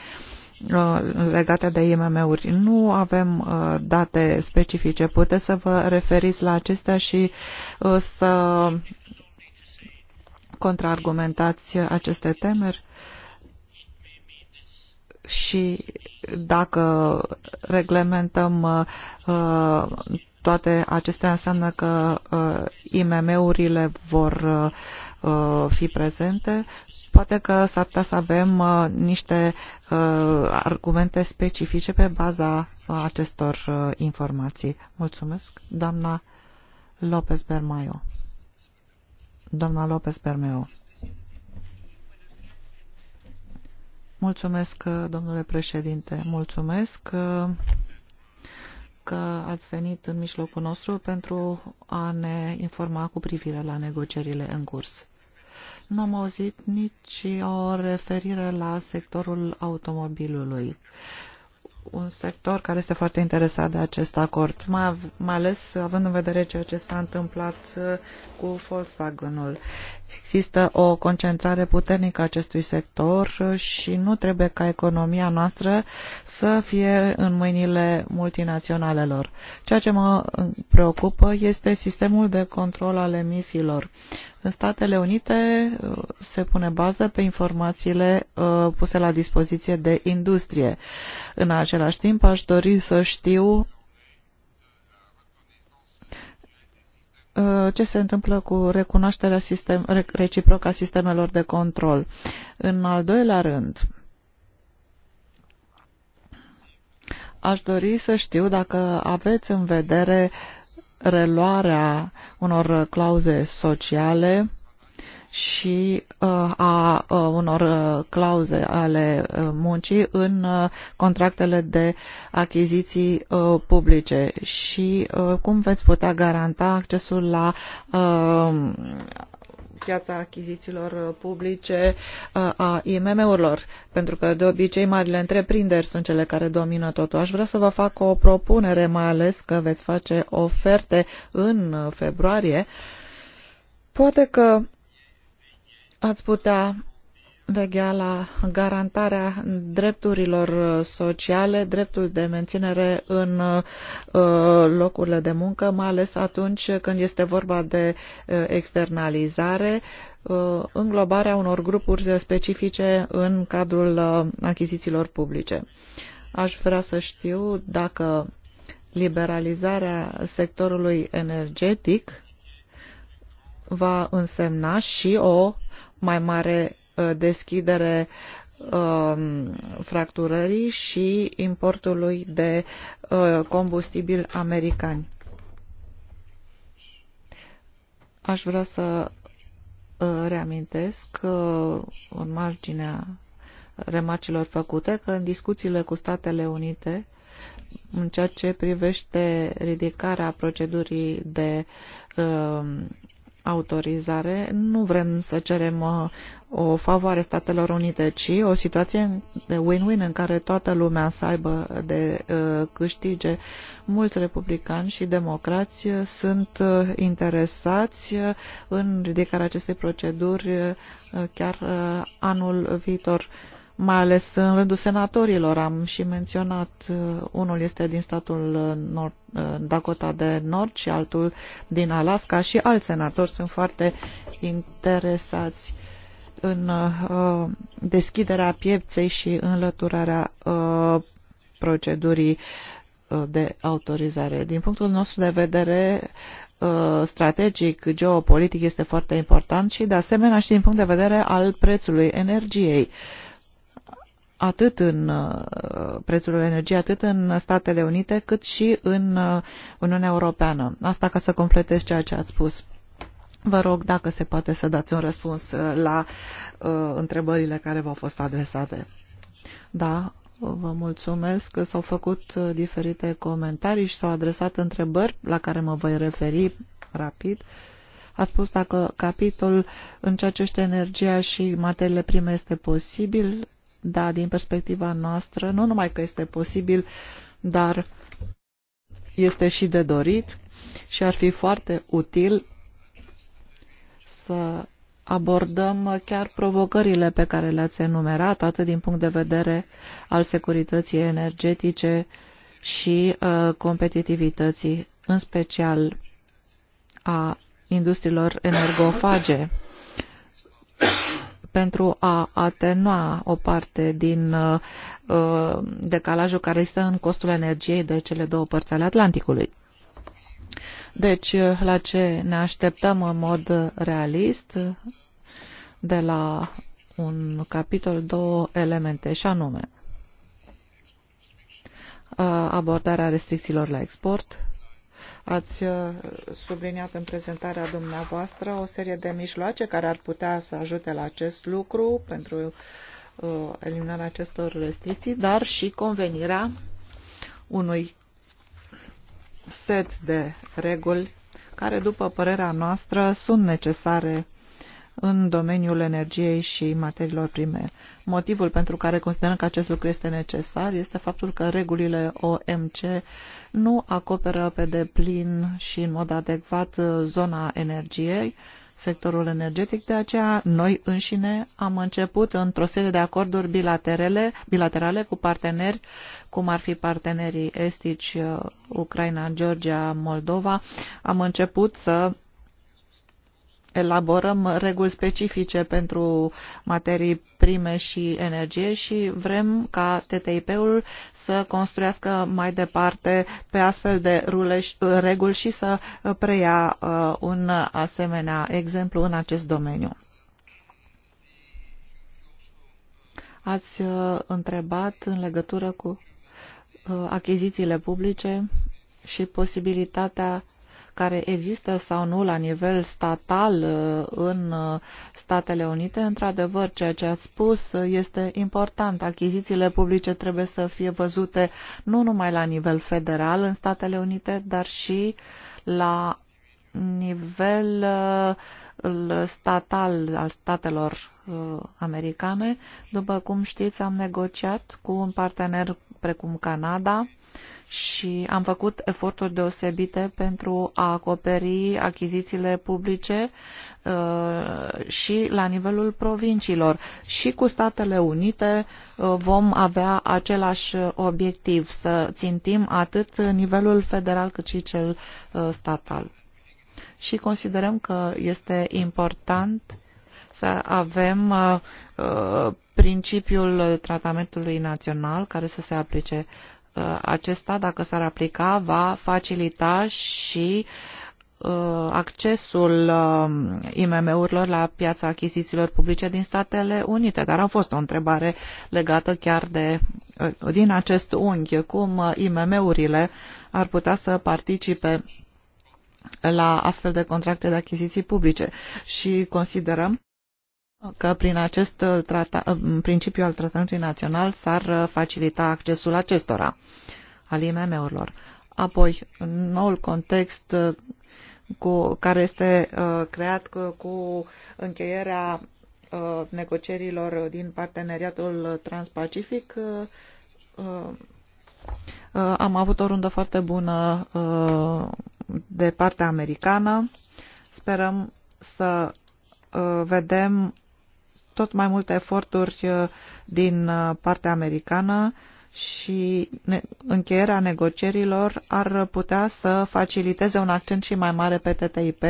legate de IMM-uri. Nu avem date specifice. Puteți să vă referiți la acestea și să contraargumentați aceste temeri și dacă reglementăm uh, toate acestea înseamnă că uh, IMM-urile vor uh, fi prezente, poate că s-ar putea să avem niște argumente specifice pe baza acestor informații. Mulțumesc, doamna López Bermaio. Doamna Lopez Permeo. Mulțumesc, domnule președinte. Mulțumesc că ați venit în mijlocul nostru pentru a ne informa cu privire la negocierile în curs. Nu am auzit nici o referire la sectorul automobilului un sector care este foarte interesat de acest acord, mai, mai ales având în vedere ceea ce s-a întâmplat uh, cu Volkswagen-ul. Există o concentrare puternică a acestui sector și nu trebuie ca economia noastră să fie în mâinile multinaționalelor. Ceea ce mă preocupă este sistemul de control al emisiilor. În Statele Unite uh, se pune bază pe informațiile uh, puse la dispoziție de industrie. În același timp, aș dori să știu Uh, ce se întâmplă cu recunoașterea sistem, reciprocă a sistemelor de control. În al doilea rând, aș dori să știu dacă aveți în vedere reluarea unor clauze sociale și uh, a uh, unor uh, clauze ale muncii în contractele de achiziții publice și cum veți putea garanta accesul la piața achizițiilor publice a IMM-urilor, pentru că de obicei marile întreprinderi sunt cele care domină totul. Aș vrea să vă fac o propunere, mai ales că veți face oferte în februarie. Poate că ați putea veghea la garantarea drepturilor sociale, dreptul de menținere în uh, locurile de muncă, mai ales atunci când este vorba de uh, externalizare, uh, înglobarea unor grupuri specifice în cadrul achizițiilor publice. Aș vrea să știu dacă liberalizarea sectorului energetic va însemna și o mai mare uh, deschidere um, fracturării și importului de uh, combustibil americani. Aș vrea să uh, reamintesc în marginea remarcilor făcute că în discuțiile cu Statele Unite în ceea ce privește ridicarea procedurii de um, autorizare. Nu vrem să cerem uh, o favoare Statelor Unite, ci o situație de win-win în care toată lumea să aibă de uh, câștige. Mulți republicani și democrați uh, sunt interesați în ridicarea acestei proceduri chiar anul viitor mai ales în rândul senatorilor. Am și menționat, uh, unul este din statul uh, Nord, uh, Dakota de Nord și altul din Alaska și alți senatori sunt foarte interesați în uh, deschiderea pieței și înlăturarea uh, procedurii de autorizare. Din punctul nostru de vedere, strategic, geopolitic este foarte important și, de asemenea, și din punct de vedere al prețului energiei. Uh, atât în uh, prețul energiei, atât în Statele Unite, cât și în uh, Uniunea Europeană. Asta ca să completez ceea ce ați spus. Vă rog dacă se poate să dați un răspuns uh, la uh, întrebările care v-au fost adresate. Da, vă mulțumesc că s-au făcut diferite comentarii și s-au adresat întrebări la care mă voi referi rapid. A spus dacă capitolul în ceea ce energia și materiile prime este posibil. Da, din perspectiva noastră, nu numai că este posibil, dar este și de dorit și ar fi foarte util să abordăm chiar provocările pe care le-ați enumerat, atât din punct de vedere al securității energetice și uh, competitivității, în special a industriilor energofage pentru a atenua o parte din uh, decalajul care este în costul energiei de cele două părți ale Atlanticului. Deci, la ce ne așteptăm în mod realist de la un capitol, două elemente, și anume uh, abordarea restricțiilor la export Ați uh, subliniat în prezentarea dumneavoastră o serie de mijloace care ar putea să ajute la acest lucru pentru uh, eliminarea acestor restricții, dar și convenirea unui set de reguli care, după părerea noastră, sunt necesare în domeniul energiei și materiilor prime. Motivul pentru care considerăm că acest lucru este necesar este faptul că regulile OMC nu acoperă pe deplin și în mod adecvat zona energiei, sectorul energetic, de aceea noi înșine am început într-o serie de acorduri bilaterale, bilaterale cu parteneri, cum ar fi partenerii estici, uh, Ucraina, Georgia, Moldova. Am început să elaborăm reguli specifice pentru materii prime și energie și vrem ca TTIP-ul să construiască mai departe pe astfel de rule, uh, reguli și să preia uh, un asemenea exemplu în acest domeniu. Ați uh, întrebat în legătură cu achizițiile publice și posibilitatea care există sau nu la nivel statal uh, în uh, Statele Unite, într-adevăr, ceea ce ați spus uh, este important. Achizițiile publice trebuie să fie văzute nu numai la nivel federal în Statele Unite, dar și la nivel statal al statelor americane. După cum știți, am negociat cu un partener precum Canada și am făcut eforturi deosebite pentru a acoperi achizițiile publice uh, și la nivelul provinciilor. Și cu Statele Unite uh, vom avea același obiectiv, să țintim atât nivelul federal cât și cel uh, statal. Și considerăm că este important să avem principiul tratamentului național care să se aplice uh, Uh, acesta, dacă s-ar aplica, va facilita și uh, accesul uh, IMM-urilor la piața achizițiilor publice din Statele Unite. Dar a fost o întrebare legată chiar de din acest unghi, cum IMM-urile ar putea să participe la astfel de contracte de achiziții publice și considerăm că prin acest uh, trata, uh, principiu al tratamentului național s-ar uh, facilita accesul acestora, al IMM-urilor. Apoi, în noul context cu, care este uh, creat cu, cu încheierea uh, negocierilor din parteneriatul transpacific, uh, uh, am avut o rundă foarte bună uh, de partea americană. Sperăm să vedem tot mai multe eforturi uh, din uh, partea americană și încheierea negocierilor ar putea să faciliteze un accent și mai mare pe TTIP,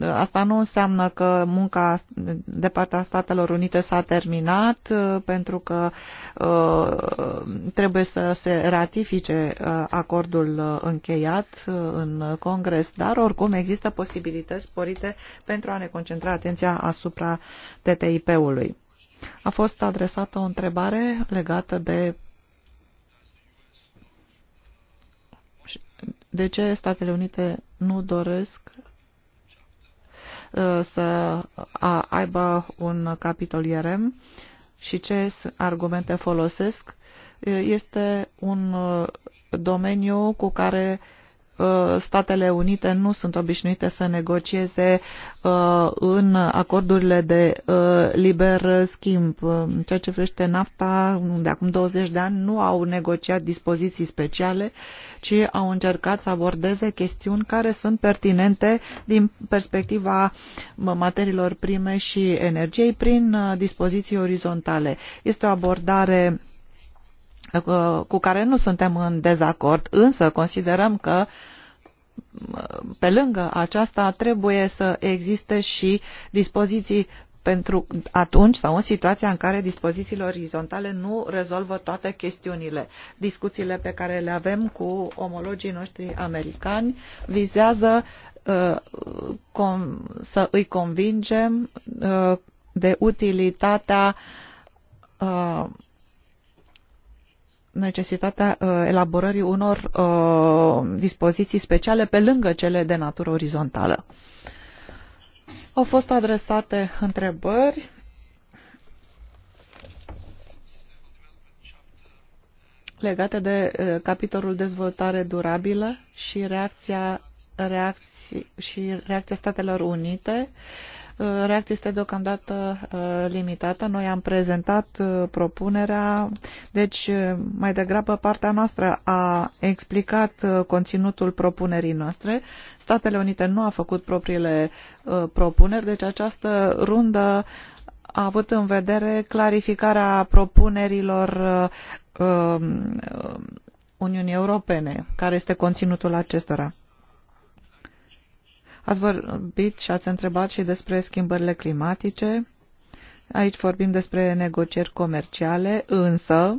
Asta nu înseamnă că munca de partea Statelor Unite s-a terminat, uh, pentru că uh, trebuie să se ratifice uh, acordul încheiat în Congres, dar oricum există posibilități sporite pentru a ne concentra atenția asupra TTIP-ului. A fost adresată o întrebare legată de de ce Statele Unite nu doresc Uh, să aibă un capitol IRM și ce argumente folosesc. Uh, este un uh, domeniu cu care Uh, Statele Unite nu sunt obișnuite să negocieze uh, în acordurile de uh, liber schimb. În ceea ce privește nafta, de acum 20 de ani nu au negociat dispoziții speciale, ci au încercat să abordeze chestiuni care sunt pertinente din perspectiva materiilor prime și energiei prin dispoziții orizontale. Este o abordare cu care nu suntem în dezacord, însă considerăm că pe lângă aceasta trebuie să existe și dispoziții pentru atunci sau în situația în care dispozițiile orizontale nu rezolvă toate chestiunile. Discuțiile pe care le avem cu omologii noștri americani vizează uh, com, să îi convingem uh, de utilitatea uh, necesitatea uh, elaborării unor uh, dispoziții speciale pe lângă cele de natură orizontală. Au fost adresate întrebări. legate de uh, capitolul dezvoltare durabilă și reacția, reacții, și reacția Statelor Unite Uh, reacția este deocamdată uh, limitată. Noi am prezentat uh, propunerea, deci mai degrabă partea noastră a explicat conținutul propunerii noastre. Statele Unite nu a făcut propriile propuneri, deci această rundă a avut în vedere clarificarea propunerilor um, Uniunii Europene, care este conținutul acestora. Ați vorbit și ați întrebat și despre schimbările climatice. Aici vorbim despre negocieri comerciale, însă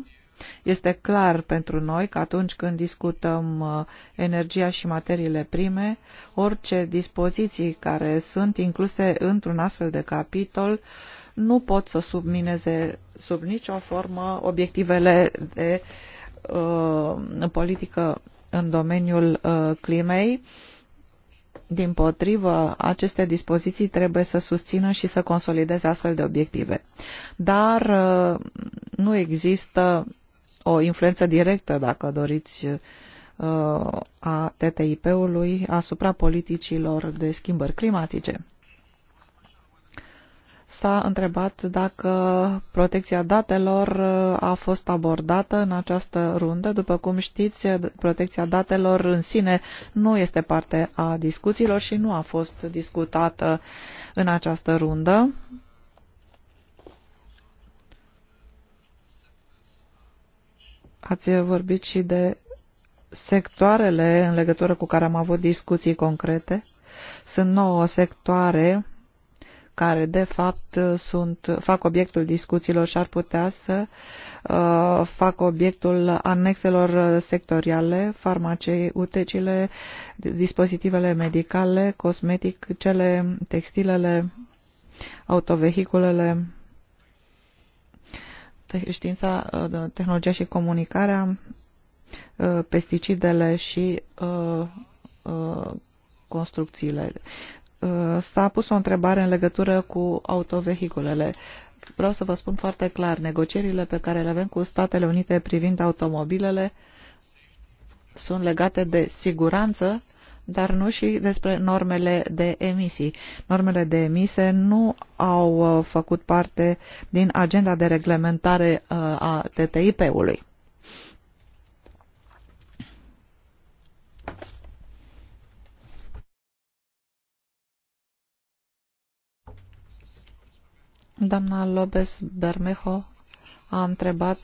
este clar pentru noi că atunci când discutăm uh, energia și materiile prime, orice dispoziții care sunt incluse într-un astfel de capitol nu pot să submineze sub nicio formă obiectivele de uh, politică în domeniul uh, climei din potrivă, aceste dispoziții trebuie să susțină și să consolideze astfel de obiective. Dar uh, nu există o influență directă, dacă doriți, uh, a TTIP-ului asupra politicilor de schimbări climatice s-a întrebat dacă protecția datelor uh, a fost abordată în această rundă. După cum știți, uh, protecția datelor în sine nu este parte a discuțiilor și nu a fost discutată în această rundă. Ați vorbit și de sectoarele în legătură cu care am avut discuții concrete. Sunt nouă sectoare care de fapt sunt, fac obiectul discuțiilor și ar putea să uh, fac obiectul anexelor sectoriale, farmacei, utecile, dispozitivele medicale, cosmetic, cele, textilele, autovehiculele, știința, uh, tehnologia și comunicarea, uh, pesticidele și uh, uh, construcțiile. Uh, s-a pus o întrebare în legătură cu autovehiculele. Vreau să vă spun foarte clar, negocierile pe care le avem cu Statele Unite privind automobilele sunt legate de siguranță, dar nu și despre normele de emisii. Normele de emise nu au uh, făcut parte din agenda de reglementare uh, a TTIP-ului. Doamna Lopez Bermejo a întrebat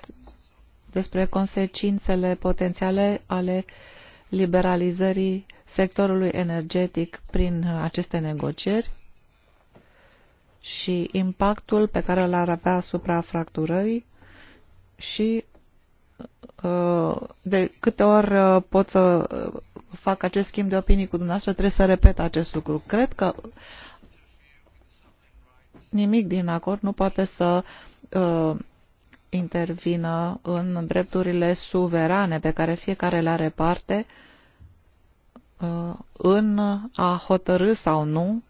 despre consecințele potențiale ale liberalizării sectorului energetic prin aceste negocieri și impactul pe care îl ar avea asupra fracturării și uh, de câte ori uh, pot să fac acest schimb de opinii cu dumneavoastră, trebuie să repet acest lucru. Cred că nimic din acord nu poate să uh, intervină în drepturile suverane pe care fiecare le are parte uh, în a hotărâ sau nu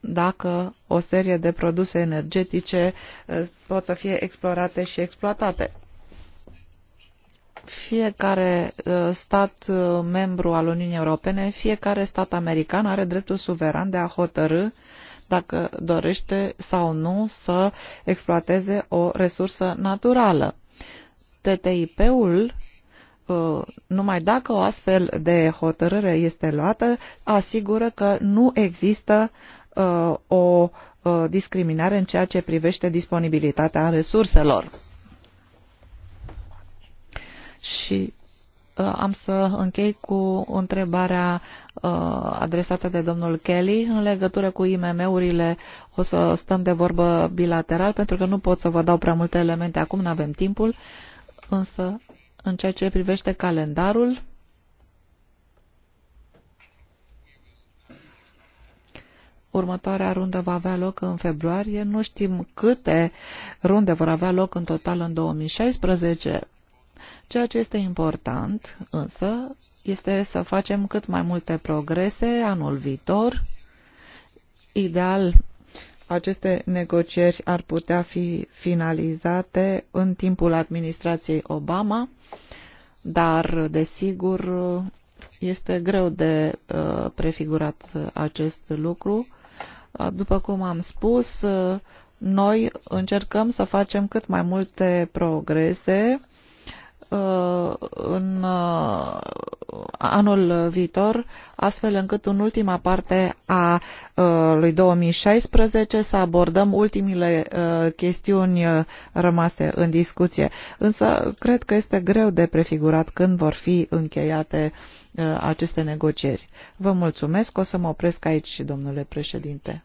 dacă o serie de produse energetice uh, pot să fie explorate și exploatate. Fiecare uh, stat uh, membru al Uniunii Europene, fiecare stat american are dreptul suveran de a hotărâ dacă dorește sau nu să exploateze o resursă naturală. TTIP-ul uh, numai dacă o astfel de hotărâre este luată, asigură că nu există uh, o uh, discriminare în ceea ce privește disponibilitatea resurselor. Și Uh, am să închei cu întrebarea uh, adresată de domnul Kelly în legătură cu IMM-urile. O să stăm de vorbă bilateral pentru că nu pot să vă dau prea multe elemente acum, nu avem timpul, însă în ceea ce privește calendarul, Următoarea rundă va avea loc în februarie. Nu știm câte runde vor avea loc în total în 2016. Ceea ce este important, însă, este să facem cât mai multe progrese anul viitor. Ideal, aceste negocieri ar putea fi finalizate în timpul administrației Obama, dar, desigur, este greu de uh, prefigurat acest lucru. Uh, după cum am spus, uh, noi încercăm să facem cât mai multe progrese Uh, în uh, anul viitor, astfel încât în ultima parte a uh, lui 2016 să abordăm ultimile chestiuni rămase în discuție. Însă cred că este greu de prefigurat când vor fi încheiate aceste negocieri. Vă mulțumesc, o să mă opresc aici, domnule președinte.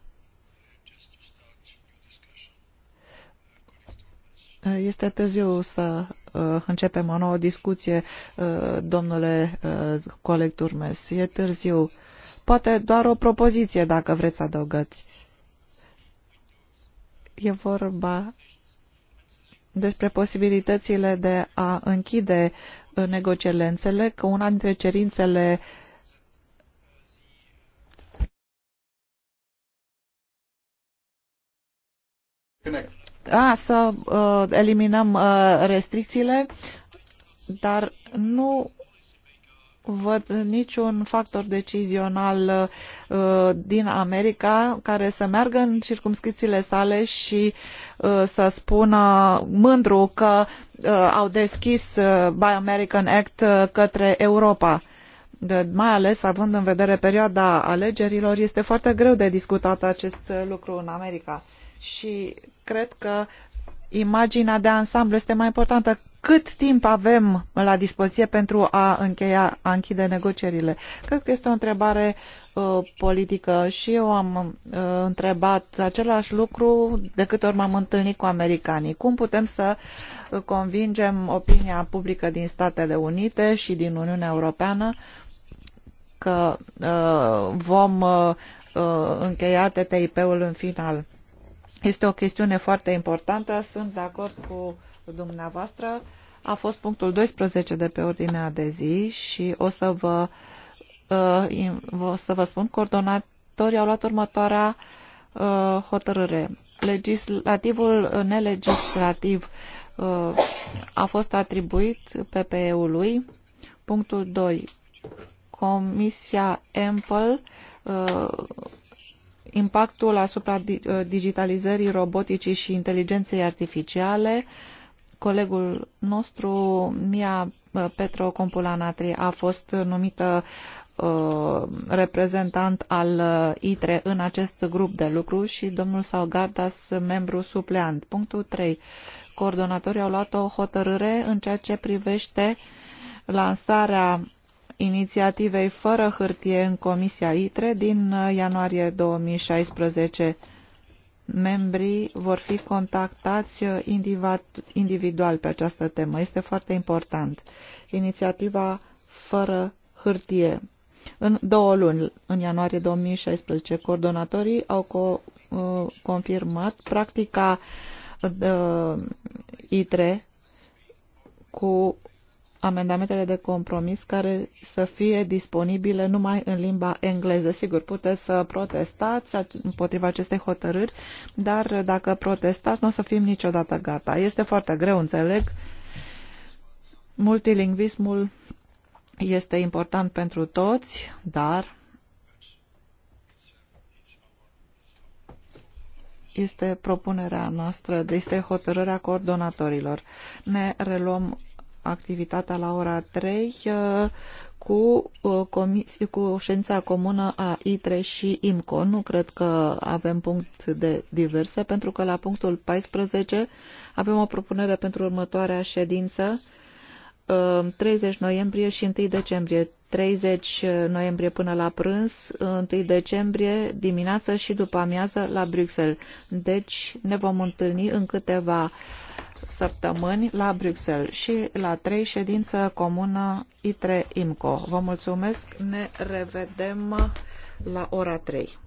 Este târziu să uh, începem o nouă discuție, uh, domnule uh, coleg Turmes. E târziu. Poate doar o propoziție, dacă vreți să adăugați. E vorba despre posibilitățile de a închide negocierile. Înțeleg că una dintre cerințele Connect a, să uh, eliminăm uh, restricțiile, dar nu văd niciun factor decizional uh, din America care să meargă în circumscripțiile sale și uh, să spună mândru că uh, au deschis uh, Buy American Act uh, către Europa. De, mai ales având în vedere perioada alegerilor, este foarte greu de discutat acest uh, lucru în America și cred că imaginea de ansamblu este mai importantă. Cât timp avem la dispoziție pentru a încheia, a închide negocierile? Cred că este o întrebare uh, politică și eu am uh, întrebat același lucru de câte ori m-am întâlnit cu americanii. Cum putem să uh, convingem opinia publică din Statele Unite și din Uniunea Europeană că uh, vom uh, uh încheia TTIP-ul în final? Este o chestiune foarte importantă, sunt de acord cu dumneavoastră. A fost punctul 12 de pe ordinea de zi și o să vă, uh, o să vă spun, coordonatorii au luat următoarea uh, hotărâre. Legislativul nelegislativ uh, a fost atribuit PPE-ului. Punctul 2. Comisia Ample impactul asupra uh, digitalizării roboticii și inteligenței artificiale. Colegul nostru, Mia uh, Petro Compulanatri, a fost numită uh, reprezentant al uh, ITRE în acest grup de lucru și domnul Saugardas, membru supleant. Punctul 3. Coordonatorii au luat o hotărâre în ceea ce privește lansarea inițiativei fără hârtie în Comisia ITRE din uh, ianuarie 2016. Membrii vor fi contactați uh, individual pe această temă. Este foarte important. Inițiativa fără hârtie. În două luni, în ianuarie 2016, coordonatorii au co uh, confirmat practica ITRE cu amendamentele de compromis care să fie disponibile numai în limba engleză. Sigur, puteți să protestați împotriva acestei hotărâri, dar dacă protestați, nu o să fim niciodată gata. Este foarte greu, înțeleg. Multilingvismul este important pentru toți, dar este propunerea noastră, este hotărârea coordonatorilor. Ne reluăm activitatea la ora 3 uh, cu, uh, comisie, cu ședința comună a ITRE și IMCO. Nu cred că avem punct de diverse, pentru că la punctul 14 avem o propunere pentru următoarea ședință, 30 uh, noiembrie și 1 decembrie. 30 noiembrie până la prânz, 1 decembrie dimineață și după amiază la Bruxelles. Deci ne vom întâlni în câteva uh, săptămâni la Bruxelles și la trei ședință comună ITRE-IMCO. Vă mulțumesc, ne revedem la ora 3.